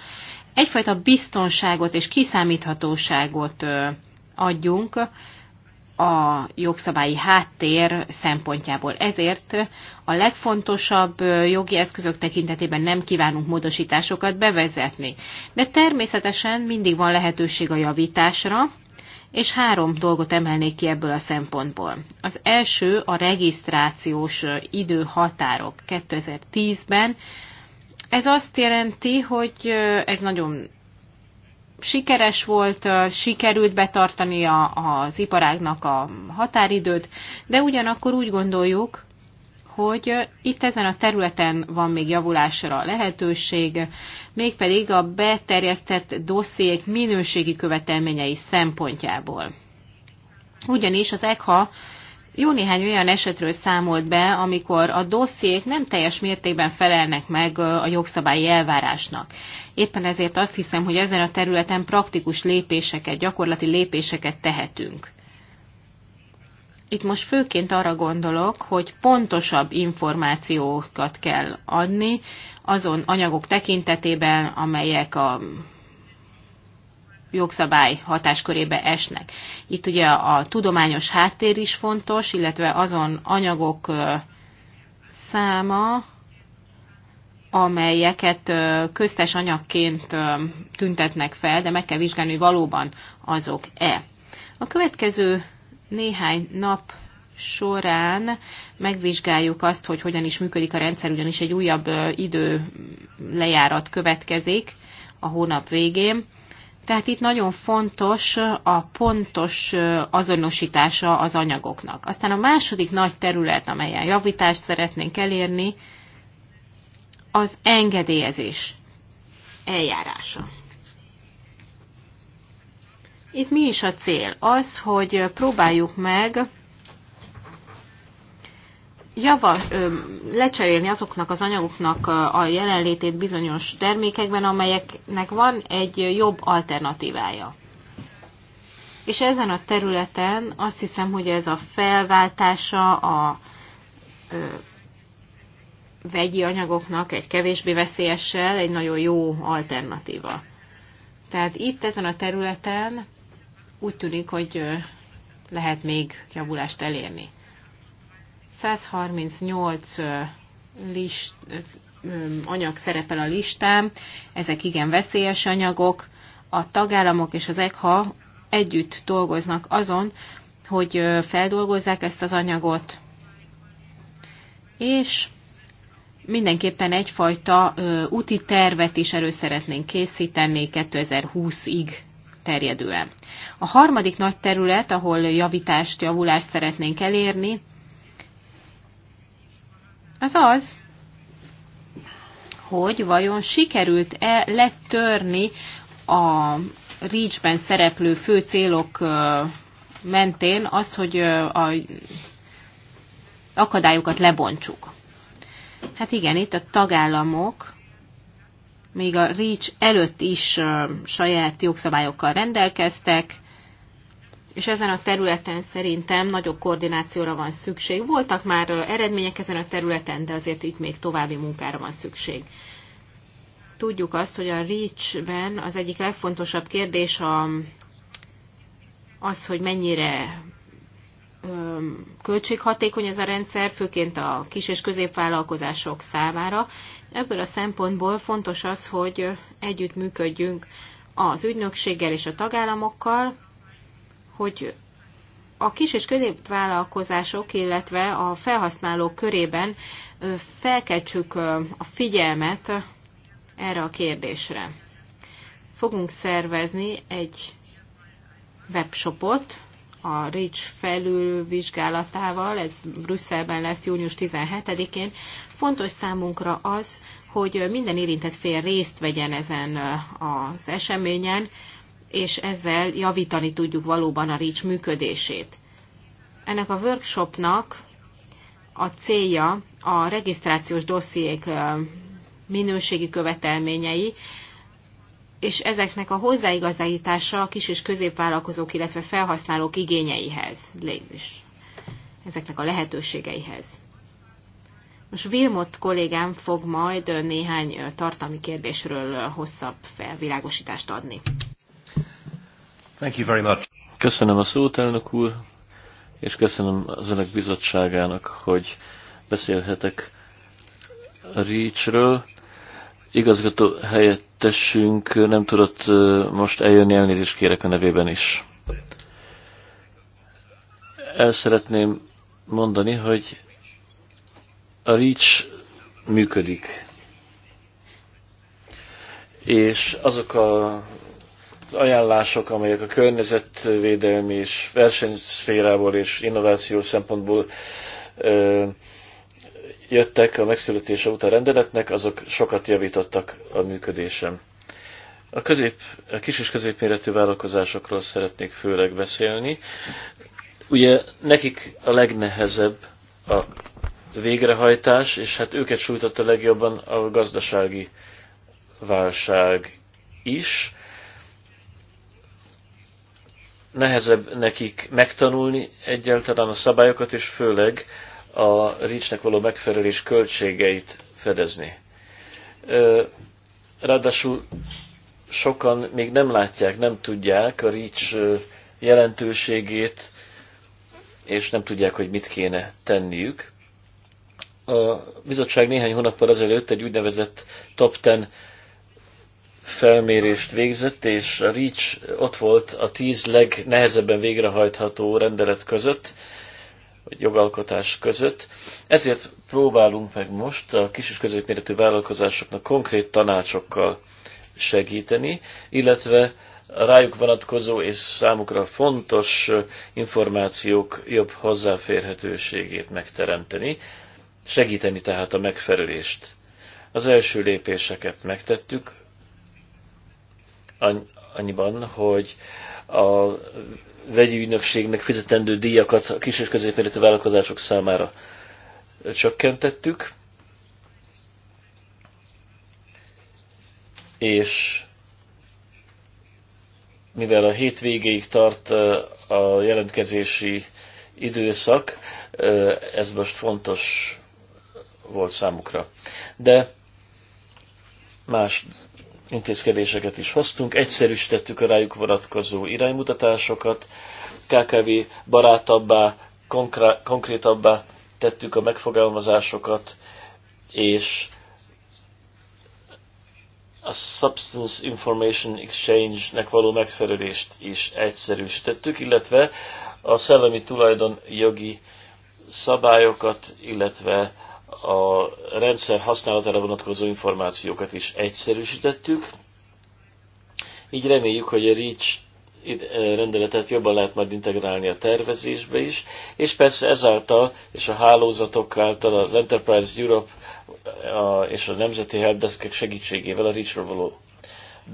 egyfajta biztonságot és kiszámíthatóságot adjunk a jogszabályi háttér szempontjából. Ezért a legfontosabb jogi eszközök tekintetében nem kívánunk módosításokat bevezetni. De természetesen mindig van lehetőség a javításra, és három dolgot emelnék ki ebből a szempontból. Az első a regisztrációs időhatárok 2010-ben. Ez azt jelenti, hogy ez nagyon sikeres volt, sikerült betartani az iparágnak a határidőt, de ugyanakkor úgy gondoljuk, hogy itt ezen a területen van még javulásra a lehetőség, mégpedig a beterjesztett dossziék minőségi követelményei szempontjából. Ugyanis az ECHA jó néhány olyan esetről számolt be, amikor a dossziék nem teljes mértékben felelnek meg a jogszabályi elvárásnak. Éppen ezért azt hiszem, hogy ezen a területen praktikus lépéseket, gyakorlati lépéseket tehetünk. Itt most főként arra gondolok, hogy pontosabb információkat kell adni azon anyagok tekintetében, amelyek a jogszabály hatáskörébe esnek. Itt ugye a tudományos háttér is fontos, illetve azon anyagok száma, amelyeket köztes anyagként tüntetnek fel, de meg kell vizsgálni, hogy valóban azok-e. A következő néhány nap során megvizsgáljuk azt, hogy hogyan is működik a rendszer, ugyanis egy újabb idő lejárat következik a hónap végén. Tehát itt nagyon fontos a pontos azonosítása az anyagoknak. Aztán a második nagy terület, amelyen javítást szeretnénk elérni, az engedélyezés eljárása. Itt mi is a cél? Az, hogy próbáljuk meg java, ö, lecserélni azoknak az anyagoknak a jelenlétét bizonyos termékekben, amelyeknek van egy jobb alternatívája. És ezen a területen azt hiszem, hogy ez a felváltása a ö, vegyi anyagoknak egy kevésbé veszélyessel egy nagyon jó alternatíva. Tehát itt ezen a területen úgy tűnik, hogy lehet még javulást elérni. 138 list, anyag szerepel a listám, ezek igen veszélyes anyagok. A tagállamok és az EGHA együtt dolgoznak azon, hogy feldolgozzák ezt az anyagot, és mindenképpen egyfajta úti tervet is elő szeretnénk készíteni 2020-ig terjedően. A harmadik nagy terület, ahol javítást, javulást szeretnénk elérni, az az, hogy vajon sikerült-e letörni a reach szereplő fő célok mentén azt, hogy a akadályokat lebontsuk. Hát igen, itt a tagállamok még a REACH előtt is saját jogszabályokkal rendelkeztek, és ezen a területen szerintem nagyobb koordinációra van szükség. Voltak már eredmények ezen a területen, de azért itt még további munkára van szükség. Tudjuk azt, hogy a REACH-ben az egyik legfontosabb kérdés a, az, hogy mennyire költséghatékony ez a rendszer, főként a kis- és középvállalkozások számára. Ebből a szempontból fontos az, hogy együtt működjünk az ügynökséggel és a tagállamokkal, hogy a kis- és középvállalkozások, illetve a felhasználók körében felkeltsük a figyelmet erre a kérdésre. Fogunk szervezni egy webshopot, a RICS felülvizsgálatával, ez Brüsszelben lesz június 17-én. Fontos számunkra az, hogy minden érintett fél részt vegyen ezen az eseményen, és ezzel javítani tudjuk valóban a RICS működését. Ennek a workshopnak a célja a regisztrációs dossziék minőségi követelményei, és ezeknek a hozzáigazítása a kis és középvállalkozók, illetve felhasználók igényeihez, is ezeknek a lehetőségeihez. Most Vilmot kollégám fog majd néhány tartalmi kérdésről hosszabb felvilágosítást adni. Thank you very much. Köszönöm a szót, elnök úr, és köszönöm az önök bizottságának, hogy beszélhetek a Reach-ről igazgató helyettesünk nem tudott most eljönni, elnézést kérek a nevében is. El szeretném mondani, hogy a REACH működik. És azok a ajánlások, amelyek a környezetvédelmi és versenyszférából és innovációs szempontból ö, jöttek a megszületése után rendeletnek, azok sokat javítottak a működésem. A, közép, a kis és középméretű vállalkozásokról szeretnék főleg beszélni. Ugye nekik a legnehezebb a végrehajtás, és hát őket sújtotta legjobban a gazdasági válság is. Nehezebb nekik megtanulni egyáltalán a szabályokat, és főleg a ricsnek való megfelelés költségeit fedezni. Ráadásul sokan még nem látják, nem tudják a rics jelentőségét, és nem tudják, hogy mit kéne tenniük. A bizottság néhány hónappal ezelőtt egy úgynevezett top ten felmérést végzett, és a REACH ott volt a tíz legnehezebben végrehajtható rendelet között, vagy jogalkotás között. Ezért próbálunk meg most a kis és középméretű vállalkozásoknak konkrét tanácsokkal segíteni, illetve a rájuk vonatkozó és számukra fontos információk jobb hozzáférhetőségét megteremteni, segíteni tehát a megfelelést. Az első lépéseket megtettük, annyiban, hogy a vegyi ügynökségnek fizetendő díjakat a kis és középméretű vállalkozások számára csökkentettük, és mivel a hétvégéig tart a jelentkezési időszak, ez most fontos volt számukra. De más intézkedéseket is hoztunk, egyszerűsítettük a rájuk vonatkozó iránymutatásokat, KKV barátabbá, konkrétabbá tettük a megfogalmazásokat, és a Substance Information Exchange-nek való megfelelést is egyszerűsítettük, illetve a szellemi tulajdon jogi szabályokat, illetve a rendszer használatára vonatkozó információkat is egyszerűsítettük. Így reméljük, hogy a REACH e, rendeletet jobban lehet majd integrálni a tervezésbe is, és persze ezáltal és a hálózatok által az Enterprise Europe a, és a nemzeti helpdeskek segítségével a reach való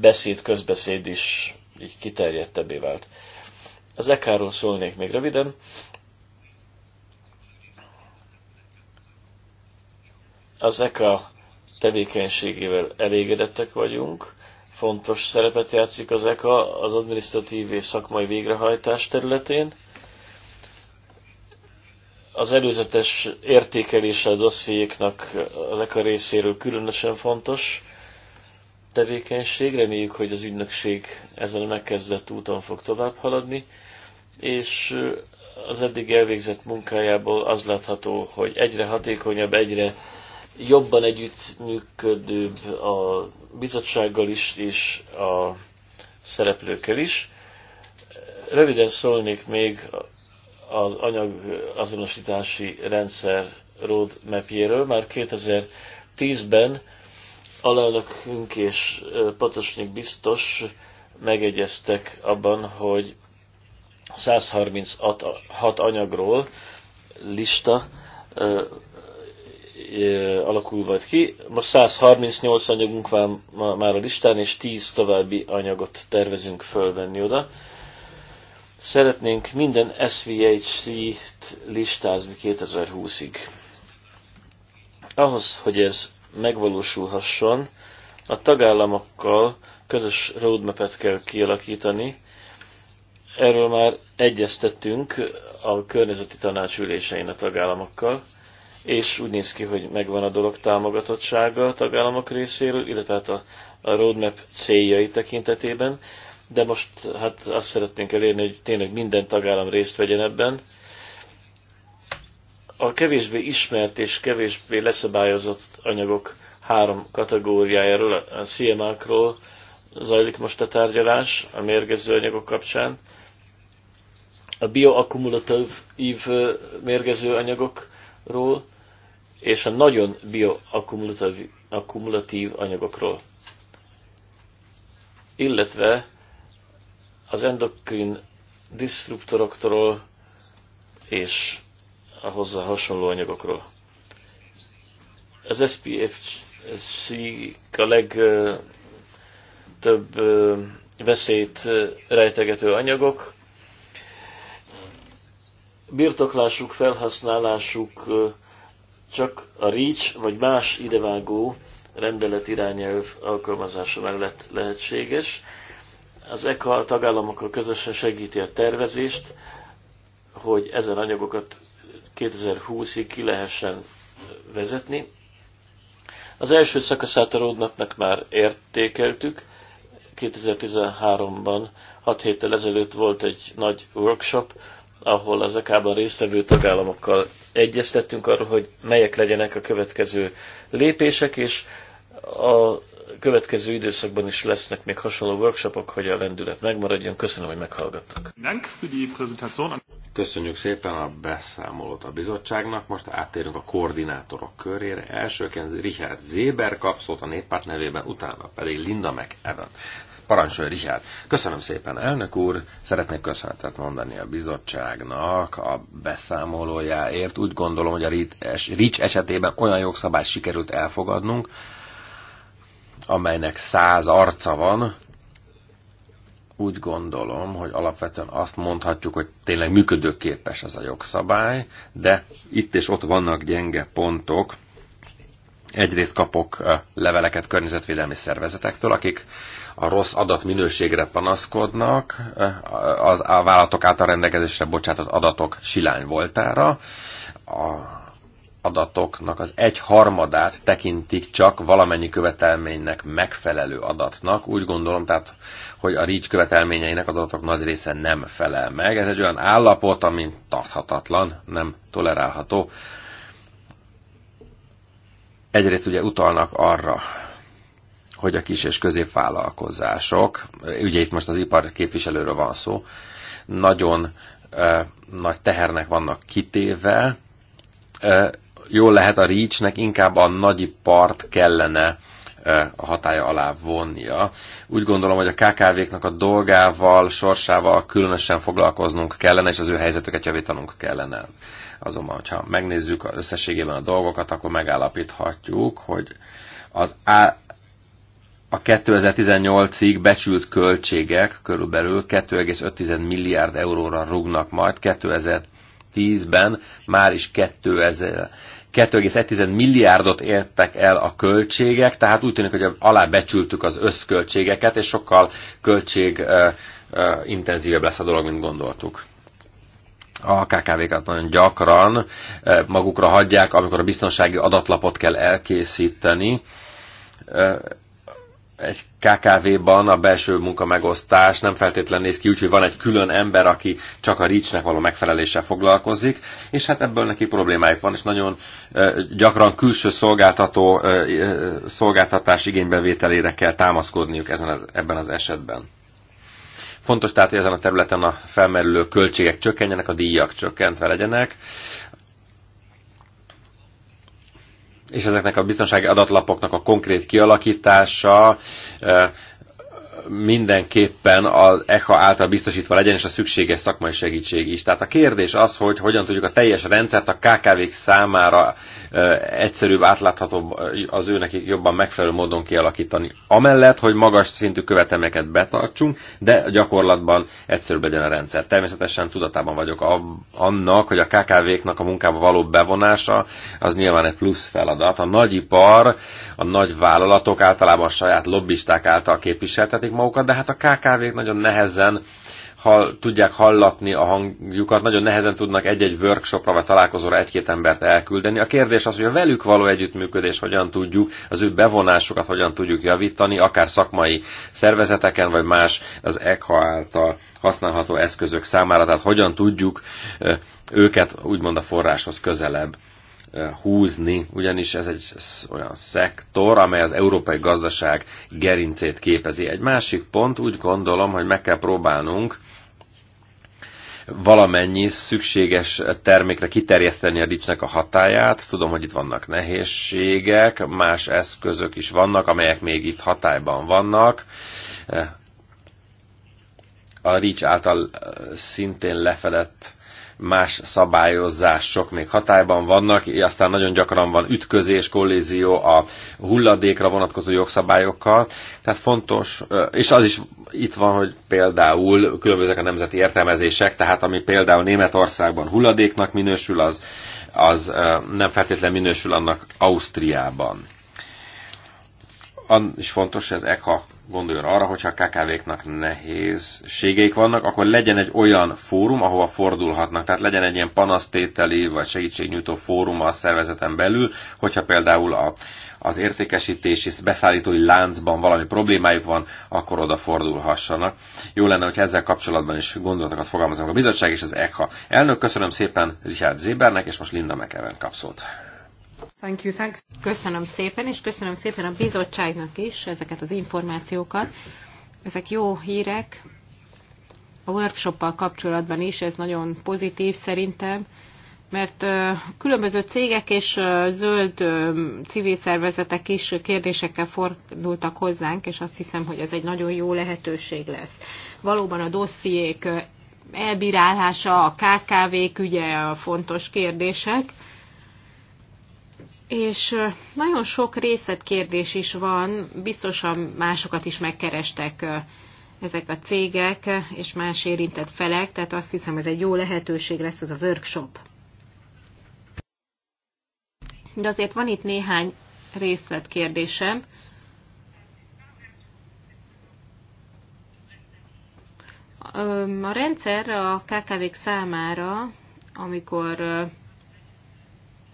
beszéd, közbeszéd is így kiterjedtebbé vált. Az ekáról szólnék még röviden. Az ECA tevékenységével elégedettek vagyunk, fontos szerepet játszik az ECA az administratív és szakmai végrehajtás területén. Az előzetes értékelése a dossziéknak az ECA részéről különösen fontos tevékenység. Reméljük, hogy az ügynökség ezen a megkezdett úton fog tovább haladni, és az eddig elvégzett munkájából az látható, hogy egyre hatékonyabb, egyre jobban együttműködőbb a bizottsággal is, és a szereplőkkel is. Röviden szólnék még az anyag azonosítási rendszer roadmapjéről. Már 2010-ben alelnökünk és Patosnyik biztos megegyeztek abban, hogy 136 anyagról lista alakul majd ki. Most 138 anyagunk van már a listán, és 10 további anyagot tervezünk fölvenni oda. Szeretnénk minden SVHC-t listázni 2020-ig. Ahhoz, hogy ez megvalósulhasson, a tagállamokkal közös roadmap-et kell kialakítani. Erről már egyeztettünk a környezeti tanács ülésein a tagállamokkal és úgy néz ki, hogy megvan a dolog támogatottsága a tagállamok részéről, illetve hát a, a roadmap céljai tekintetében, de most hát azt szeretnénk elérni, hogy tényleg minden tagállam részt vegyen ebben. A kevésbé ismert és kevésbé leszabályozott anyagok három kategóriájáról, a CMA-król zajlik most a tárgyalás a mérgező anyagok kapcsán. A bioakkumulatív eh, mérgező anyagok ról és a nagyon bioakkumulatív anyagokról. Illetve az endokrin disruptoroktól és a hozzá hasonló anyagokról. Az SPFC a legtöbb veszélyt rejtegető anyagok, birtoklásuk, felhasználásuk csak a REACH vagy más idevágó rendelet irányelv alkalmazása mellett lehetséges. Az ECHA a tagállamokkal közösen segíti a tervezést, hogy ezen anyagokat 2020-ig ki lehessen vezetni. Az első szakaszát a roadmapnek már értékeltük. 2013-ban, 6 héttel ezelőtt volt egy nagy workshop, ahol az akában résztvevő tagállamokkal egyeztettünk arról, hogy melyek legyenek a következő lépések, és a következő időszakban is lesznek még hasonló workshopok, hogy a lendület megmaradjon. Köszönöm, hogy meghallgattak. Köszönjük szépen a beszámolót a bizottságnak. Most áttérünk a koordinátorok körére. Elsőként Richard Zéber kapszót a néppárt nevében, utána pedig Linda McEwen. Parancsolj, Richard! Köszönöm szépen, elnök úr! Szeretnék köszönetet mondani a bizottságnak a beszámolójáért. Úgy gondolom, hogy a RICS esetében olyan jogszabályt sikerült elfogadnunk, amelynek száz arca van, úgy gondolom, hogy alapvetően azt mondhatjuk, hogy tényleg működőképes ez a jogszabály, de itt és ott vannak gyenge pontok. Egyrészt kapok leveleket környezetvédelmi szervezetektől, akik a rossz adatminőségre panaszkodnak, az a vállalatok által rendelkezésre bocsátott adatok silány voltára, a adatoknak az egy harmadát tekintik csak valamennyi követelménynek megfelelő adatnak. Úgy gondolom, tehát, hogy a REACH követelményeinek az adatok nagy része nem felel meg. Ez egy olyan állapot, ami tarthatatlan, nem tolerálható. Egyrészt ugye utalnak arra hogy a kis és középvállalkozások, ugye itt most az ipar képviselőről van szó, nagyon nagy tehernek vannak kitéve, jól lehet a reach inkább a nagy part kellene a hatája alá vonnia. Úgy gondolom, hogy a KKV-knak a dolgával, sorsával különösen foglalkoznunk kellene, és az ő helyzetüket javítanunk kellene. Azonban, hogyha megnézzük összességében a dolgokat, akkor megállapíthatjuk, hogy az a 2018-ig becsült költségek körülbelül 2,5 milliárd euróra rúgnak majd 2010-ben, már is 2,1 milliárdot értek el a költségek, tehát úgy tűnik, hogy alá becsültük az összköltségeket, és sokkal költség intenzívebb lesz a dolog, mint gondoltuk. A KKV-kat nagyon gyakran magukra hagyják, amikor a biztonsági adatlapot kell elkészíteni, egy KKV-ban a belső munka megosztás nem feltétlen néz ki úgy, hogy van egy külön ember, aki csak a ricsnek való megfeleléssel foglalkozik, és hát ebből neki problémáik van, és nagyon gyakran külső szolgáltató szolgáltatás igénybevételére kell támaszkodniuk ezen, ebben az esetben. Fontos tehát, hogy ezen a területen a felmerülő költségek csökkenjenek, a díjak csökkentve legyenek és ezeknek a biztonsági adatlapoknak a konkrét kialakítása eh, mindenképpen az ECHA által biztosítva legyen, és a szükséges szakmai segítség is. Tehát a kérdés az, hogy hogyan tudjuk a teljes rendszert a KKV-k számára egyszerűbb, átláthatóbb, az ő nekik jobban megfelelő módon kialakítani. Amellett, hogy magas szintű követelményeket betartsunk, de gyakorlatban egyszerűbb legyen a rendszer. Természetesen tudatában vagyok annak, hogy a KKV-knak a munkába való bevonása az nyilván egy plusz feladat. A nagyipar, a nagy vállalatok általában a saját lobbisták által képviseltetik, hallatják magukat, de hát a KKV-k nagyon nehezen hall, tudják hallatni a hangjukat, nagyon nehezen tudnak egy-egy workshopra vagy találkozóra egy-két embert elküldeni. A kérdés az, hogy a velük való együttműködés hogyan tudjuk, az ő bevonásukat hogyan tudjuk javítani, akár szakmai szervezeteken, vagy más az ECHA által használható eszközök számára, tehát hogyan tudjuk őket úgymond a forráshoz közelebb Eh, húzni, ugyanis ez egy olyan szektor, amely az európai gazdaság gerincét képezi. Egy másik pont, úgy gondolom, hogy meg kell próbálnunk valamennyi szükséges termékre kiterjeszteni a dicsnek a hatáját. Tudom, hogy itt vannak nehézségek, más eszközök is vannak, amelyek még itt hatályban vannak. Eh, a rics által eh, szintén lefedett más szabályozások még hatályban vannak, és aztán nagyon gyakran van ütközés, kollézió a hulladékra vonatkozó jogszabályokkal, tehát fontos, és az is itt van, hogy például különbözőek a nemzeti értelmezések, tehát ami például Németországban hulladéknak minősül, az, az nem feltétlenül minősül annak Ausztriában. An is fontos, hogy az ECHA gondoljon arra, hogyha a KKV-knak nehézségeik vannak, akkor legyen egy olyan fórum, ahova fordulhatnak. Tehát legyen egy ilyen panasztételi vagy segítségnyújtó fórum a szervezeten belül, hogyha például a, az értékesítési beszállítói láncban valami problémájuk van, akkor oda fordulhassanak. Jó lenne, hogy ezzel kapcsolatban is gondolatokat fogalmazunk a bizottság és az ECHA. Elnök, köszönöm szépen Richard Zébernek, és most Linda McEwen kapszót. Thank you, thanks. Köszönöm szépen, és köszönöm szépen a bizottságnak is ezeket az információkat. Ezek jó hírek. A workshoppal kapcsolatban is ez nagyon pozitív szerintem, mert különböző cégek és zöld civil szervezetek is kérdésekkel fordultak hozzánk, és azt hiszem, hogy ez egy nagyon jó lehetőség lesz. Valóban a dossziék elbírálása, a KKV-k ugye a fontos kérdések, és nagyon sok részletkérdés is van, biztosan másokat is megkerestek ezek a cégek és más érintett felek, tehát azt hiszem ez egy jó lehetőség lesz ez a workshop. De azért van itt néhány részletkérdésem. A rendszer a KKV-k számára, amikor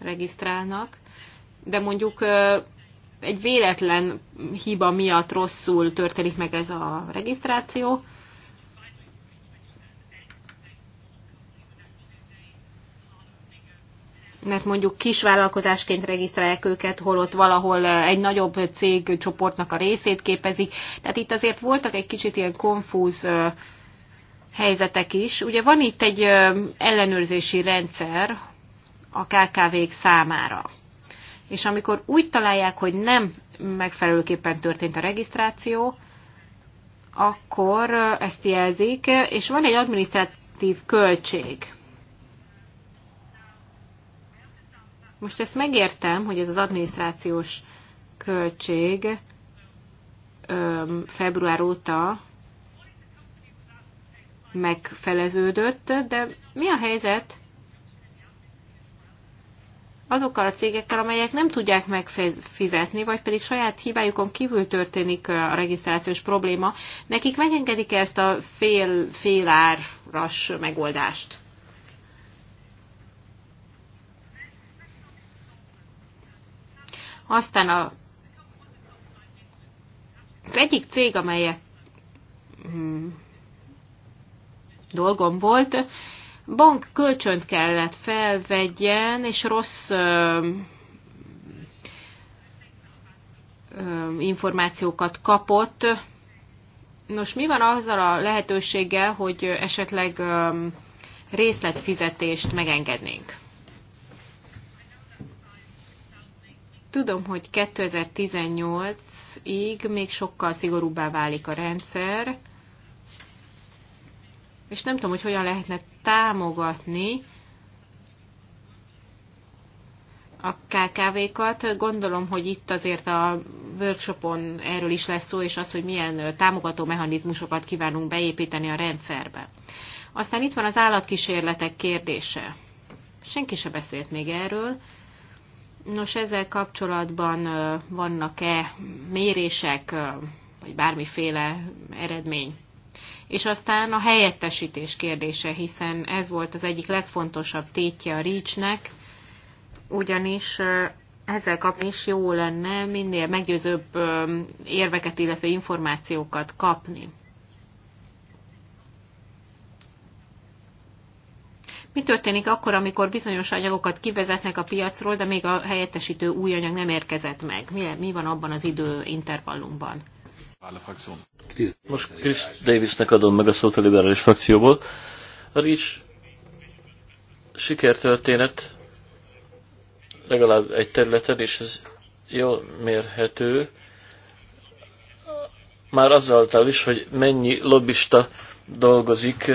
regisztrálnak, de mondjuk egy véletlen hiba miatt rosszul történik meg ez a regisztráció, mert mondjuk kisvállalkozásként regisztrálják őket, holott valahol egy nagyobb cégcsoportnak a részét képezik. Tehát itt azért voltak egy kicsit ilyen konfúz helyzetek is. Ugye van itt egy ellenőrzési rendszer a KKV-k számára és amikor úgy találják, hogy nem megfelelőképpen történt a regisztráció, akkor ezt jelzik, és van egy adminisztratív költség. Most ezt megértem, hogy ez az adminisztrációs költség február óta megfeleződött, de mi a helyzet azokkal a cégekkel, amelyek nem tudják megfizetni, vagy pedig saját hibájukon kívül történik a regisztrációs probléma, nekik megengedik -e ezt a fél, féláras megoldást? Aztán a, az egyik cég, amelyek hmm, dolgom volt, bank kölcsönt kellett felvegyen, és rossz ö, ö, információkat kapott. Nos, mi van azzal a lehetőséggel, hogy esetleg ö, részletfizetést megengednénk? Tudom, hogy 2018-ig még sokkal szigorúbbá válik a rendszer, és nem tudom, hogy hogyan lehetne támogatni a KKV-kat. Gondolom, hogy itt azért a workshopon erről is lesz szó, és az, hogy milyen támogató mechanizmusokat kívánunk beépíteni a rendszerbe. Aztán itt van az állatkísérletek kérdése. Senki se beszélt még erről. Nos, ezzel kapcsolatban vannak-e mérések, vagy bármiféle eredmény? és aztán a helyettesítés kérdése, hiszen ez volt az egyik legfontosabb tétje a Ricsnek, ugyanis ezzel kapni is jó lenne minél meggyőzőbb érveket, illetve információkat kapni. Mi történik akkor, amikor bizonyos anyagokat kivezetnek a piacról, de még a helyettesítő új anyag nem érkezett meg? Mi, mi van abban az idő intervallumban? Chris Most Chris Davisnek adom meg a szót a liberális frakcióból. A Rich sikertörténet legalább egy területen, és ez jól mérhető, már azáltal is, hogy mennyi lobbista dolgozik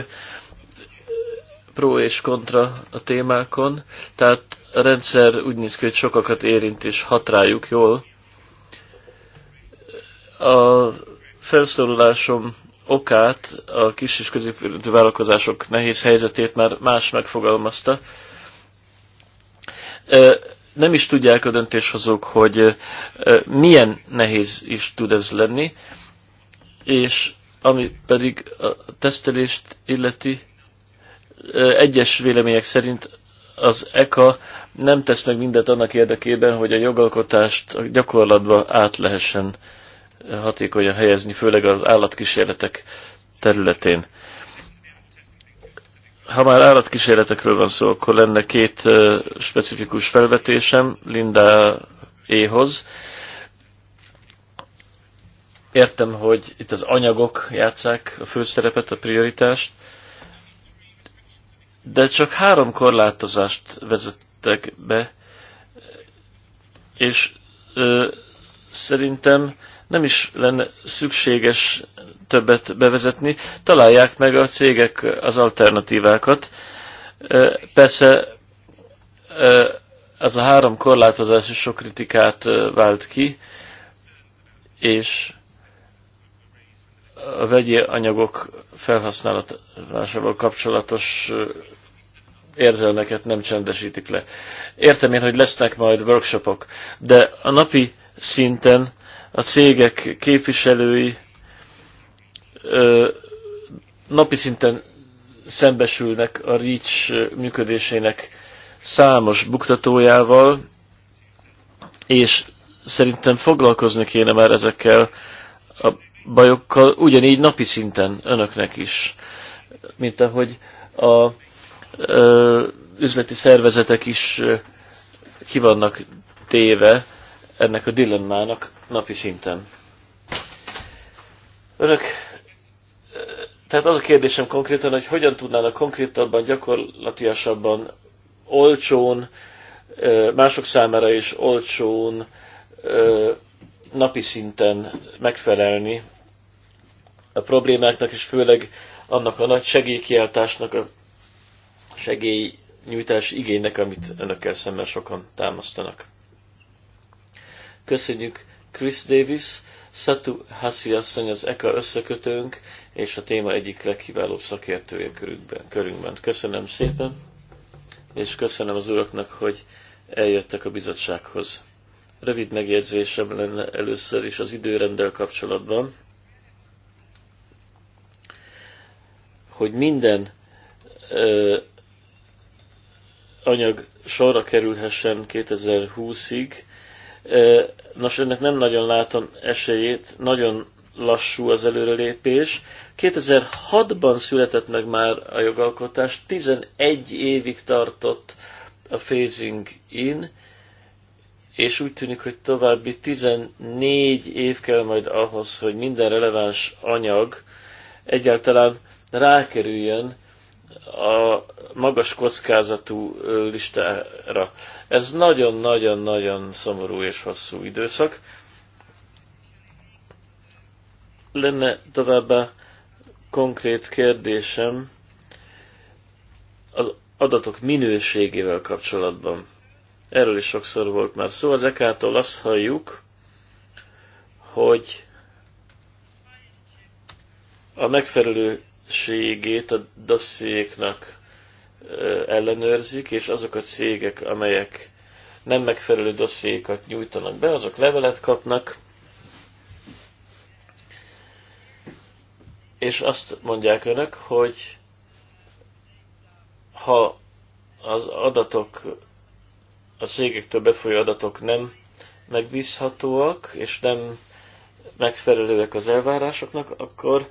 pro és kontra a témákon, tehát a rendszer úgy néz ki, hogy sokakat érint és hat rájuk jól. A felszólalásom okát, a kis és középületű vállalkozások nehéz helyzetét már más megfogalmazta. Nem is tudják a döntéshozók, hogy milyen nehéz is tud ez lenni, és ami pedig a tesztelést illeti, egyes vélemények szerint az ECA nem tesz meg mindent annak érdekében, hogy a jogalkotást gyakorlatba át lehessen hatékonyan helyezni, főleg az állatkísérletek területén. Ha már állatkísérletekről van szó, akkor lenne két specifikus felvetésem Linda éhoz. Értem, hogy itt az anyagok játszák a főszerepet, a prioritást, de csak három korlátozást vezettek be, és ö, szerintem nem is lenne szükséges többet bevezetni. Találják meg a cégek az alternatívákat. Persze ez a három korlátozás is sok kritikát vált ki, és a vegyi anyagok felhasználásával kapcsolatos érzelmeket nem csendesítik le. Értem én, hogy lesznek majd workshopok, de a napi szinten a cégek képviselői napi szinten szembesülnek a REACH működésének számos buktatójával, és szerintem foglalkozni kéne már ezekkel a bajokkal, ugyanígy napi szinten önöknek is, mint ahogy a ö, üzleti szervezetek is ö, ki vannak téve ennek a dilemmának napi szinten. Önök, tehát az a kérdésem konkrétan, hogy hogyan tudnának konkrétabban, gyakorlatiasabban, olcsón, mások számára is olcsón, napi szinten megfelelni a problémáknak, és főleg annak a nagy segélykiáltásnak, a segélynyújtás igénynek, amit önökkel szemben sokan támasztanak. Köszönjük Chris Davis, Satu Hassi asszony az EKA összekötőnk, és a téma egyik legkiválóbb szakértője körünkben, körünkben. Köszönöm szépen, és köszönöm az uraknak, hogy eljöttek a bizottsághoz. Rövid megjegyzésem lenne először is az időrendel kapcsolatban, hogy minden ö, anyag sorra kerülhessen 2020-ig, Nos, ennek nem nagyon látom esélyét, nagyon lassú az előrelépés. 2006-ban született meg már a jogalkotás, 11 évig tartott a phasing in, és úgy tűnik, hogy további 14 év kell majd ahhoz, hogy minden releváns anyag egyáltalán rákerüljön a magas kockázatú listára. Ez nagyon-nagyon-nagyon szomorú és hosszú időszak. Lenne továbbá konkrét kérdésem az adatok minőségével kapcsolatban. Erről is sokszor volt már szó. Az ekától azt halljuk, hogy a megfelelő minőségét a dossziéknak ellenőrzik, és azok a cégek, amelyek nem megfelelő dossziékat nyújtanak be, azok levelet kapnak, és azt mondják önök, hogy ha az adatok, a cégektől befolyó adatok nem megbízhatóak, és nem megfelelőek az elvárásoknak, akkor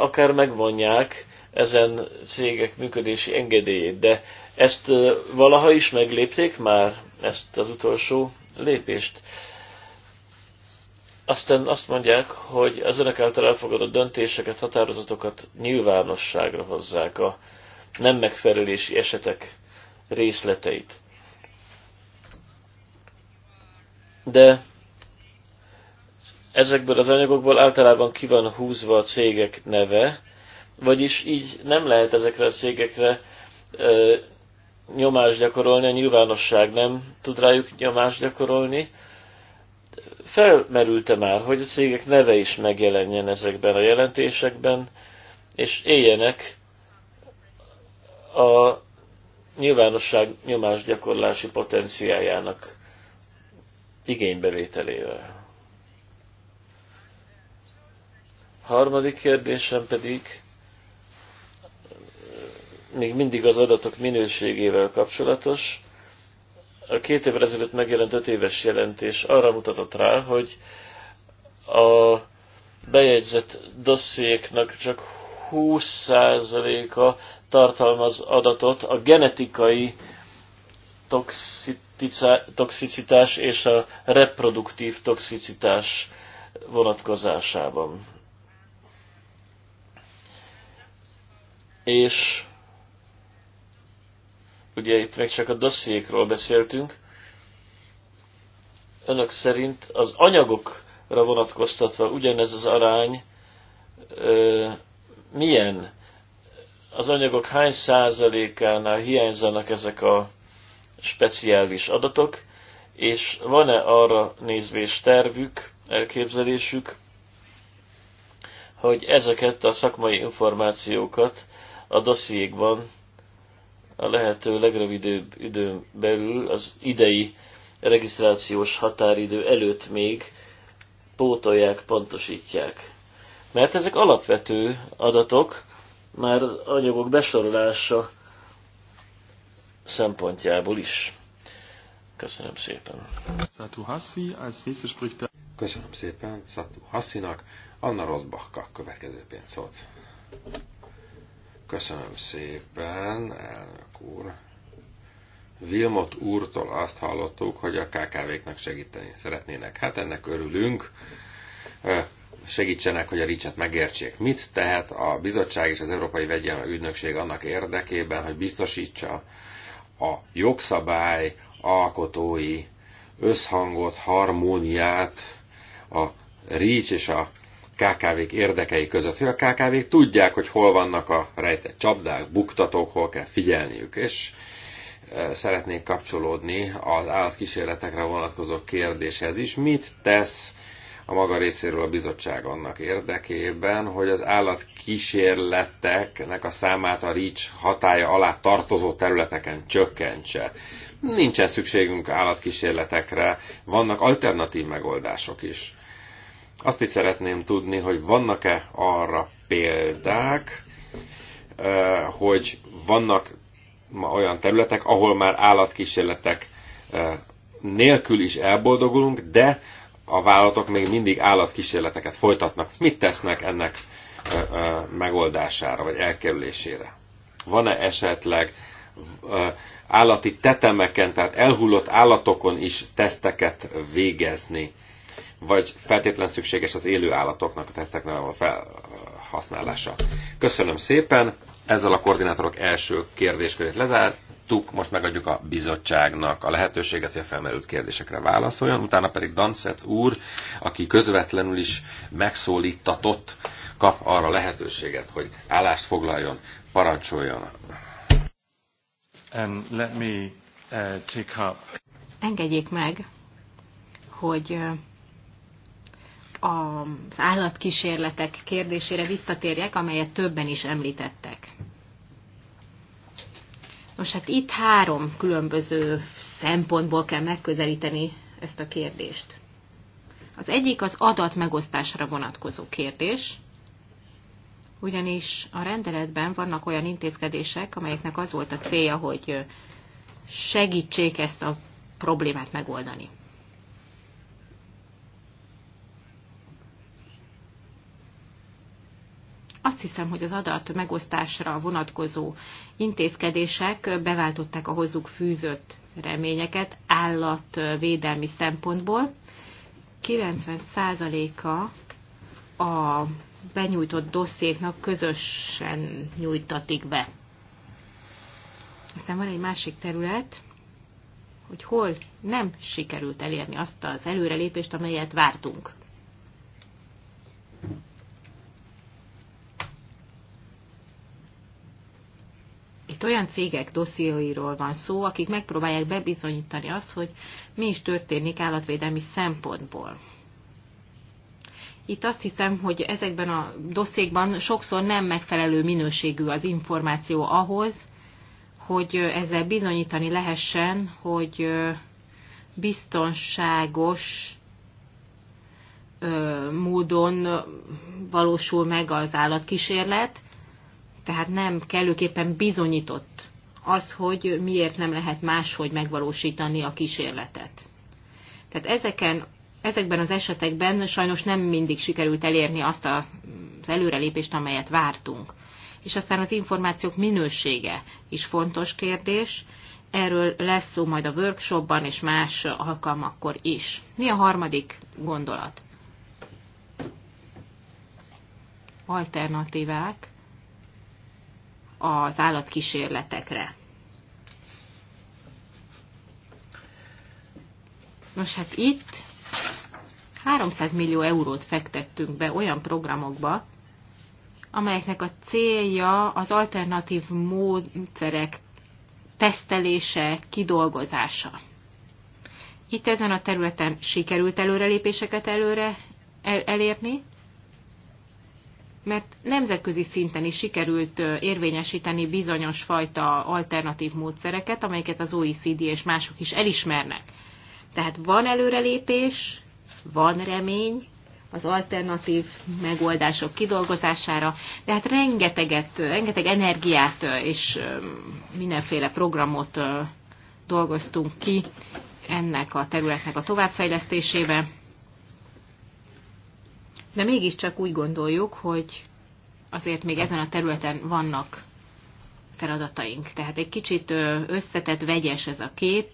akár megvonják ezen cégek működési engedélyét, de ezt valaha is meglépték már, ezt az utolsó lépést. Aztán azt mondják, hogy az önök által elfogadott döntéseket, határozatokat nyilvánosságra hozzák a nem megfelelési esetek részleteit. De ezekből az anyagokból általában ki van húzva a cégek neve, vagyis így nem lehet ezekre a cégekre ö, nyomást gyakorolni, a nyilvánosság nem tud rájuk nyomást gyakorolni. Felmerülte már, hogy a cégek neve is megjelenjen ezekben a jelentésekben, és éljenek a nyilvánosság nyomásgyakorlási potenciájának igénybevételével. Harmadik kérdésem pedig eh, még mindig az adatok minőségével kapcsolatos. A két évvel ezelőtt megjelent öt éves jelentés arra mutatott rá, hogy a bejegyzett dossziéknak csak 20%-a tartalmaz adatot a genetikai toxicitás és a reproduktív toxicitás vonatkozásában. és ugye itt még csak a dossziékról beszéltünk, önök szerint az anyagokra vonatkoztatva ugyanez az arány ö, milyen? Az anyagok hány százalékánál hiányzanak ezek a speciális adatok, és van-e arra nézvés tervük, elképzelésük, hogy ezeket a szakmai információkat a dossziékban a lehető legrövidebb időn belül, az idei regisztrációs határidő előtt még pótolják, pontosítják. Mert ezek alapvető adatok, már az anyagok besorolása szempontjából is. Köszönöm szépen. Satu Hassi, als nächstes spricht Köszönöm szépen Satu Hassinak, Anna Rosbachka következő pénzt szólt. Köszönöm szépen, elnök úr. Vilmot úrtól azt hallottuk, hogy a KKV-knak segíteni szeretnének. Hát ennek örülünk. Segítsenek, hogy a ricset megértsék. Mit tehet a bizottság és az Európai Vegyen Ügynökség annak érdekében, hogy biztosítsa a jogszabály alkotói összhangot, harmóniát a REACH és a KKV-k érdekei között, hogy a KKV-k tudják, hogy hol vannak a rejtett csapdák, buktatók, hol kell figyelniük, és e, szeretnék kapcsolódni az állatkísérletekre vonatkozó kérdéshez is. Mit tesz a maga részéről a bizottság annak érdekében, hogy az állatkísérleteknek a számát a REACH hatája alá tartozó területeken csökkentse. Nincsen szükségünk állatkísérletekre, vannak alternatív megoldások is. Azt is szeretném tudni, hogy vannak-e arra példák, hogy vannak ma olyan területek, ahol már állatkísérletek nélkül is elboldogulunk, de a vállalatok még mindig állatkísérleteket folytatnak. Mit tesznek ennek megoldására, vagy elkerülésére? Van-e esetleg állati tetemeken, tehát elhullott állatokon is teszteket végezni? vagy feltétlen szükséges az élő állatoknak a teszteknek a felhasználása. Köszönöm szépen, ezzel a koordinátorok első kérdéskörét lezártuk, most megadjuk a bizottságnak a lehetőséget, hogy a felmerült kérdésekre válaszoljon, utána pedig Dancet úr, aki közvetlenül is megszólítatott, kap arra lehetőséget, hogy állást foglaljon, parancsoljon. And let me, uh, take up. Engedjék meg, hogy uh, az állatkísérletek kérdésére visszatérjek, amelyet többen is említettek. Nos, hát itt három különböző szempontból kell megközelíteni ezt a kérdést. Az egyik az adat megosztásra vonatkozó kérdés, ugyanis a rendeletben vannak olyan intézkedések, amelyeknek az volt a célja, hogy segítsék ezt a problémát megoldani. Azt hiszem, hogy az adat megosztásra vonatkozó intézkedések beváltották a hozzuk fűzött reményeket állatvédelmi szempontból. 90%-a a benyújtott dosszéknak közösen nyújtatik be. Aztán van egy másik terület, hogy hol nem sikerült elérni azt az előrelépést, amelyet vártunk. Itt olyan cégek dosszióiról van szó, akik megpróbálják bebizonyítani azt, hogy mi is történik állatvédelmi szempontból. Itt azt hiszem, hogy ezekben a dosszékban sokszor nem megfelelő minőségű az információ ahhoz, hogy ezzel bizonyítani lehessen, hogy biztonságos módon valósul meg az állatkísérlet, tehát nem kellőképpen bizonyított az, hogy miért nem lehet máshogy megvalósítani a kísérletet. Tehát ezeken, ezekben az esetekben sajnos nem mindig sikerült elérni azt az előrelépést, amelyet vártunk. És aztán az információk minősége is fontos kérdés. Erről lesz szó majd a workshopban és más alkalmakkor is. Mi a harmadik gondolat? Alternatívák az állatkísérletekre. Nos hát itt 300 millió eurót fektettünk be olyan programokba, amelyeknek a célja az alternatív módszerek tesztelése, kidolgozása. Itt ezen a területen sikerült előrelépéseket előre elérni, mert nemzetközi szinten is sikerült érvényesíteni bizonyos fajta alternatív módszereket, amelyeket az OECD és mások is elismernek. Tehát van előrelépés, van remény az alternatív megoldások kidolgozására, de hát rengeteget, rengeteg energiát és mindenféle programot dolgoztunk ki ennek a területnek a továbbfejlesztésébe de mégiscsak úgy gondoljuk, hogy azért még ezen a területen vannak feladataink. Tehát egy kicsit összetett, vegyes ez a kép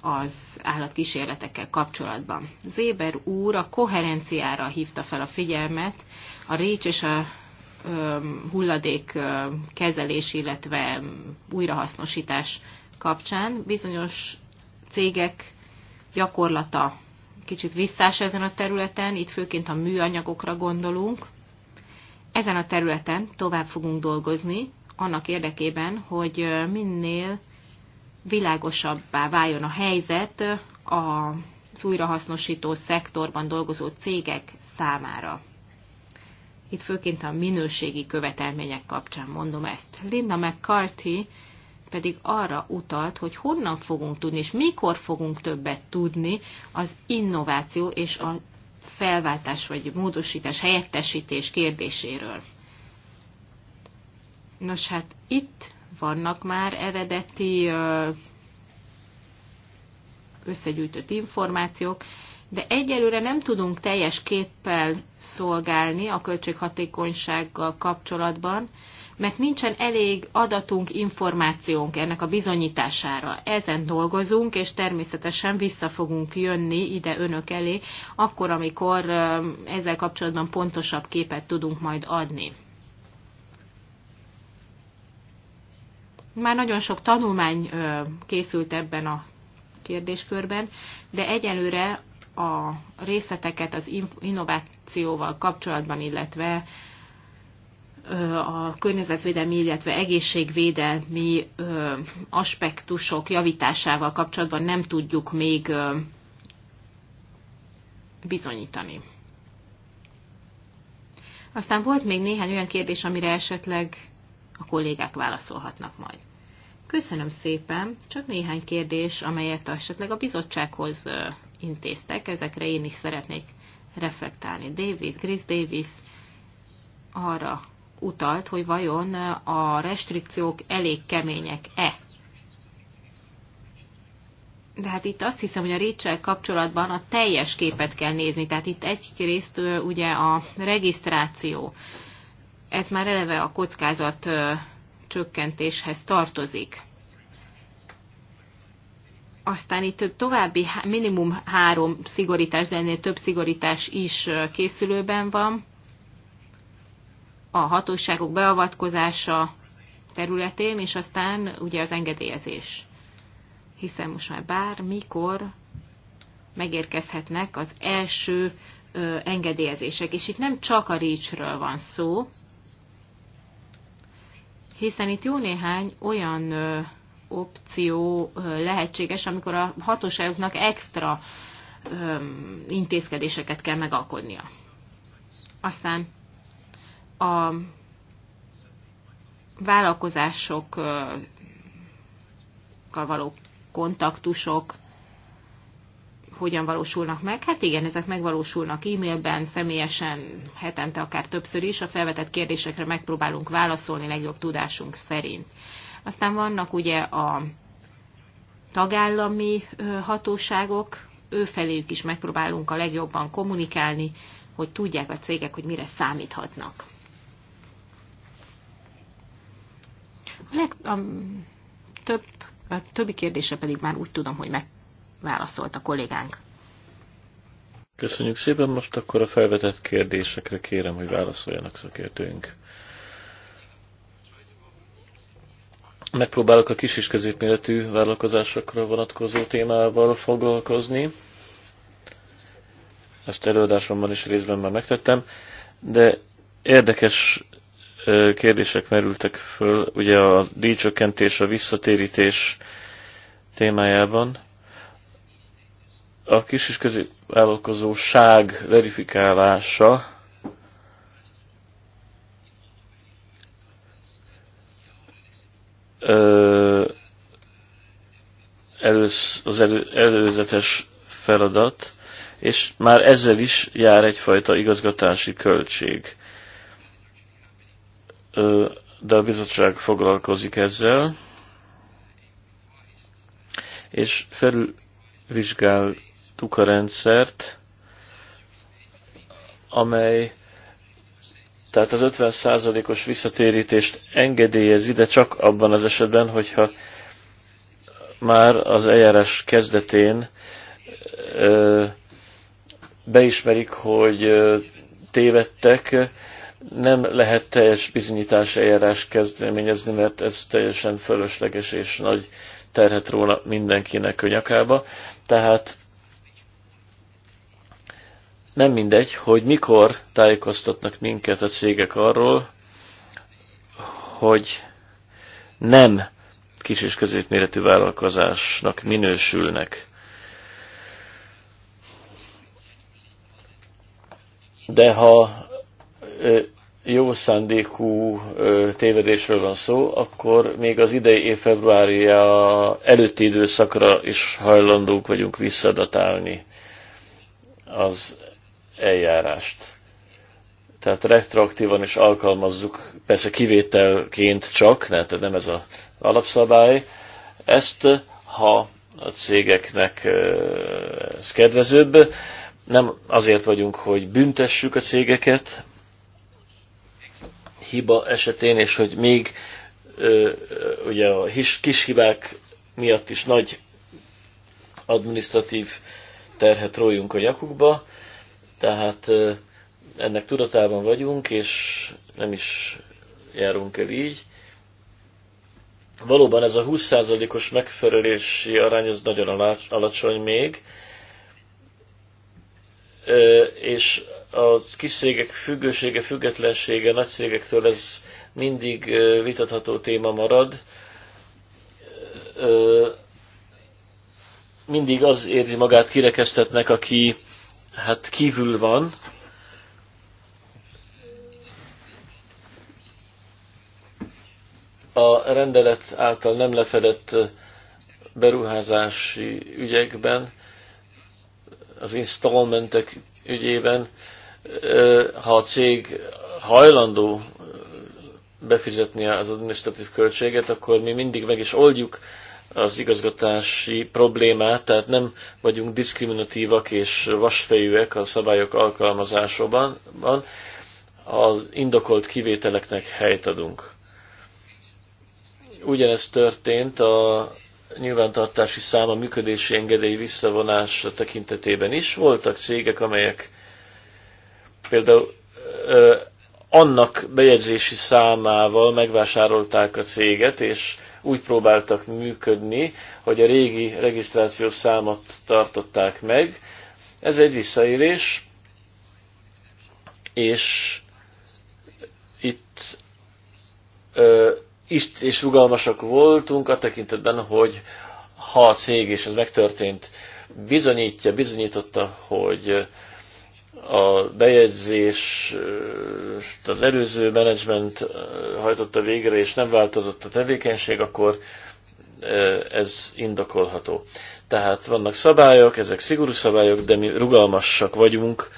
az állatkísérletekkel kapcsolatban. Zéber úr a koherenciára hívta fel a figyelmet, a récs és a hulladék kezelés, illetve újrahasznosítás kapcsán bizonyos cégek gyakorlata kicsit visszás ezen a területen, itt főként a műanyagokra gondolunk. Ezen a területen tovább fogunk dolgozni, annak érdekében, hogy minél világosabbá váljon a helyzet az újrahasznosító szektorban dolgozó cégek számára. Itt főként a minőségi követelmények kapcsán mondom ezt. Linda McCarthy pedig arra utalt, hogy honnan fogunk tudni, és mikor fogunk többet tudni az innováció és a felváltás vagy módosítás, helyettesítés kérdéséről. Nos hát itt vannak már eredeti összegyűjtött információk, de egyelőre nem tudunk teljes képpel szolgálni a költséghatékonysággal kapcsolatban, mert nincsen elég adatunk, információnk ennek a bizonyítására. Ezen dolgozunk, és természetesen vissza fogunk jönni ide önök elé, akkor, amikor ezzel kapcsolatban pontosabb képet tudunk majd adni. Már nagyon sok tanulmány készült ebben a kérdéskörben, de egyelőre a részleteket az innovációval kapcsolatban, illetve a környezetvédelmi, illetve egészségvédelmi aspektusok javításával kapcsolatban nem tudjuk még bizonyítani. Aztán volt még néhány olyan kérdés, amire esetleg a kollégák válaszolhatnak majd. Köszönöm szépen, csak néhány kérdés, amelyet esetleg a bizottsághoz intéztek, ezekre én is szeretnék reflektálni. David, Chris Davis arra utalt, hogy vajon a restrikciók elég kemények-e. De hát itt azt hiszem, hogy a récsel kapcsolatban a teljes képet kell nézni. Tehát itt egyrészt ugye a regisztráció, ez már eleve a kockázat csökkentéshez tartozik. Aztán itt további minimum három szigorítás, de ennél több szigorítás is készülőben van a hatóságok beavatkozása területén, és aztán ugye az engedélyezés. Hiszen most már bármikor megérkezhetnek az első ö, engedélyezések. És itt nem csak a rícsről van szó, hiszen itt jó néhány olyan ö, opció ö, lehetséges, amikor a hatóságoknak extra ö, intézkedéseket kell megalkodnia. Aztán a vállalkozásokkal való kontaktusok hogyan valósulnak meg? Hát igen, ezek megvalósulnak e-mailben, személyesen, hetente akár többször is. A felvetett kérdésekre megpróbálunk válaszolni legjobb tudásunk szerint. Aztán vannak ugye a tagállami hatóságok, őfeléjük is megpróbálunk a legjobban kommunikálni, hogy tudják a cégek, hogy mire számíthatnak. leg, a, több, a többi kérdése pedig már úgy tudom, hogy megválaszolt a kollégánk. Köszönjük szépen, most akkor a felvetett kérdésekre kérem, hogy válaszoljanak szakértőink. Megpróbálok a kis és középméretű vállalkozásokra vonatkozó témával foglalkozni. Ezt előadásomban is részben már megtettem, de érdekes kérdések merültek föl, ugye a díjcsökkentés, a visszatérítés témájában. A kis és középvállalkozóság verifikálása elősz, az elő, előzetes feladat, és már ezzel is jár egyfajta igazgatási költség de a bizottság foglalkozik ezzel, és felvizsgáltuk a rendszert, amely tehát az 50%-os visszatérítést engedélyezi, de csak abban az esetben, hogyha már az eljárás kezdetén ö, beismerik, hogy ö, tévedtek, nem lehet teljes bizonyítás eljárás kezdeményezni, mert ez teljesen fölösleges és nagy terhet róla mindenkinek a nyakába. Tehát nem mindegy, hogy mikor tájékoztatnak minket a cégek arról, hogy nem kis és középméretű vállalkozásnak minősülnek. De ha jó szándékú tévedésről van szó, akkor még az idei év februárja előtti időszakra is hajlandók vagyunk visszadatálni az eljárást. Tehát retroaktívan is alkalmazzuk, persze kivételként csak, ne, tehát nem ez az alapszabály. Ezt, ha a cégeknek ez kedvezőbb, nem azért vagyunk, hogy büntessük a cégeket, hiba esetén, és hogy még ö, ugye a his, kis hibák miatt is nagy administratív terhet rójunk a nyakukba, tehát ö, ennek tudatában vagyunk, és nem is járunk el így. Valóban ez a 20%-os megfelelési arány, ez nagyon alacsony még, és a kis szégek függősége, függetlensége nagy szégektől ez mindig vitatható téma marad. Mindig az érzi magát kirekesztetnek, aki hát kívül van. A rendelet által nem lefedett beruházási ügyekben, az installmentek ügyében ha a cég hajlandó befizetni az administratív költséget, akkor mi mindig meg is oldjuk az igazgatási problémát, tehát nem vagyunk diszkriminatívak és vasfejűek a szabályok alkalmazásában, az indokolt kivételeknek helyt adunk. Ugyanezt történt a nyilvántartási száma működési engedély visszavonása tekintetében is. Voltak cégek, amelyek Például annak bejegyzési számával megvásárolták a céget, és úgy próbáltak működni, hogy a régi regisztrációs számot tartották meg. Ez egy visszaélés, és itt ö, is, és rugalmasak voltunk a tekintetben, hogy ha a cég, és ez megtörtént, bizonyítja, bizonyította, hogy a bejegyzés, az előző menedzsment hajtotta végre, és nem változott a tevékenység, akkor ez indokolható. Tehát vannak szabályok, ezek szigorú szabályok, de mi rugalmasak vagyunk,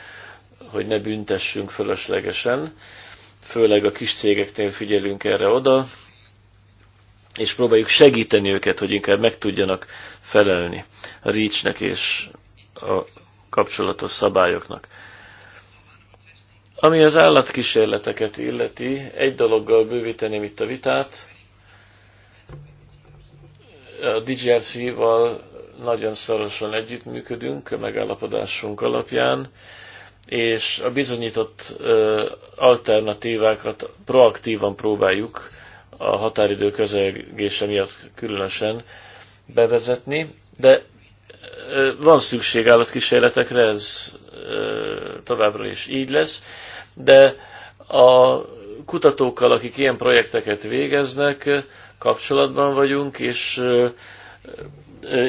hogy ne büntessünk fölöslegesen. Főleg a kis cégeknél figyelünk erre oda, és próbáljuk segíteni őket, hogy inkább meg tudjanak felelni a reach és a kapcsolatos szabályoknak. Ami az állatkísérleteket illeti, egy dologgal bővíteném itt a vitát. A DGRC-val nagyon szorosan együttműködünk a megállapodásunk alapján, és a bizonyított alternatívákat proaktívan próbáljuk a határidő közelgése miatt különösen bevezetni, de van szükség állatkísérletekre, ez továbbra is így lesz, de a kutatókkal, akik ilyen projekteket végeznek, kapcsolatban vagyunk, és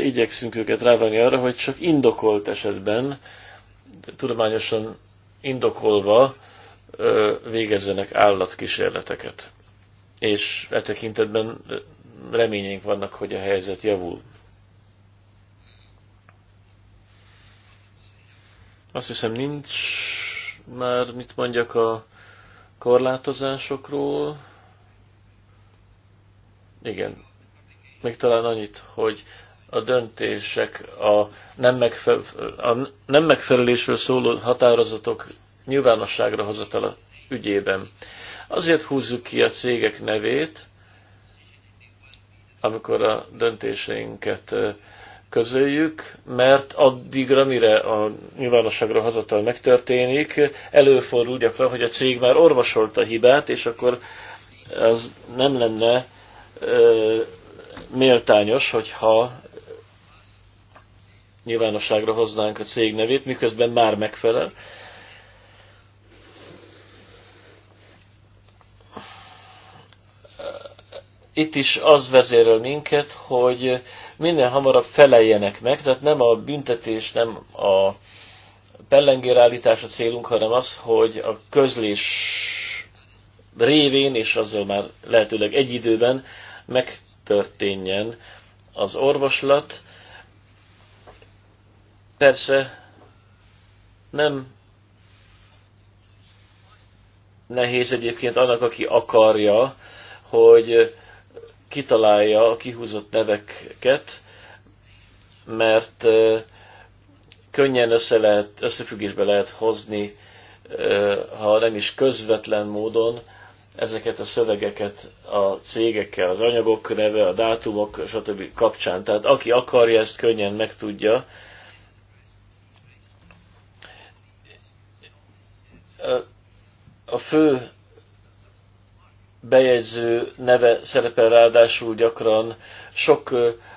igyekszünk őket rávenni arra, hogy csak indokolt esetben, tudományosan indokolva végezzenek állatkísérleteket. És e tekintetben reményénk vannak, hogy a helyzet javul. Azt hiszem nincs már mit mondjak a korlátozásokról. Igen, még talán annyit, hogy a döntések, a nem, megfe- a nem megfelelésről szóló határozatok nyilvánosságra hozatala ügyében. Azért húzzuk ki a cégek nevét, amikor a döntéseinket közöljük, mert addigra, mire a nyilvánosságra hazatal megtörténik, előfordul gyakran, hogy a cég már orvosolt a hibát, és akkor az nem lenne ö, méltányos, hogyha nyilvánosságra hoznánk a cég nevét, miközben már megfelel. Itt is az vezérel minket, hogy minél hamarabb feleljenek meg, tehát nem a büntetés, nem a pellengérállítás a célunk, hanem az, hogy a közlés révén, és azzal már lehetőleg egy időben megtörténjen az orvoslat. Persze nem nehéz egyébként annak, aki akarja, hogy kitalálja a kihúzott neveket, mert könnyen össze lehet, összefüggésbe lehet hozni, ha nem is közvetlen módon, ezeket a szövegeket a cégekkel, az anyagok neve, a dátumok, stb. kapcsán. Tehát aki akarja, ezt könnyen megtudja. A fő bejegyző neve szerepel ráadásul gyakran sok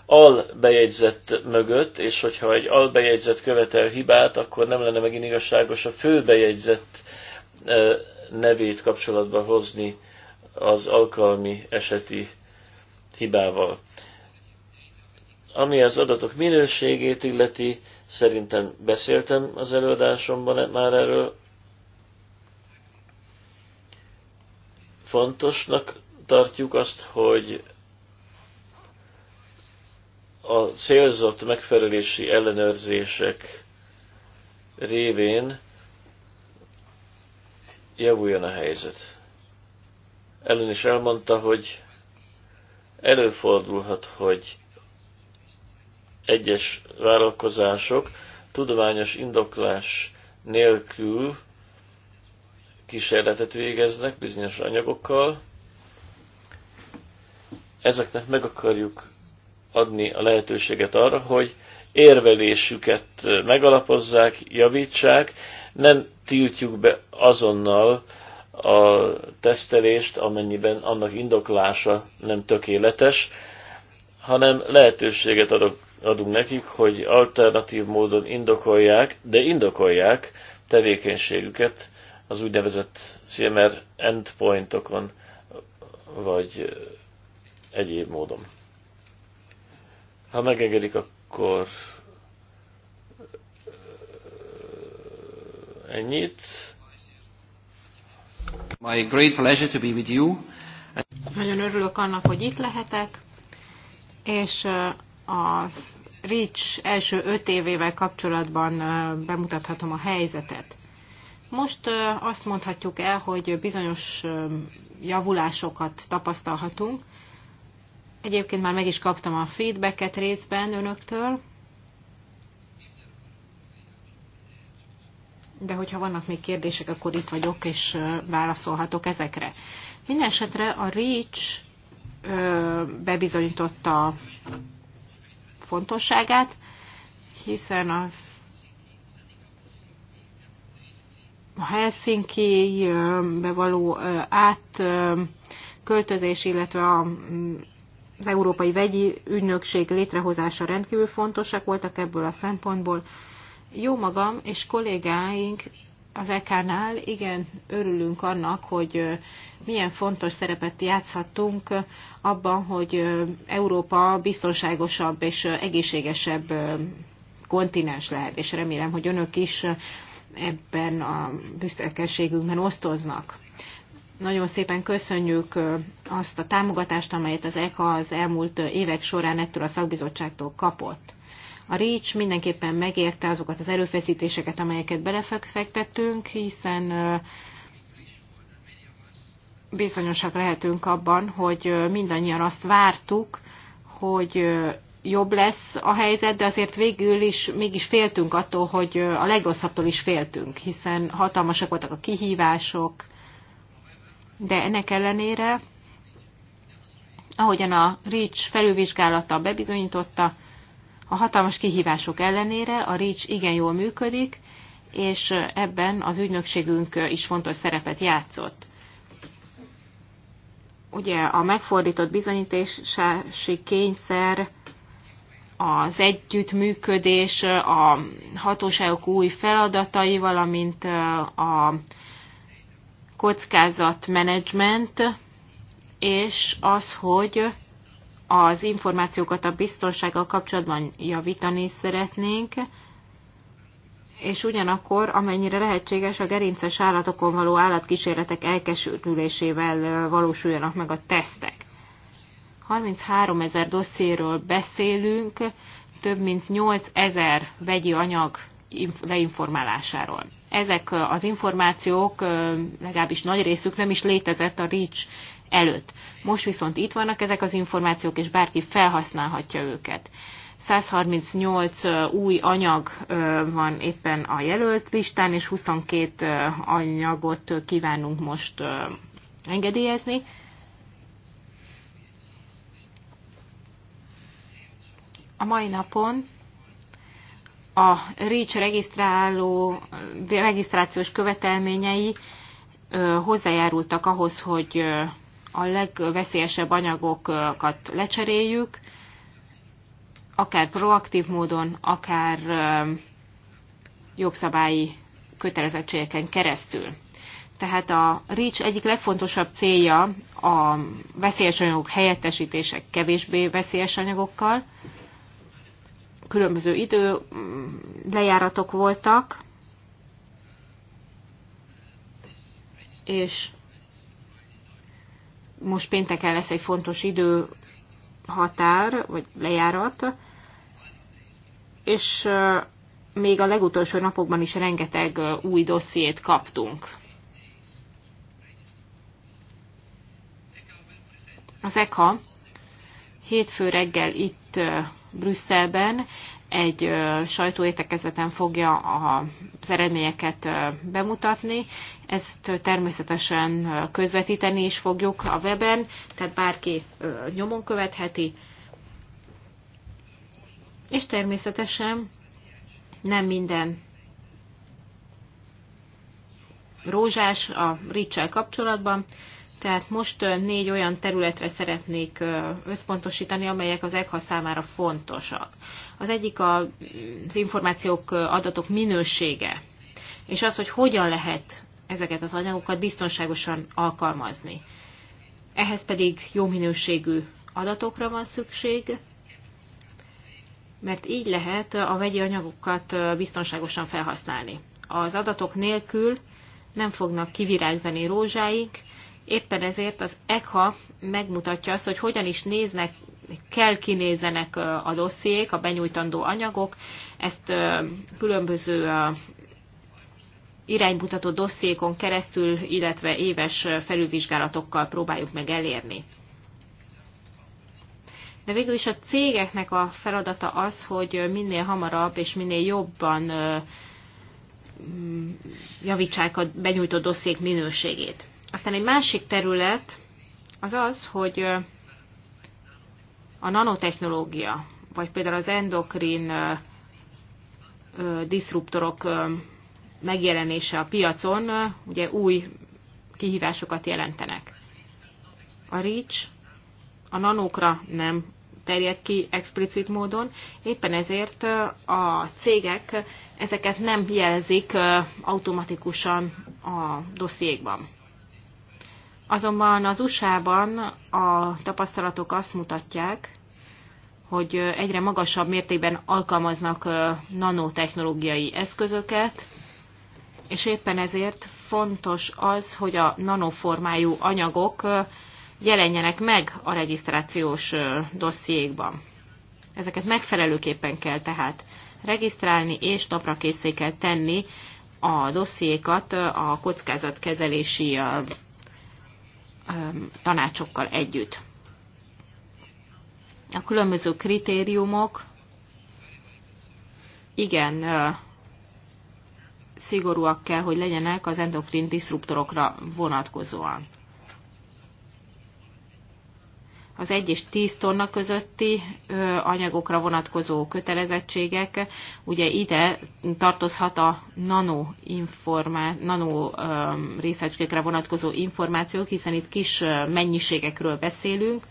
albejegyzett mögött, és hogyha egy albejegyzett követel hibát, akkor nem lenne megint igazságos a főbejegyzett nevét kapcsolatba hozni az alkalmi eseti hibával. Ami az adatok minőségét illeti, szerintem beszéltem az előadásomban már erről, Fontosnak tartjuk azt, hogy a célzott megfelelési ellenőrzések révén javuljon a helyzet. Ellen is elmondta, hogy előfordulhat, hogy egyes vállalkozások tudományos indoklás nélkül kísérletet végeznek bizonyos anyagokkal. Ezeknek meg akarjuk adni a lehetőséget arra, hogy érvelésüket megalapozzák, javítsák, nem tiltjuk be azonnal a tesztelést, amennyiben annak indoklása nem tökéletes, hanem lehetőséget adok, adunk nekik, hogy alternatív módon indokolják, de indokolják tevékenységüket az úgynevezett CMR endpointokon, vagy egyéb módon. Ha megengedik, akkor eh, ennyit. My great pleasure to be with you. Nagyon örülök annak, hogy itt lehetek, és eh, a REACH első öt évével kapcsolatban eh, bemutathatom a helyzetet. Most azt mondhatjuk el, hogy bizonyos javulásokat tapasztalhatunk. Egyébként már meg is kaptam a feedbacket részben önöktől, de hogyha vannak még kérdések, akkor itt vagyok, és válaszolhatok ezekre. Mindenesetre a REACH bebizonyította fontosságát, hiszen az helsinki bevaló átköltözés, illetve a az Európai Vegyi Ügynökség létrehozása rendkívül fontosak voltak ebből a szempontból. Jó magam és kollégáink az EK-nál igen örülünk annak, hogy milyen fontos szerepet játszhattunk abban, hogy Európa biztonságosabb és egészségesebb kontinens lehet, és remélem, hogy önök is ebben a büszkeségünkben osztoznak. Nagyon szépen köszönjük azt a támogatást, amelyet az ECA az elmúlt évek során ettől a szakbizottságtól kapott. A REACH mindenképpen megérte azokat az erőfeszítéseket, amelyeket belefektettünk, hiszen bizonyosak lehetünk abban, hogy mindannyian azt vártuk, hogy jobb lesz a helyzet, de azért végül is mégis féltünk attól, hogy a legrosszabbtól is féltünk, hiszen hatalmasak voltak a kihívások, de ennek ellenére, ahogyan a REACH felülvizsgálata bebizonyította, a hatalmas kihívások ellenére a REACH igen jól működik, és ebben az ügynökségünk is fontos szerepet játszott. Ugye a megfordított bizonyítási kényszer az együttműködés a hatóságok új feladatai, valamint a kockázatmenedzsment, és az, hogy az információkat a biztonsággal kapcsolatban javítani szeretnénk, és ugyanakkor, amennyire lehetséges, a gerinces állatokon való állatkísérletek elkesülésével valósuljanak meg a tesztek. 33 ezer dossziéről beszélünk, több mint 8 ezer vegyi anyag leinformálásáról. Ezek az információk legalábbis nagy részük nem is létezett a REACH előtt. Most viszont itt vannak ezek az információk, és bárki felhasználhatja őket. 138 új anyag van éppen a jelölt listán, és 22 anyagot kívánunk most engedélyezni. a mai napon a REACH regisztráló, regisztrációs követelményei hozzájárultak ahhoz, hogy a legveszélyesebb anyagokat lecseréljük, akár proaktív módon, akár jogszabályi kötelezettségeken keresztül. Tehát a REACH egyik legfontosabb célja a veszélyes anyagok helyettesítések kevésbé veszélyes anyagokkal, különböző idő mm, lejáratok voltak, és most pénteken lesz egy fontos idő határ, vagy lejárat, és még a legutolsó napokban is rengeteg új dossziét kaptunk. Az ECHA hétfő reggel itt Brüsszelben egy sajtóértekezleten fogja az eredményeket bemutatni. Ezt természetesen közvetíteni is fogjuk a weben, tehát bárki nyomon követheti. És természetesen nem minden rózsás a ricsel kapcsolatban, tehát most négy olyan területre szeretnék összpontosítani, amelyek az EGHA számára fontosak. Az egyik az információk, adatok minősége, és az, hogy hogyan lehet ezeket az anyagokat biztonságosan alkalmazni. Ehhez pedig jó minőségű adatokra van szükség, mert így lehet a vegyi anyagokat biztonságosan felhasználni. Az adatok nélkül nem fognak kivirágzani rózsáink, Éppen ezért az ECHA megmutatja azt, hogy hogyan is néznek, kell kinézenek a dossziék, a benyújtandó anyagok. Ezt különböző iránymutató dossziékon keresztül, illetve éves felülvizsgálatokkal próbáljuk meg elérni. De végül is a cégeknek a feladata az, hogy minél hamarabb és minél jobban javítsák a benyújtott dossziék minőségét. Aztán egy másik terület az az, hogy a nanotechnológia, vagy például az endokrin diszruptorok megjelenése a piacon ugye új kihívásokat jelentenek. A REACH a nanókra nem terjed ki explicit módon, éppen ezért a cégek ezeket nem jelzik automatikusan a dossziékban. Azonban az USA-ban a tapasztalatok azt mutatják, hogy egyre magasabb mértékben alkalmaznak nanotechnológiai eszközöket, és éppen ezért fontos az, hogy a nanoformájú anyagok jelenjenek meg a regisztrációs dossziékban. Ezeket megfelelőképpen kell tehát regisztrálni és készé kell tenni a dossziékat a kockázatkezelési tanácsokkal együtt. A különböző kritériumok igen szigorúak kell, hogy legyenek az endokrin diszruptorokra vonatkozóan az 1 és 10 tonna közötti anyagokra vonatkozó kötelezettségek, ugye ide tartozhat a nano, nano részecskékre vonatkozó információk, hiszen itt kis mennyiségekről beszélünk.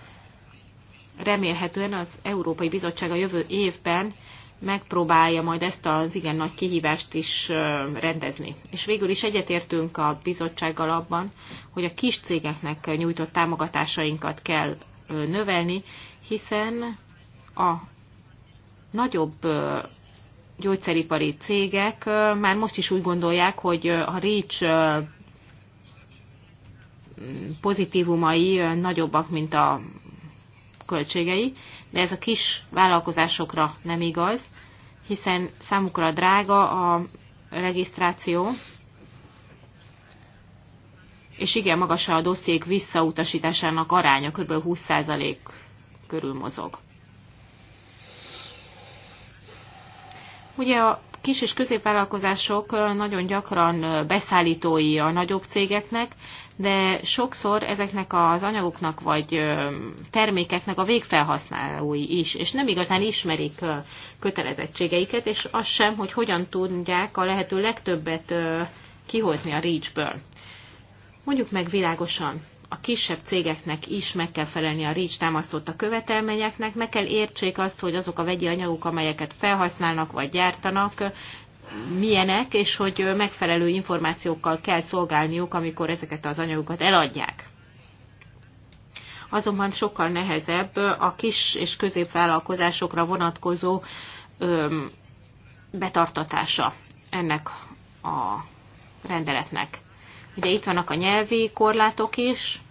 Remélhetően az Európai Bizottság a jövő évben megpróbálja majd ezt az igen nagy kihívást is rendezni. És végül is egyetértünk a bizottsággal abban, hogy a kis cégeknek nyújtott támogatásainkat kell növelni, hiszen a nagyobb gyógyszeripari cégek már most is úgy gondolják, hogy a REACH pozitívumai nagyobbak, mint a költségei, de ez a kis vállalkozásokra nem igaz, hiszen számukra drága a regisztráció, és igen magas a dossziék visszautasításának aránya, kb. 20% körül mozog. Ugye a kis és középvállalkozások nagyon gyakran beszállítói a nagyobb cégeknek, de sokszor ezeknek az anyagoknak vagy termékeknek a végfelhasználói is, és nem igazán ismerik kötelezettségeiket, és az sem, hogy hogyan tudják a lehető legtöbbet kihozni a reach -ből. Mondjuk meg világosan, a kisebb cégeknek is meg kell felelni a REACH a követelményeknek, meg kell értsék azt, hogy azok a vegyi anyagok, amelyeket felhasználnak vagy gyártanak, milyenek, és hogy megfelelő információkkal kell szolgálniuk, amikor ezeket az anyagokat eladják. Azonban sokkal nehezebb a kis és középvállalkozásokra vonatkozó betartatása ennek a rendeletnek. Ugye itt vannak a nyelvi korlátok is.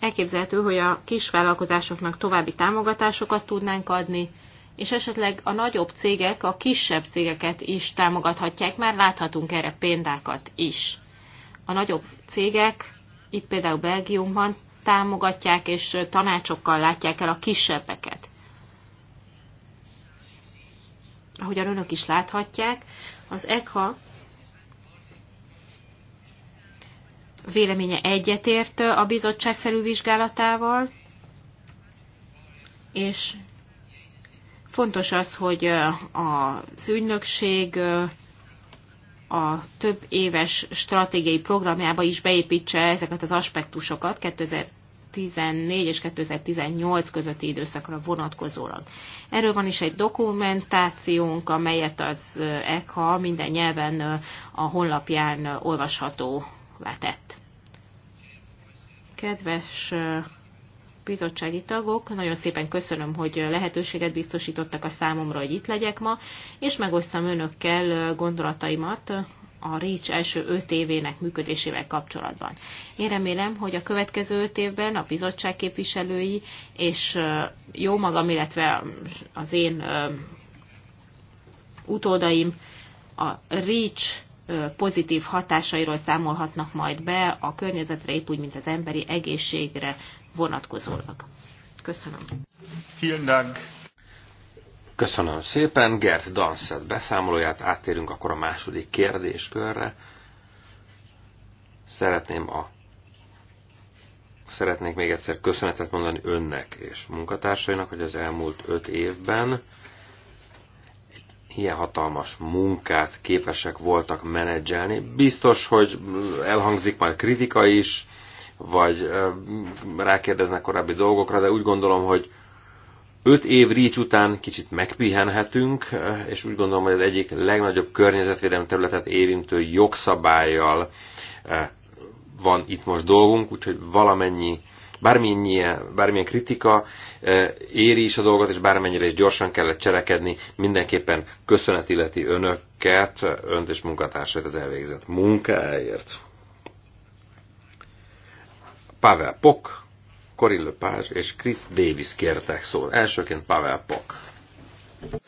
Elképzelhető, hogy a kisvállalkozásoknak további támogatásokat tudnánk adni, és esetleg a nagyobb cégek a kisebb cégeket is támogathatják, már láthatunk erre példákat is. A nagyobb cégek, itt például Belgiumban, támogatják és tanácsokkal látják el a kisebbeket. Ahogyan önök is láthatják, az ECHA véleménye egyetért a bizottság felülvizsgálatával, és fontos az, hogy az ügynökség a több éves stratégiai programjába is beépítse ezeket az aspektusokat 2014 és 2018 közötti időszakra vonatkozólag. Erről van is egy dokumentációnk, amelyet az ECHA minden nyelven a honlapján olvasható vetett. Kedves bizottsági tagok, nagyon szépen köszönöm, hogy lehetőséget biztosítottak a számomra, hogy itt legyek ma, és megosztam önökkel gondolataimat a REACH első öt évének működésével kapcsolatban. Én remélem, hogy a következő öt évben a bizottság képviselői és jó magam, illetve az én utódaim a REACH pozitív hatásairól számolhatnak majd be a környezetre, épp úgy, mint az emberi egészségre vonatkozólag. Köszönöm. Vielen Dank. Köszönöm szépen Gert Danszett beszámolóját. Áttérünk akkor a második kérdéskörre. Szeretném a Szeretnék még egyszer köszönetet mondani önnek és munkatársainak, hogy az elmúlt öt évben ilyen hatalmas munkát képesek voltak menedzselni. Biztos, hogy elhangzik majd kritika is, vagy rákérdeznek korábbi dolgokra, de úgy gondolom, hogy öt év rícs után kicsit megpihenhetünk, és úgy gondolom, hogy az egyik legnagyobb környezetvédelmi területet érintő jogszabályjal van itt most dolgunk, úgyhogy valamennyi bármilyen, bármilyen kritika eh, éri is a dolgot, és bármennyire is gyorsan kellett cselekedni, mindenképpen köszönet illeti önöket, önt és munkatársait az elvégzett munkáért. Pavel Pok, Corinne Lepage és Chris Davis kértek szól. Elsőként Pavel Pok.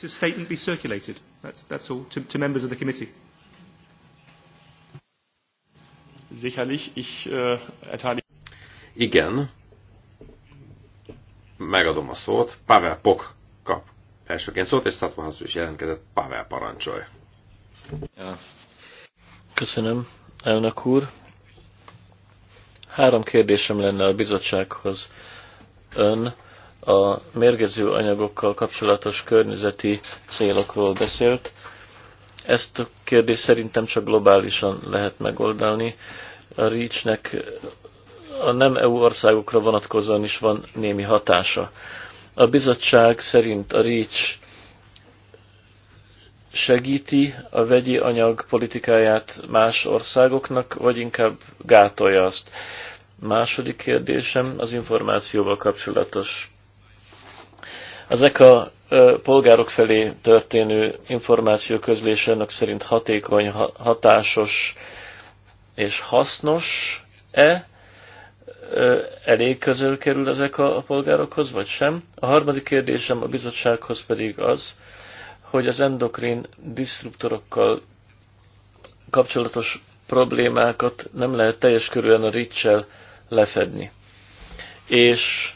To statement be circulated. That's, that's all to, to members of the committee. Sicherlich, ich äh, erteile. Igen, megadom a szót. Pavel Pok kap elsőként szót, és Szatvahasz is jelentkezett. Pavel parancsolj. Köszönöm, elnök úr. Három kérdésem lenne a bizottsághoz. Ön a mérgező anyagokkal kapcsolatos környezeti célokról beszélt. Ezt a kérdést szerintem csak globálisan lehet megoldani. A reach a nem EU országokra vonatkozóan is van némi hatása. A bizottság szerint a REACH segíti a vegyi anyag politikáját más országoknak, vagy inkább gátolja azt. Második kérdésem az információval kapcsolatos. Ezek a polgárok felé történő információ közlésének szerint hatékony, hatásos és hasznos-e, elég közel kerül ezek a polgárokhoz, vagy sem. A harmadik kérdésem a bizottsághoz pedig az, hogy az endokrin disruptorokkal kapcsolatos problémákat nem lehet teljes körülön a ricsel lefedni. És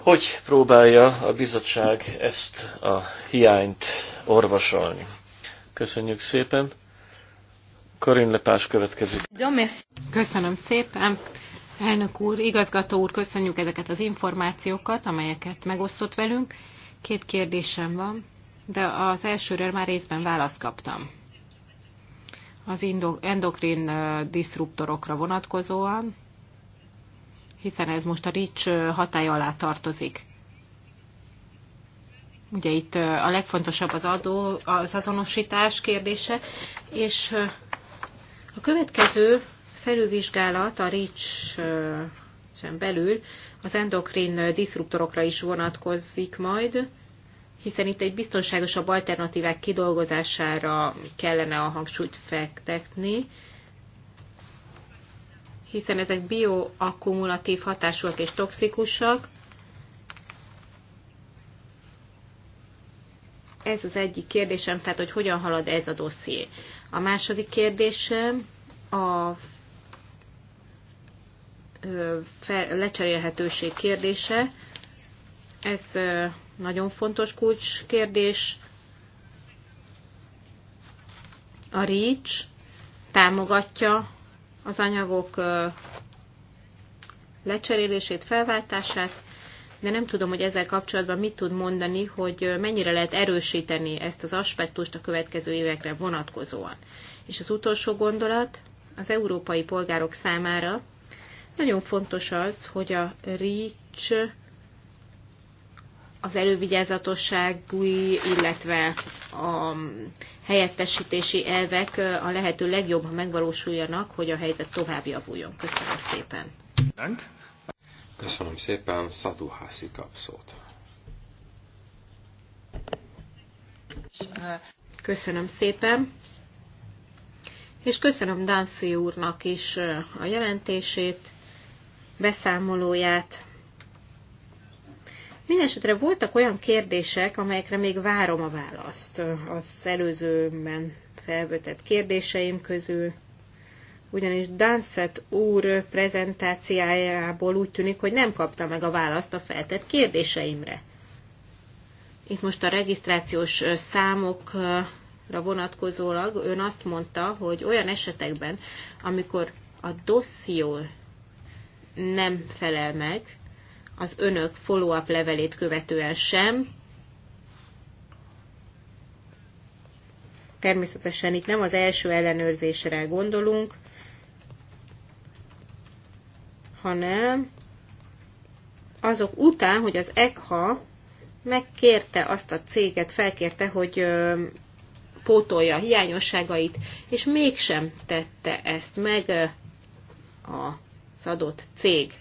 hogy próbálja a bizottság ezt a hiányt orvosolni? Köszönjük szépen! Karin Lepás következik. Köszönöm szépen, Elnök úr, igazgató úr, köszönjük ezeket az információkat, amelyeket megosztott velünk. Két kérdésem van, de az elsőre már részben választ kaptam. Az endokrin diszruptorokra vonatkozóan, hiszen ez most a RICS hatály alá tartozik. Ugye itt a legfontosabb az adó, az azonosítás kérdése, és a következő felülvizsgálat a RICS sem belül az endokrin diszruptorokra is vonatkozik majd, hiszen itt egy biztonságosabb alternatívák kidolgozására kellene a hangsúlyt fektetni, hiszen ezek bioakkumulatív hatásúak és toxikusak. Ez az egyik kérdésem, tehát hogy hogyan halad ez a dosszié. A második kérdésem a lecserélhetőség kérdése. Ez nagyon fontos kulcskérdés. A REACH támogatja az anyagok lecserélését, felváltását, de nem tudom, hogy ezzel kapcsolatban mit tud mondani, hogy mennyire lehet erősíteni ezt az aspektust a következő évekre vonatkozóan. És az utolsó gondolat az európai polgárok számára nagyon fontos az, hogy a REACH az elővigyázatosságúi, illetve a helyettesítési elvek a lehető legjobb, ha megvalósuljanak, hogy a helyzet tovább javuljon. Köszönöm szépen. Köszönöm szépen, Szadú Hászi kapszót. Köszönöm szépen. És köszönöm Dánci úrnak is a jelentését beszámolóját. Mindenesetre voltak olyan kérdések, amelyekre még várom a választ az előzőben felvetett kérdéseim közül, ugyanis Dunset úr prezentáciájából úgy tűnik, hogy nem kapta meg a választ a feltett kérdéseimre. Itt most a regisztrációs számokra vonatkozólag ön azt mondta, hogy olyan esetekben, amikor a dosszió nem felel meg az önök follow-up levelét követően sem. Természetesen itt nem az első ellenőrzésre gondolunk, hanem azok után, hogy az ECHA megkérte azt a céget, felkérte, hogy pótolja a hiányosságait, és mégsem tette ezt meg a adott cég,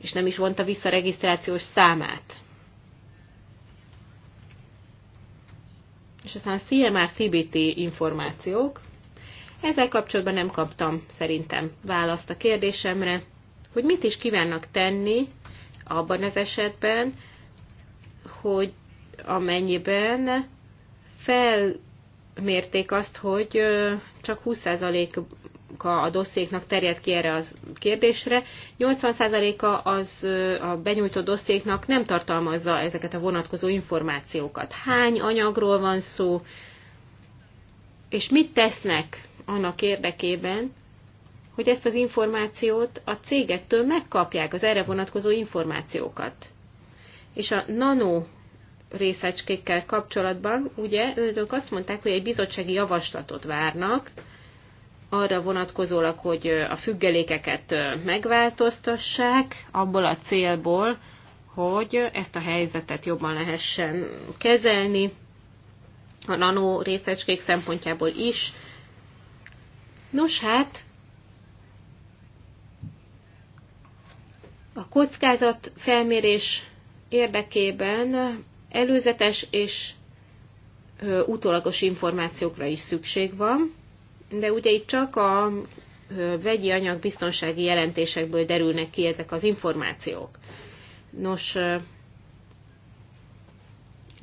és nem is vonta vissza regisztrációs számát. És aztán a CMR CBT információk. Ezzel kapcsolatban nem kaptam szerintem választ a kérdésemre, hogy mit is kívánnak tenni abban az esetben, hogy amennyiben felmérték azt, hogy csak 20% 80 a dosszéknak terjed ki erre a kérdésre. 80 százaléka az a benyújtott dosszéknak nem tartalmazza ezeket a vonatkozó információkat. Hány anyagról van szó, és mit tesznek annak érdekében, hogy ezt az információt a cégektől megkapják, az erre vonatkozó információkat. És a nano részecskékkel kapcsolatban, ugye önök azt mondták, hogy egy bizottsági javaslatot várnak, arra vonatkozólag, hogy a függelékeket megváltoztassák, abból a célból, hogy ezt a helyzetet jobban lehessen kezelni, a nano részecskék szempontjából is. Nos hát, a kockázat felmérés érdekében előzetes és utólagos információkra is szükség van, de ugye itt csak a vegyi anyag biztonsági jelentésekből derülnek ki ezek az információk. Nos,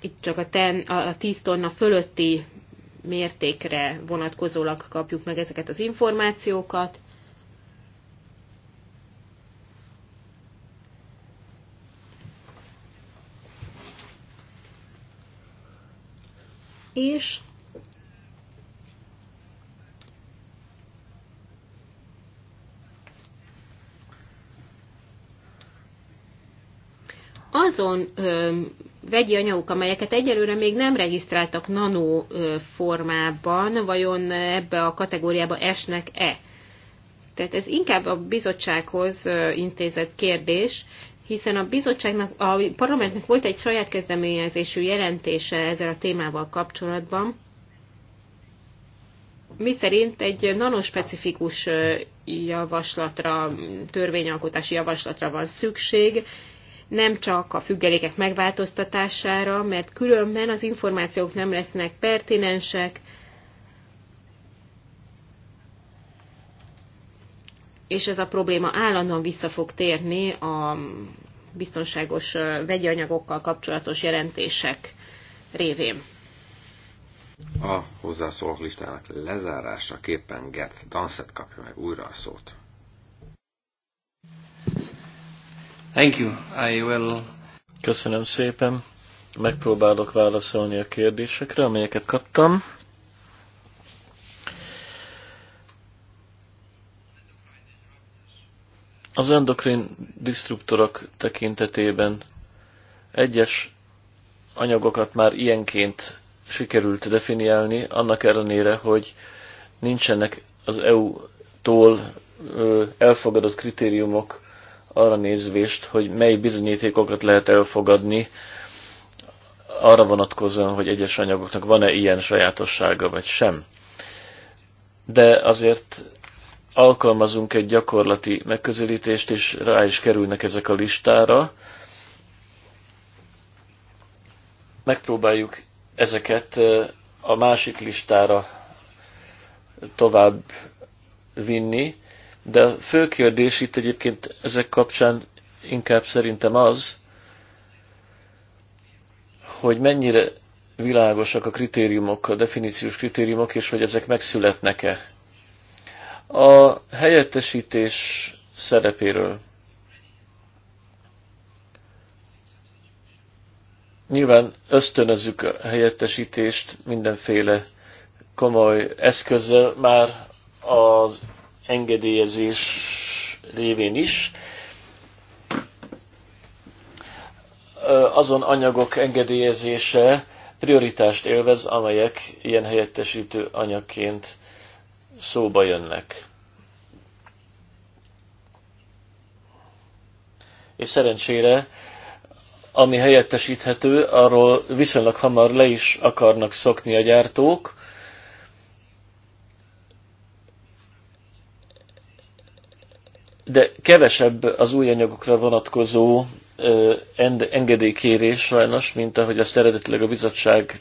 itt csak a, ten, a 10 tonna fölötti mértékre vonatkozólag kapjuk meg ezeket az információkat. És azon ö, vegyi anyagok, amelyeket egyelőre még nem regisztráltak nano ö, formában, vajon ebbe a kategóriába esnek-e? Tehát ez inkább a bizottsághoz ö, intézett kérdés, hiszen a bizottságnak, a parlamentnek volt egy saját kezdeményezésű jelentése ezzel a témával kapcsolatban, mi szerint egy nanospecifikus javaslatra, törvényalkotási javaslatra van szükség, nem csak a függelékek megváltoztatására, mert különben az információk nem lesznek pertinensek, és ez a probléma állandóan vissza fog térni a biztonságos vegyi anyagokkal kapcsolatos jelentések révén. A hozzászólók listának lezárása képen Gert Danszet kapja meg újra a szót. Thank you. I will... Köszönöm szépen. Megpróbálok válaszolni a kérdésekre, amelyeket kaptam. Az endokrin disruptorok tekintetében egyes anyagokat már ilyenként sikerült definiálni, annak ellenére, hogy nincsenek az EU-tól elfogadott kritériumok arra nézvést, hogy mely bizonyítékokat lehet elfogadni, arra vonatkozóan, hogy egyes anyagoknak van-e ilyen sajátossága, vagy sem. De azért alkalmazunk egy gyakorlati megközelítést, és rá is kerülnek ezek a listára. Megpróbáljuk ezeket eh, a másik listára tovább vinni, de a fő kérdés itt egyébként ezek kapcsán inkább szerintem az, hogy mennyire világosak a kritériumok, a definíciós kritériumok, és hogy ezek megszületnek-e. A helyettesítés szerepéről. Nyilván ösztönözzük a helyettesítést mindenféle komoly eszközzel már az engedélyezés révén is, azon anyagok engedélyezése prioritást élvez, amelyek ilyen helyettesítő anyagként szóba jönnek. És szerencsére, ami helyettesíthető, arról viszonylag hamar le is akarnak szokni a gyártók, de kevesebb az új anyagokra vonatkozó engedélykérés sajnos, mint ahogy azt eredetileg a bizottság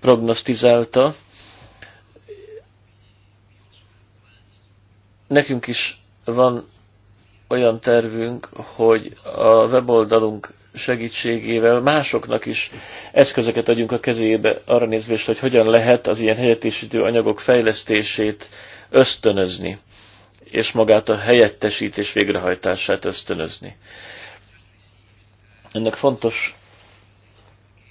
prognosztizálta. Nekünk is van olyan tervünk, hogy a weboldalunk segítségével másoknak is eszközöket adjunk a kezébe arra nézvést, hogy hogyan lehet az ilyen helyettesítő anyagok fejlesztését ösztönözni és magát a helyettesítés végrehajtását ösztönözni. Ennek fontos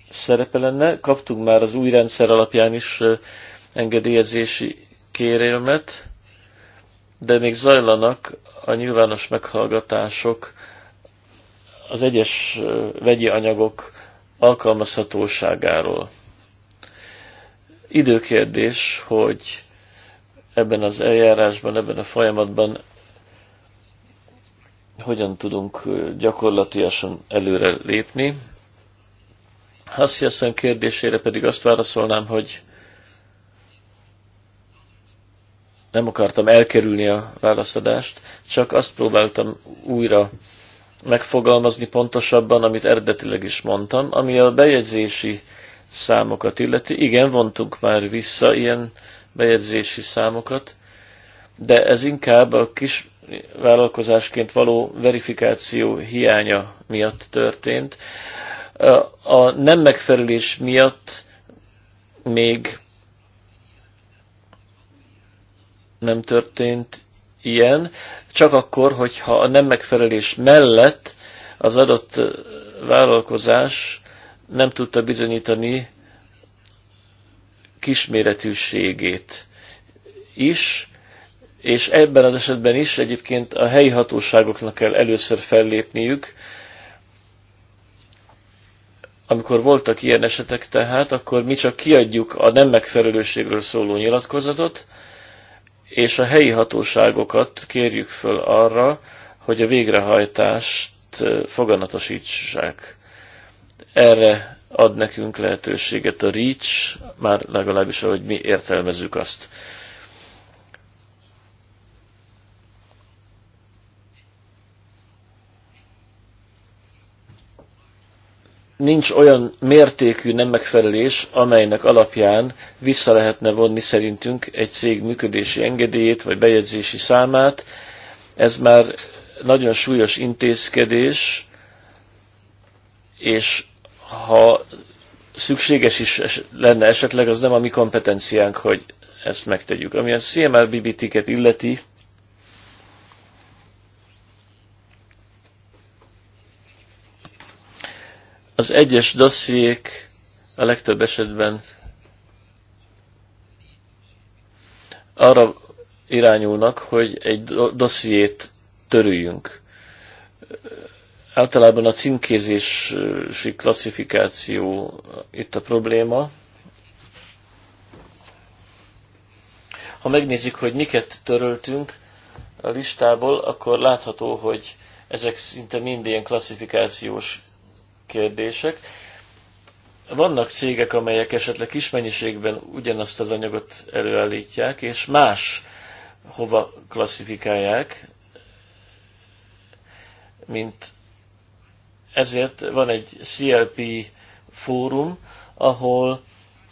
szerepe lenne. Kaptunk már az új rendszer alapján is engedélyezési kérelmet, de még zajlanak a nyilvános meghallgatások az egyes vegyi anyagok alkalmazhatóságáról. Időkérdés, hogy ebben az eljárásban, ebben a folyamatban hogyan tudunk gyakorlatilag előre lépni. Hassziasszony kérdésére pedig azt válaszolnám, hogy nem akartam elkerülni a válaszadást, csak azt próbáltam újra megfogalmazni pontosabban, amit eredetileg is mondtam, ami a bejegyzési számokat illeti. Igen, vontunk már vissza ilyen bejegyzési számokat, de ez inkább a kis vállalkozásként való verifikáció hiánya miatt történt. A nem megfelelés miatt még nem történt ilyen, csak akkor, hogyha a nem megfelelés mellett az adott vállalkozás nem tudta bizonyítani kisméretűségét is, és ebben az esetben is egyébként a helyi hatóságoknak kell először fellépniük. Amikor voltak ilyen esetek tehát, akkor mi csak kiadjuk a nem megfelelőségről szóló nyilatkozatot, és a helyi hatóságokat kérjük föl arra, hogy a végrehajtást foganatosítsák. Erre ad nekünk lehetőséget a REACH, már legalábbis ahogy mi értelmezzük azt. Nincs olyan mértékű nem megfelelés, amelynek alapján vissza lehetne vonni szerintünk egy cég működési engedélyét vagy bejegyzési számát. Ez már nagyon súlyos intézkedés, és ha szükséges is lenne esetleg, az nem a mi kompetenciánk, hogy ezt megtegyük. Ami a CMRBBT-ket illeti, az egyes dossziék a legtöbb esetben arra irányulnak, hogy egy dossziét törüljünk általában a címkézési klasszifikáció itt a probléma. Ha megnézzük, hogy miket töröltünk a listából, akkor látható, hogy ezek szinte mind ilyen klasszifikációs kérdések. Vannak cégek, amelyek esetleg kis mennyiségben ugyanazt az anyagot előállítják, és más hova klasszifikálják, mint ezért van egy CLP fórum, ahol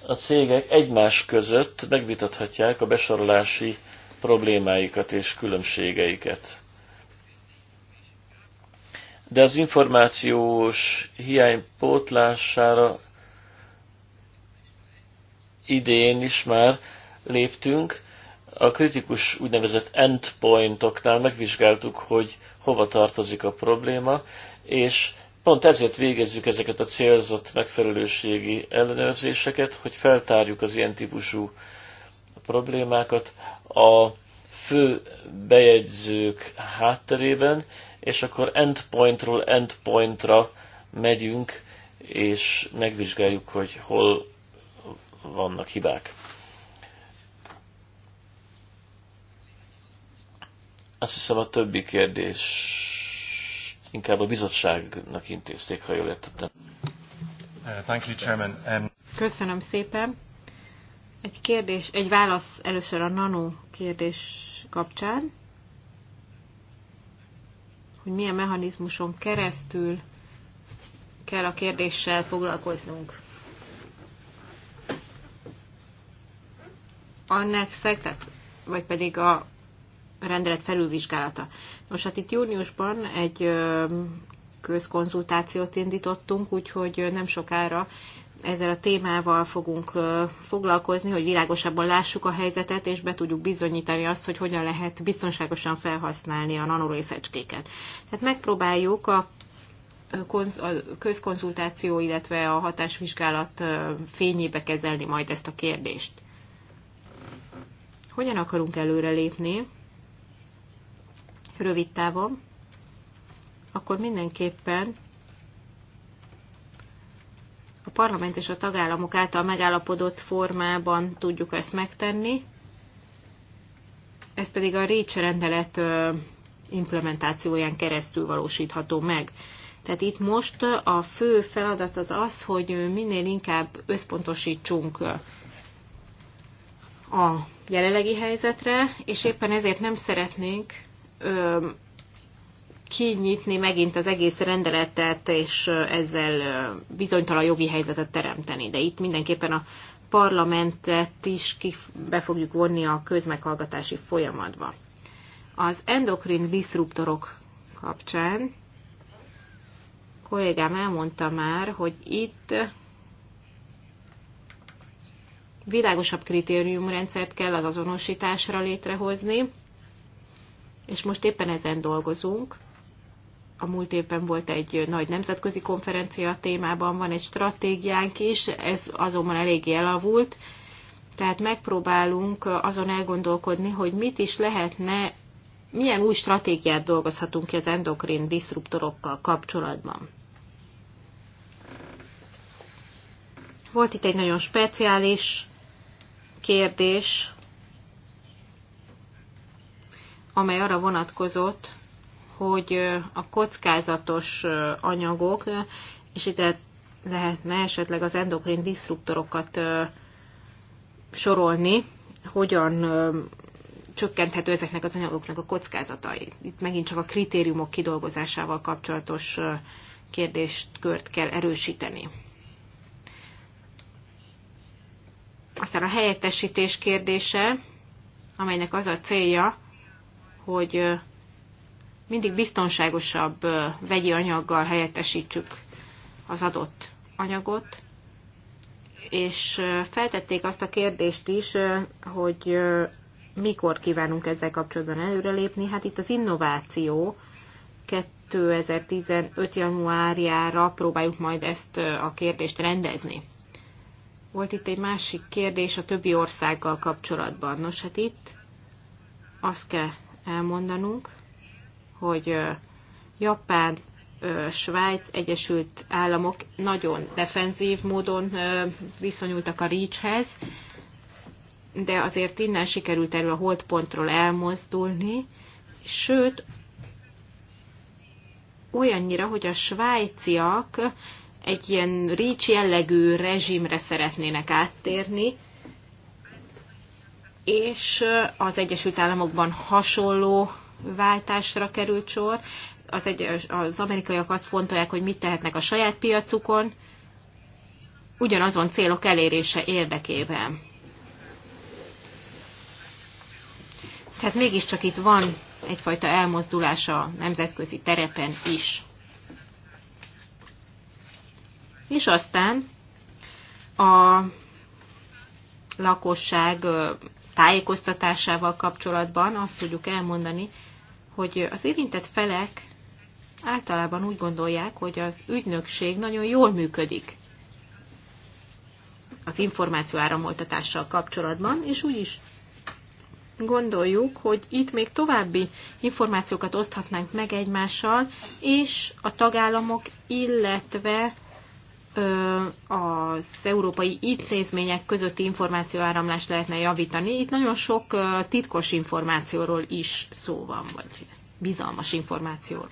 a cégek egymás között megvitathatják a besorolási problémáikat és különbségeiket. De az információs hiány pótlására idén is már léptünk. A kritikus úgynevezett endpointoknál megvizsgáltuk, hogy hova tartozik a probléma, és Pont ezért végezzük ezeket a célzott megfelelőségi ellenőrzéseket, hogy feltárjuk az ilyen típusú problémákat a fő bejegyzők hátterében, és akkor endpointról endpointra megyünk, és megvizsgáljuk, hogy hol vannak hibák. Azt hiszem a többi kérdés inkább a bizottságnak intézték, ha jól értettem. Uh, um, Köszönöm szépen. Egy kérdés, egy válasz először a nano kérdés kapcsán, hogy milyen mechanizmuson keresztül kell a kérdéssel foglalkoznunk. Annek szektet, vagy pedig a rendelet felülvizsgálata. Nos, hát itt júniusban egy közkonzultációt indítottunk, úgyhogy nem sokára ezzel a témával fogunk foglalkozni, hogy világosabban lássuk a helyzetet, és be tudjuk bizonyítani azt, hogy hogyan lehet biztonságosan felhasználni a nanorészecskéket. Tehát megpróbáljuk a közkonzultáció, illetve a hatásvizsgálat fényébe kezelni majd ezt a kérdést. Hogyan akarunk előrelépni? rövid távon, akkor mindenképpen a parlament és a tagállamok által megállapodott formában tudjuk ezt megtenni. Ez pedig a REACH rendelet implementációján keresztül valósítható meg. Tehát itt most a fő feladat az az, hogy minél inkább összpontosítsunk a jelenlegi helyzetre, és éppen ezért nem szeretnénk ö, kinyitni megint az egész rendeletet, és ezzel bizonytalan jogi helyzetet teremteni. De itt mindenképpen a parlamentet is be fogjuk vonni a közmeghallgatási folyamatba. Az endokrin diszruptorok kapcsán kollégám elmondta már, hogy itt világosabb kritériumrendszert kell az azonosításra létrehozni, és most éppen ezen dolgozunk. A múlt évben volt egy nagy nemzetközi konferencia a témában, van egy stratégiánk is, ez azonban eléggé elavult, tehát megpróbálunk azon elgondolkodni, hogy mit is lehetne, milyen új stratégiát dolgozhatunk ki az endokrin diszruptorokkal kapcsolatban. Volt itt egy nagyon speciális kérdés, amely arra vonatkozott, hogy a kockázatos anyagok, és itt lehetne esetleg az endokrin diszruptorokat sorolni, hogyan csökkenthető ezeknek az anyagoknak a kockázatai. Itt megint csak a kritériumok kidolgozásával kapcsolatos kérdést, kört kell erősíteni. Aztán a helyettesítés kérdése, amelynek az a célja, hogy mindig biztonságosabb vegyi anyaggal helyettesítsük az adott anyagot, és feltették azt a kérdést is, hogy mikor kívánunk ezzel kapcsolatban előrelépni. Hát itt az innováció 2015. januárjára próbáljuk majd ezt a kérdést rendezni. Volt itt egy másik kérdés a többi országgal kapcsolatban. Nos, hát itt azt kell elmondanunk, hogy Japán, Svájc, Egyesült Államok nagyon defenzív módon viszonyultak a Reachhez, de azért innen sikerült erről a holdpontról elmozdulni, sőt, olyannyira, hogy a svájciak egy ilyen rics jellegű rezsimre szeretnének áttérni, és az Egyesült Államokban hasonló váltásra került sor. Az, egy, az amerikaiak azt fontolják, hogy mit tehetnek a saját piacukon, ugyanazon célok elérése érdekében. Tehát mégiscsak itt van egyfajta elmozdulás a nemzetközi terepen is. És aztán a lakosság tájékoztatásával kapcsolatban azt tudjuk elmondani, hogy az érintett felek általában úgy gondolják, hogy az ügynökség nagyon jól működik az információ áramoltatással kapcsolatban, és úgy is gondoljuk, hogy itt még további információkat oszthatnánk meg egymással, és a tagállamok, illetve az európai intézmények közötti információáramlást lehetne javítani. Itt nagyon sok titkos információról is szó van, vagy bizalmas információról.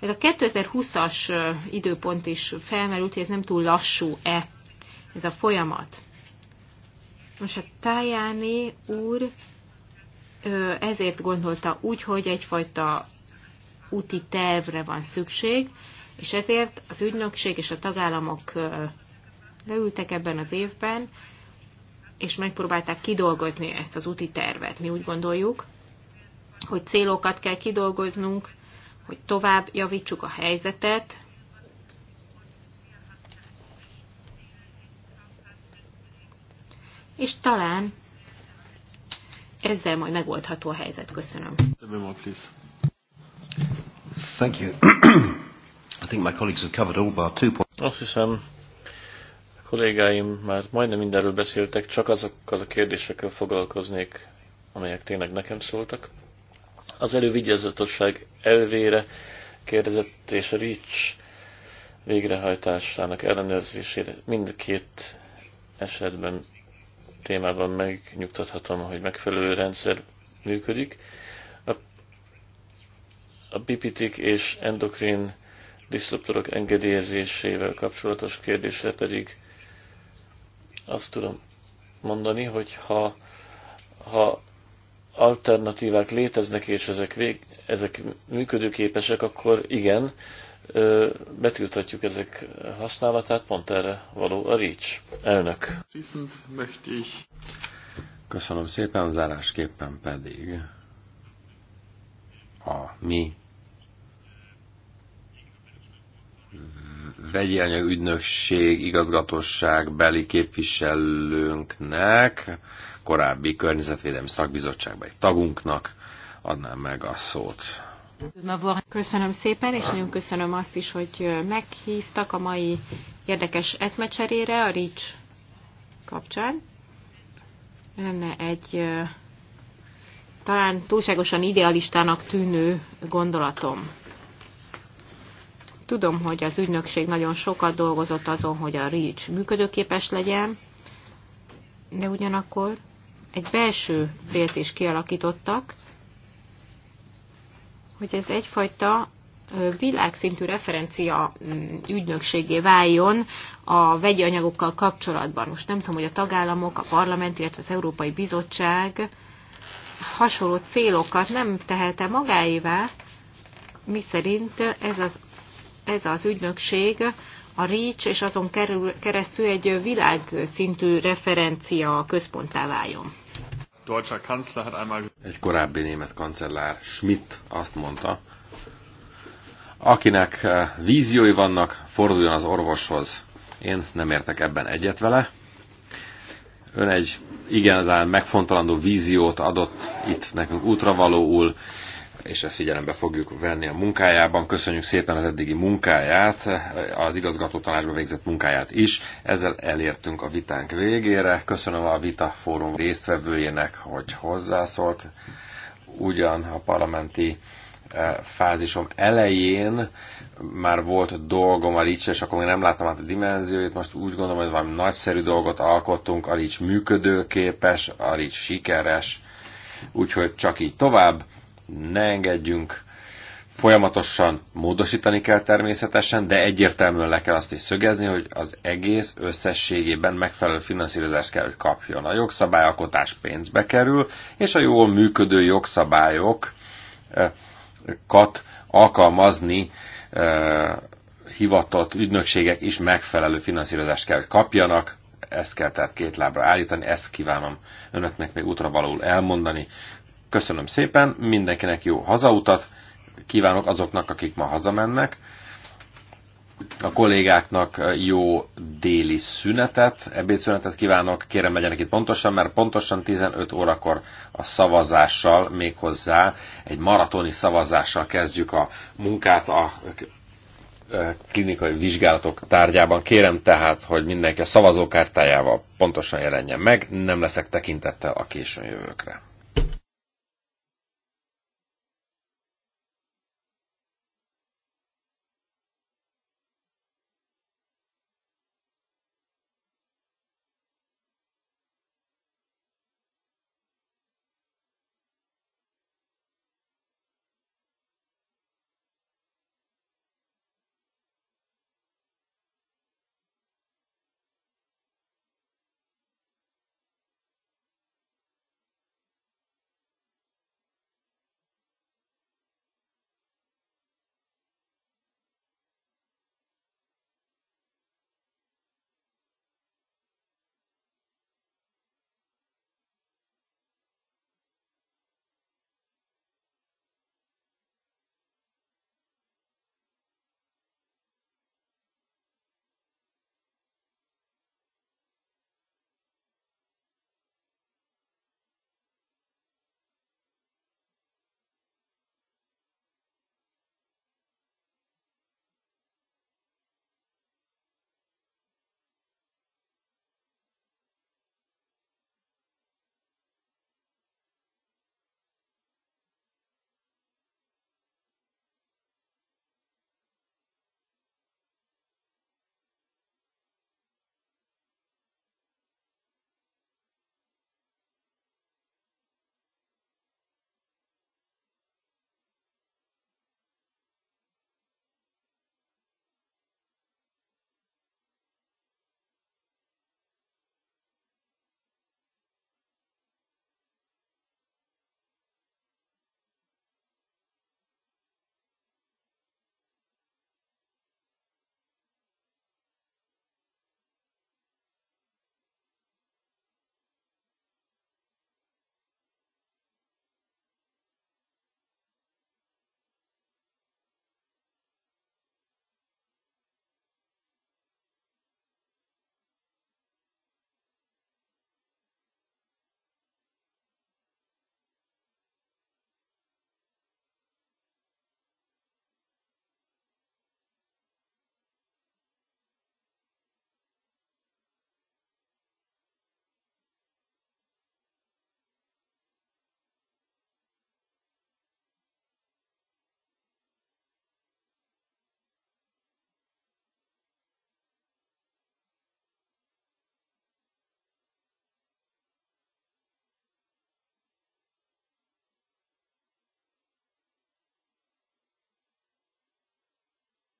Ez a 2020-as időpont is felmerült, hogy ez nem túl lassú-e ez a folyamat. Most a hát Tájáni úr ezért gondolta úgy, hogy egyfajta úti tervre van szükség, és ezért az ügynökség és a tagállamok leültek ebben az évben, és megpróbálták kidolgozni ezt az úti tervet. Mi úgy gondoljuk, hogy célokat kell kidolgoznunk, hogy tovább javítsuk a helyzetet, és talán ezzel majd megoldható a helyzet. Köszönöm. Thank you think my colleagues have covered all bar two points. Azt hiszem, a kollégáim már majdnem mindenről beszéltek, csak azokkal a kérdésekkel foglalkoznék, amelyek tényleg nekem szóltak. Az elővigyázatosság elvére kérdezett és a REACH végrehajtásának ellenőrzésére mindkét esetben témában megnyugtathatom, hogy megfelelő rendszer működik. A, a bipitik és endokrin diszruptorok engedélyezésével kapcsolatos kérdésre pedig azt tudom mondani, hogy ha, ha alternatívák léteznek, és ezek, vég, ezek működőképesek, akkor igen, betilthatjuk ezek használatát, pont erre való a Rics Elnök. Köszönöm szépen, zárásképpen pedig a mi vegyi anyagügynökség igazgatóság beli képviselőnknek, korábbi környezetvédelmi szakbizottságban egy tagunknak adnám meg a szót. Köszönöm szépen, és nagyon köszönöm azt is, hogy meghívtak a mai érdekes eszmecserére a RICS kapcsán. Lenne egy talán túlságosan idealistának tűnő gondolatom. Tudom, hogy az ügynökség nagyon sokat dolgozott azon, hogy a REACH működőképes legyen, de ugyanakkor egy belső célt is kialakítottak, hogy ez egyfajta világszintű referencia mm, ügynökségé váljon a vegyi anyagokkal kapcsolatban. Most nem tudom, hogy a tagállamok, a parlament, illetve az Európai Bizottság hasonló célokat nem tehet-e magáévá, miszerint ez az ez az ügynökség a REACH és azon kerül, keresztül egy világszintű referencia központtá váljon. Egy korábbi német kancellár Schmidt azt mondta, akinek eh, víziói vannak, forduljon az orvoshoz. Én nem értek ebben egyet vele. Ön egy igazán megfontolandó víziót adott itt nekünk útravalóul, és ezt figyelembe fogjuk venni a munkájában. Köszönjük szépen az eddigi munkáját, az igazgató tanácsban végzett munkáját is. Ezzel elértünk a vitánk végére. Köszönöm a Vita Fórum résztvevőjének, hogy hozzászólt. Ugyan a parlamenti eh, fázisom elején már volt dolgom a Rics, és akkor még nem láttam át a dimenzióit, most úgy gondolom, hogy valami nagyszerű dolgot alkottunk, a Rics működőképes, a Rics sikeres, úgyhogy csak így tovább ne engedjünk, folyamatosan módosítani kell természetesen, de egyértelműen le kell azt is szögezni, hogy az egész összességében megfelelő finanszírozást kell, hogy kapjon. A jogszabályalkotás pénzbe kerül, és a jól működő jogszabályokat eh, alkalmazni eh, hivatott ügynökségek is megfelelő finanszírozást kell, hogy kapjanak, ezt kell tehát két lábra állítani, ezt kívánom önöknek még útra valóul elmondani. Köszönöm szépen, mindenkinek jó hazautat, kívánok azoknak, akik ma hazamennek, a kollégáknak jó déli szünetet, ebédszünetet kívánok, kérem legyenek itt pontosan, mert pontosan 15 órakor a szavazással, méghozzá egy maratoni szavazással kezdjük a munkát a klinikai vizsgálatok tárgyában. Kérem tehát, hogy mindenki a szavazókártájával pontosan jelenjen meg, nem leszek tekintettel a későn jövőkre.